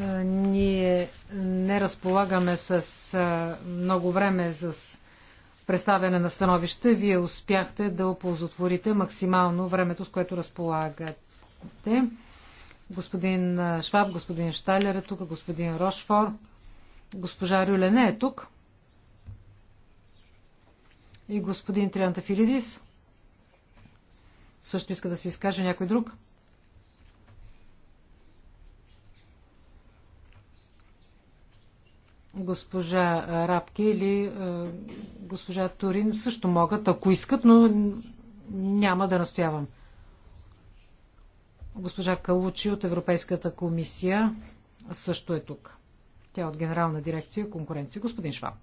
Е, ние не разполагаме с е, много време за представяне на становище. Вие успяхте да оползотворите максимално времето, с което разполагате. Господин е, Шваб, господин Штайлер е тук, господин Рошфор, госпожа Рюле не е тук и господин Триантафилидис. Също иска да се изкаже някой друг? Госпожа Рапке или госпожа Турин също могат, ако искат, но няма да настоявам. Госпожа Калучи от Европейската комисия също е тук. Тя е от Генерална дирекция конкуренция. Господин Шваб.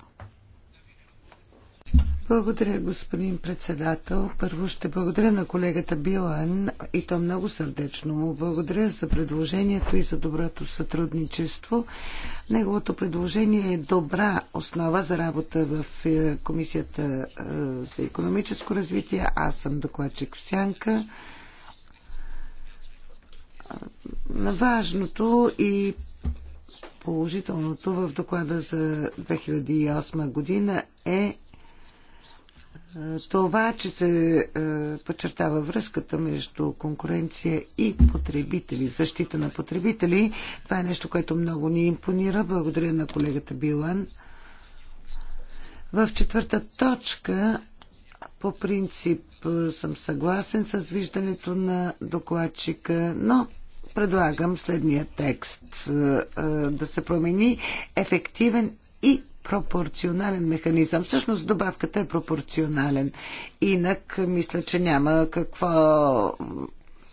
Благодаря, господин председател. Първо ще благодаря на колегата Билан и то много сърдечно му. Благодаря за предложението и за доброто сътрудничество. Неговото предложение е добра основа за работа в е, Комисията е, за економическо развитие. Аз съм докладчик в Сянка. Важното и положителното в доклада за 2008 година е това, че се е, подчертава връзката между конкуренция и потребители, защита на потребители, това е нещо, което много ни импонира. Благодаря на колегата Билан. В четвърта точка по принцип е, съм съгласен с виждането на докладчика, но предлагам следния текст е, да се промени ефективен и пропорционален механизъм. Всъщност добавката е пропорционален. Инак мисля, че няма какво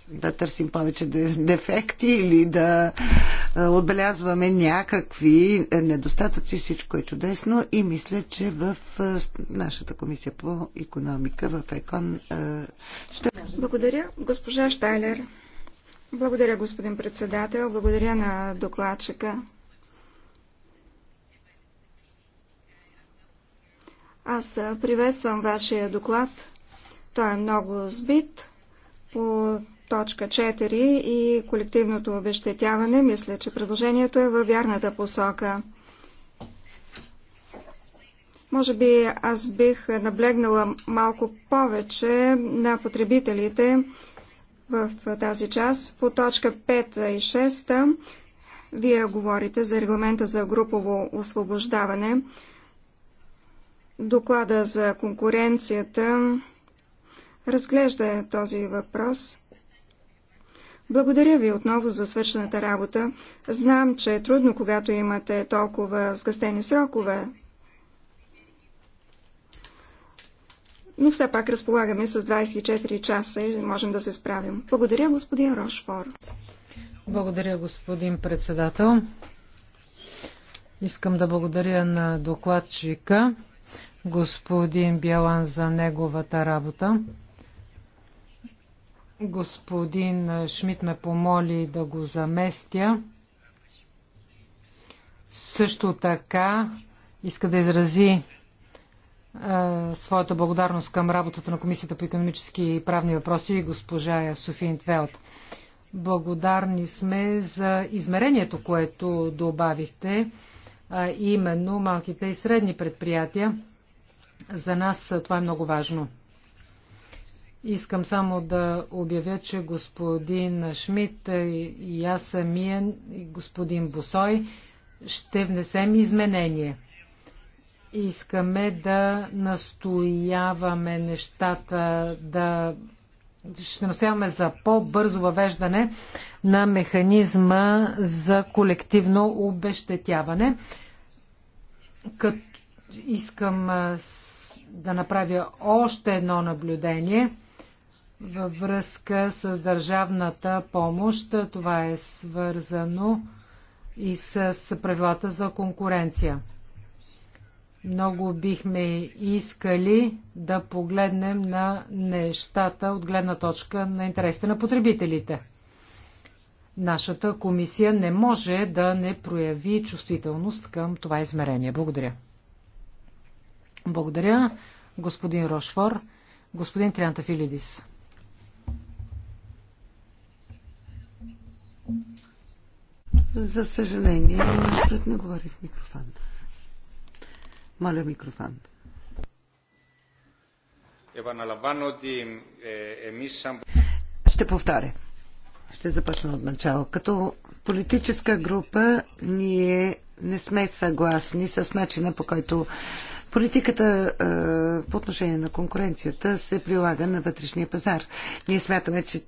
да търсим повече дефекти или да отбелязваме някакви е, недостатъци. Всичко е чудесно и мисля, че в нашата комисия по економика в ЕКОН ще... Благодаря, госпожа Штайлер. Благодаря, господин председател. Благодаря на докладчика. Аз приветствам вашия доклад. Той е много сбит по точка 4 и колективното обещетяване. Мисля, че предложението е във вярната посока. Може би аз бих наблегнала малко повече на потребителите в тази част. По точка 5 и 6 вие говорите за регламента за групово освобождаване. Доклада за конкуренцията разглежда този въпрос. Благодаря ви отново за свършената работа. Знам, че е трудно, когато имате толкова сгъстени срокове. Но все пак разполагаме с 24 часа и можем да се справим. Благодаря, господин Рошфор. Благодаря, господин председател. Искам да благодаря на докладчика господин Бялан за неговата работа. Господин Шмидт ме помоли да го заместя. Също така иска да изрази е, своята благодарност към работата на Комисията по економически и правни въпроси и госпожа Софин Твелт. Благодарни сме за измерението, което добавихте, именно малките и средни предприятия. За нас това е много важно. Искам само да обявя, че господин Шмидт и аз самия, и господин Босой, ще внесем изменение. Искаме да настояваме нещата да ще настояваме за по-бързо въвеждане на механизма за колективно обещетяване. Като искам да направя още едно наблюдение във връзка с държавната помощ. Това е свързано и с правилата за конкуренция. Много бихме искали да погледнем на нещата от гледна точка на интересите на потребителите. Нашата комисия не може да не прояви чувствителност към това измерение. Благодаря. Благодаря, господин Рошфор. Господин Филидис. За съжаление, напред не говори в микрофон. Моля микрофон. Е, Ще повторя. Ще започна от начало. Като политическа група ние не сме съгласни с начина по който Политиката а, по отношение на конкуренцията се прилага на вътрешния пазар. Ние смятаме, че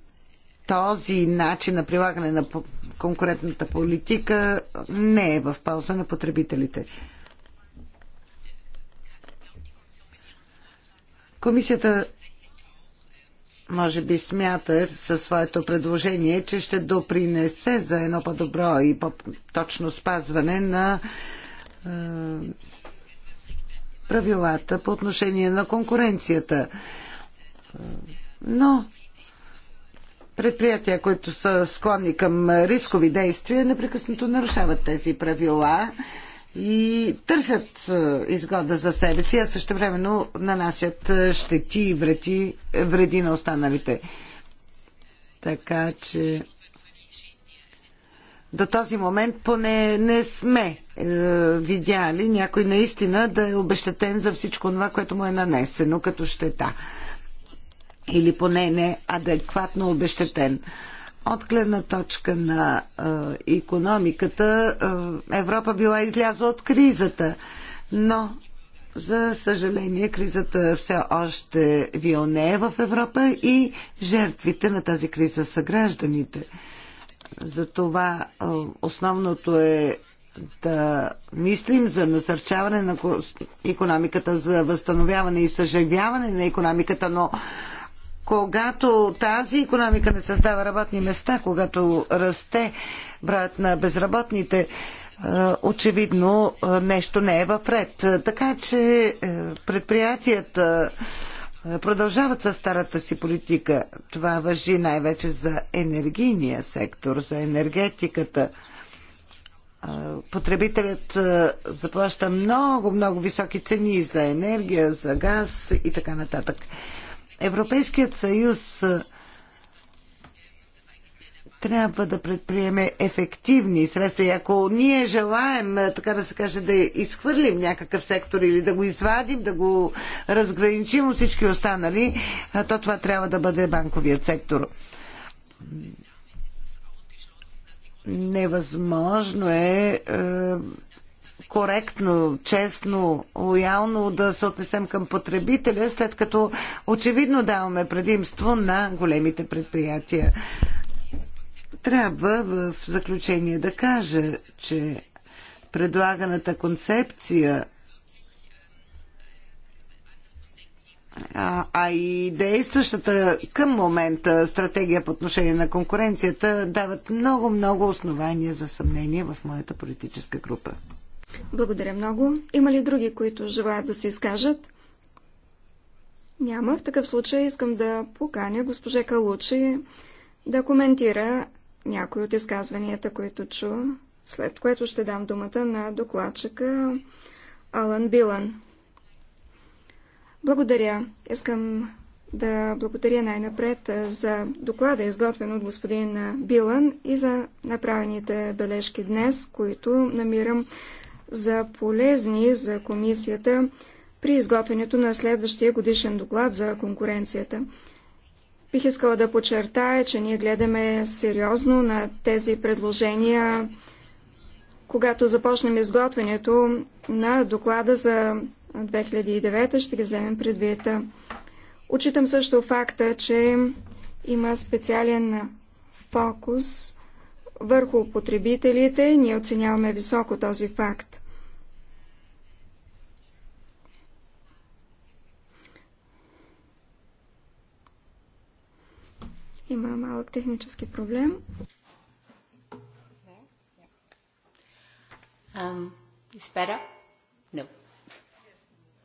този начин на прилагане на конкурентната политика не е в полза на потребителите. Комисията може би смята със своето предложение, че ще допринесе за едно по-добро и по-точно спазване на правилата по отношение на конкуренцията. Но предприятия, които са склонни към рискови действия, непрекъснато нарушават тези правила и търсят е, изгода за себе си, а също времено нанасят е, щети и вреди, вреди на останалите. Така че до този момент поне не сме е, видяли някой наистина да е обещетен за всичко това, което му е нанесено като щета. Или поне не адекватно обещетен. От гледна точка на е, економиката, е, Европа била излязла от кризата, но за съжаление, кризата все още вионее в Европа и жертвите на тази криза са гражданите. Затова основното е да мислим за насърчаване на економиката, за възстановяване и съживяване на економиката, но когато тази економика не създава работни места, когато расте броят на безработните, очевидно нещо не е в ред. Така че е, предприятията продължават със старата си политика. Това въжи най-вече за енергийния сектор, за енергетиката. Потребителят заплаща много, много високи цени за енергия, за газ и така нататък. Европейският съюз трябва да предприеме ефективни средства. И ако ние желаем, е, така да се каже, да изхвърлим някакъв сектор или да го извадим, да го разграничим от всички останали, е, то това трябва да бъде банковият сектор. Невъзможно е, е коректно, честно, лоялно да се отнесем към потребителя, след като очевидно даваме предимство на големите предприятия. Трябва в заключение да кажа, че предлаганата концепция а, а и действащата към момента стратегия по отношение на конкуренцията дават много-много основания за съмнение в моята политическа група. Благодаря много. Има ли други, които желаят да се изкажат? Няма. В такъв случай искам да поканя госпожа Калучи да коментира някои от изказванията, които чу, след което ще дам думата на докладчика Алан Билан. Благодаря. Искам да благодаря най-напред за доклада, изготвен от господин Билан и за направените бележки днес, които намирам за полезни за комисията при изготвянето на следващия годишен доклад за конкуренцията. Бих искала да подчертая, че ние гледаме сериозно на тези предложения, когато започнем изготвянето на доклада за 2009, ще ги вземем предвид. Учитам също факта, че има специален фокус върху потребителите. Ние оценяваме високо този факт. Има малък технически проблем. Um, it's better? No.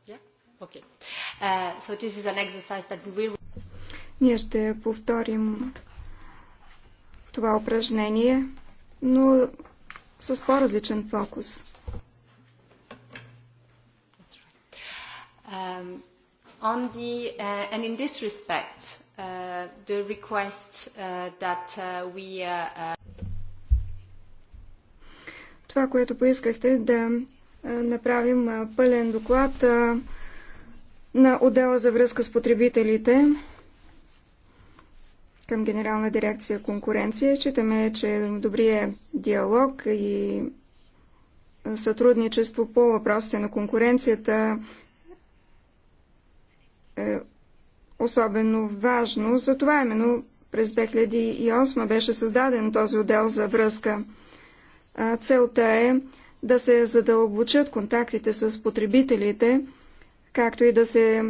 Yeah? Okay. Uh, so this is an exercise that we will... Ние ще повторим това упражнение, но с по-различен фокус. Um, On the, uh, and in this respect, uh, the request uh, that uh, we... Uh, uh Това, което поискахте да направим пълен доклад на отдела за връзка с потребителите към Генерална дирекция конкуренция. Читаме, че добрият диалог и сътрудничество по въпросите на конкуренцията е особено важно. Затова именно през 2008 беше създаден този отдел за връзка. Целта е да се задълбочат контактите с потребителите, както и да се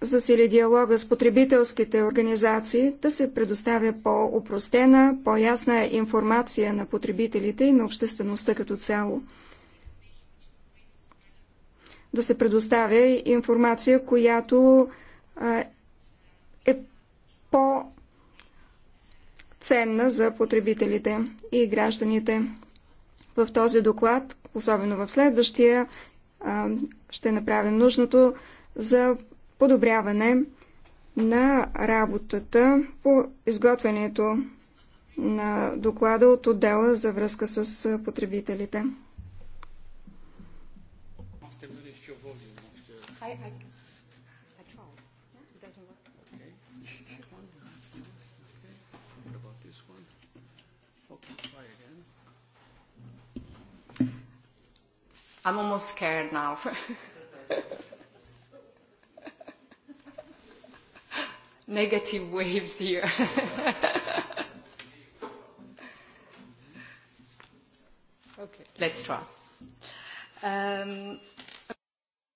засили диалога с потребителските организации, да се предоставя по-упростена, по-ясна информация на потребителите и на обществеността като цяло да се предоставя информация, която е по-ценна за потребителите и гражданите. В този доклад, особено в следващия, ще направим нужното за подобряване на работата по изготвянето на доклада от отдела за връзка с потребителите. I'm almost scared now. Negative waves here. okay, let's try. Um,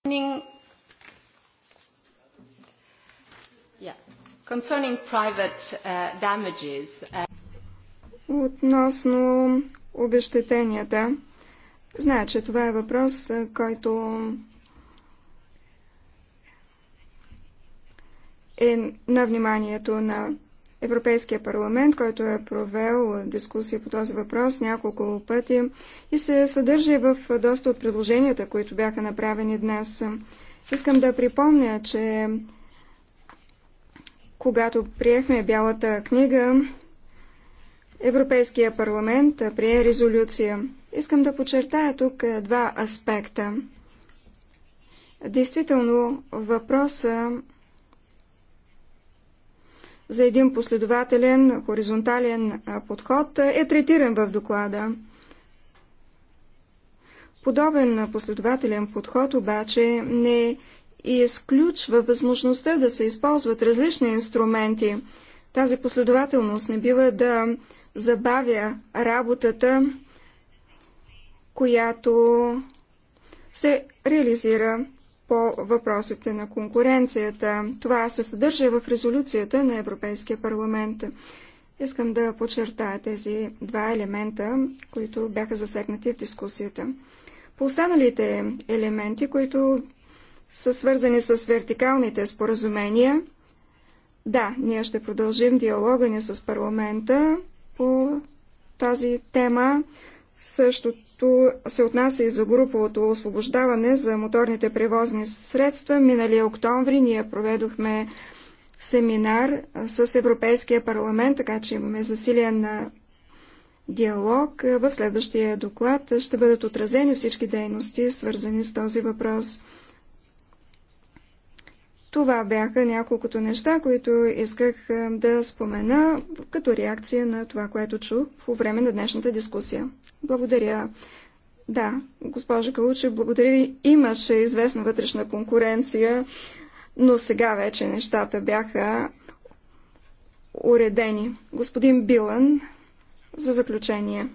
concerning, yeah, concerning private uh, damages. Uh, Относно обещетенията. Зная, че това е въпрос, който е на вниманието на Европейския парламент, който е провел дискусия по този въпрос няколко пъти и се съдържа в доста от предложенията, които бяха направени днес. Искам да припомня, че когато приехме Бялата книга, Европейския парламент прие резолюция. Искам да подчертая тук е, два аспекта. Действително, въпроса за един последователен, хоризонтален е, подход е, е третиран в доклада. Подобен последователен подход обаче не изключва възможността да се използват различни инструменти. Тази последователност не бива да забавя работата която се реализира по въпросите на конкуренцията. Това се съдържа в резолюцията на Европейския парламент. Искам да подчертая тези два елемента, които бяха засегнати в дискусията. По останалите елементи, които са свързани с вертикалните споразумения, да, ние ще продължим диалога ни с парламента по тази тема. Също което се отнася и за груповото освобождаване за моторните превозни средства. Миналия октомври ние проведохме семинар с Европейския парламент, така че имаме засилен диалог. В следващия доклад ще бъдат отразени всички дейности, свързани с този въпрос. Това бяха няколкото неща, които исках да спомена като реакция на това, което чух по време на днешната дискусия. Благодаря. Да, госпожа Калуче, благодаря ви. Имаше известна вътрешна конкуренция, но сега вече нещата бяха уредени. Господин Билан, за заключение.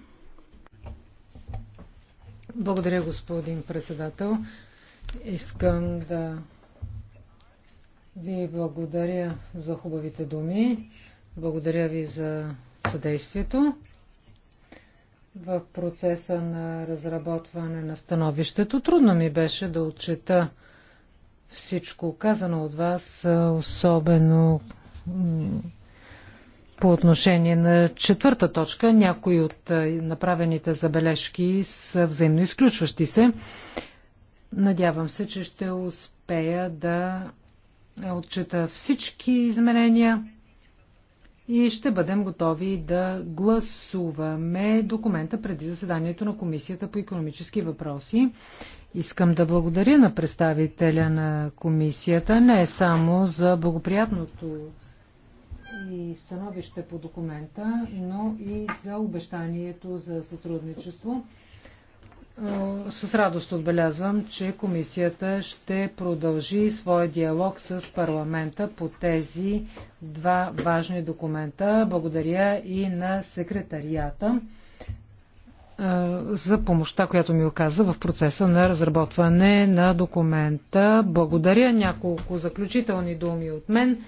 Благодаря, господин председател. Искам да ви благодаря за хубавите думи. Благодаря ви за съдействието в процеса на разработване на становището. Трудно ми беше да отчета всичко казано от вас, особено по отношение на четвърта точка. Някои от направените забележки са взаимно изключващи се. Надявам се, че ще успея да отчета всички изменения и ще бъдем готови да гласуваме документа преди заседанието на Комисията по економически въпроси. Искам да благодаря на представителя на комисията не само за благоприятното и становище по документа, но и за обещанието за сътрудничество с радост отбелязвам, че комисията ще продължи своя диалог с парламента по тези два важни документа. Благодаря и на секретарията за помощта, която ми оказа в процеса на разработване на документа. Благодаря. Няколко заключителни думи от мен.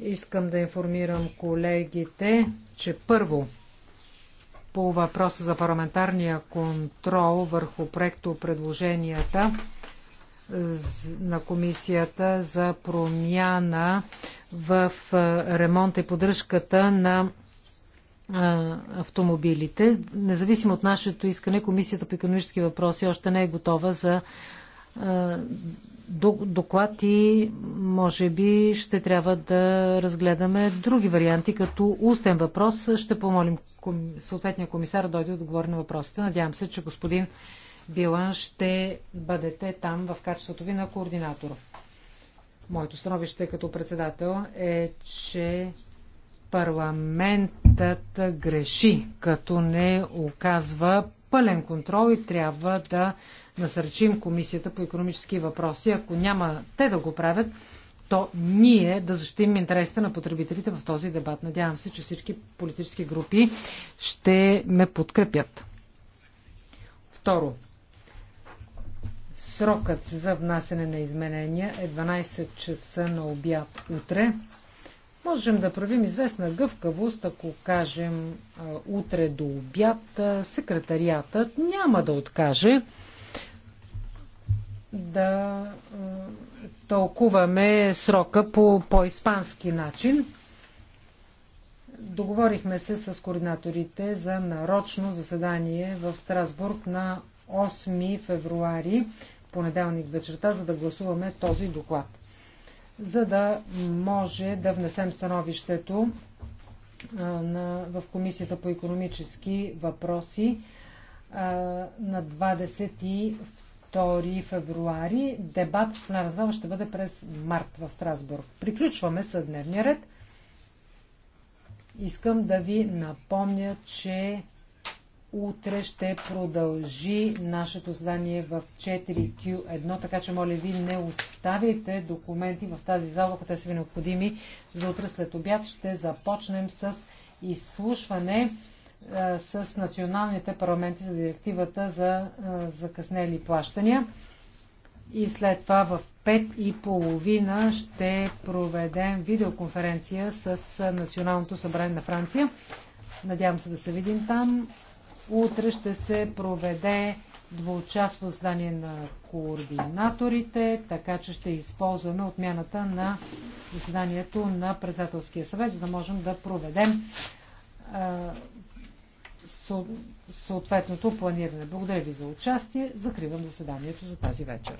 Искам да информирам колегите, че първо по въпроса за парламентарния контрол върху проекто предложенията на комисията за промяна в ремонта и поддръжката на автомобилите. Независимо от нашето искане, Комисията по економически въпроси още не е готова за доклад и може би ще трябва да разгледаме други варианти, като устен въпрос. Ще помолим съответния комисар да дойде да отговори на въпросите. Надявам се, че господин Билан ще бъдете там в качеството ви на координатор. Моето становище като председател е, че парламентът греши, като не оказва пълен контрол и трябва да насърчим Комисията по економически въпроси. Ако няма те да го правят, то ние да защитим интересите на потребителите в този дебат. Надявам се, че всички политически групи ще ме подкрепят. Второ. Срокът за внасене на изменения е 12 часа на обяд утре. Можем да правим известна гъвкавост, ако кажем утре до обяд, секретариатът няма да откаже да тълкуваме срока по по-испански начин. Договорихме се с координаторите за нарочно заседание в Страсбург на 8 февруари, понеделник вечерта, за да гласуваме този доклад за да може да внесем становището на, в Комисията по економически въпроси а, на 22 февруари. Дебат в пленарна ще бъде през март в Страсбург. Приключваме с дневния ред. Искам да ви напомня, че Утре ще продължи нашето задание в 4Q1, така че моля ви не оставяйте документи в тази зала, като те са ви необходими. За утре след обяд ще започнем с изслушване а, е, с националните парламенти за директивата за а, е, закъснели плащания. И след това в 5 и половина ще проведем видеоконференция с Националното събрание на Франция. Надявам се да се видим там. Утре ще се проведе двучасно здание на координаторите, така че ще използваме отмяната на заседанието на председателския съвет, за да можем да проведем а, съответното планиране. Благодаря ви за участие. Закривам заседанието за тази вечер.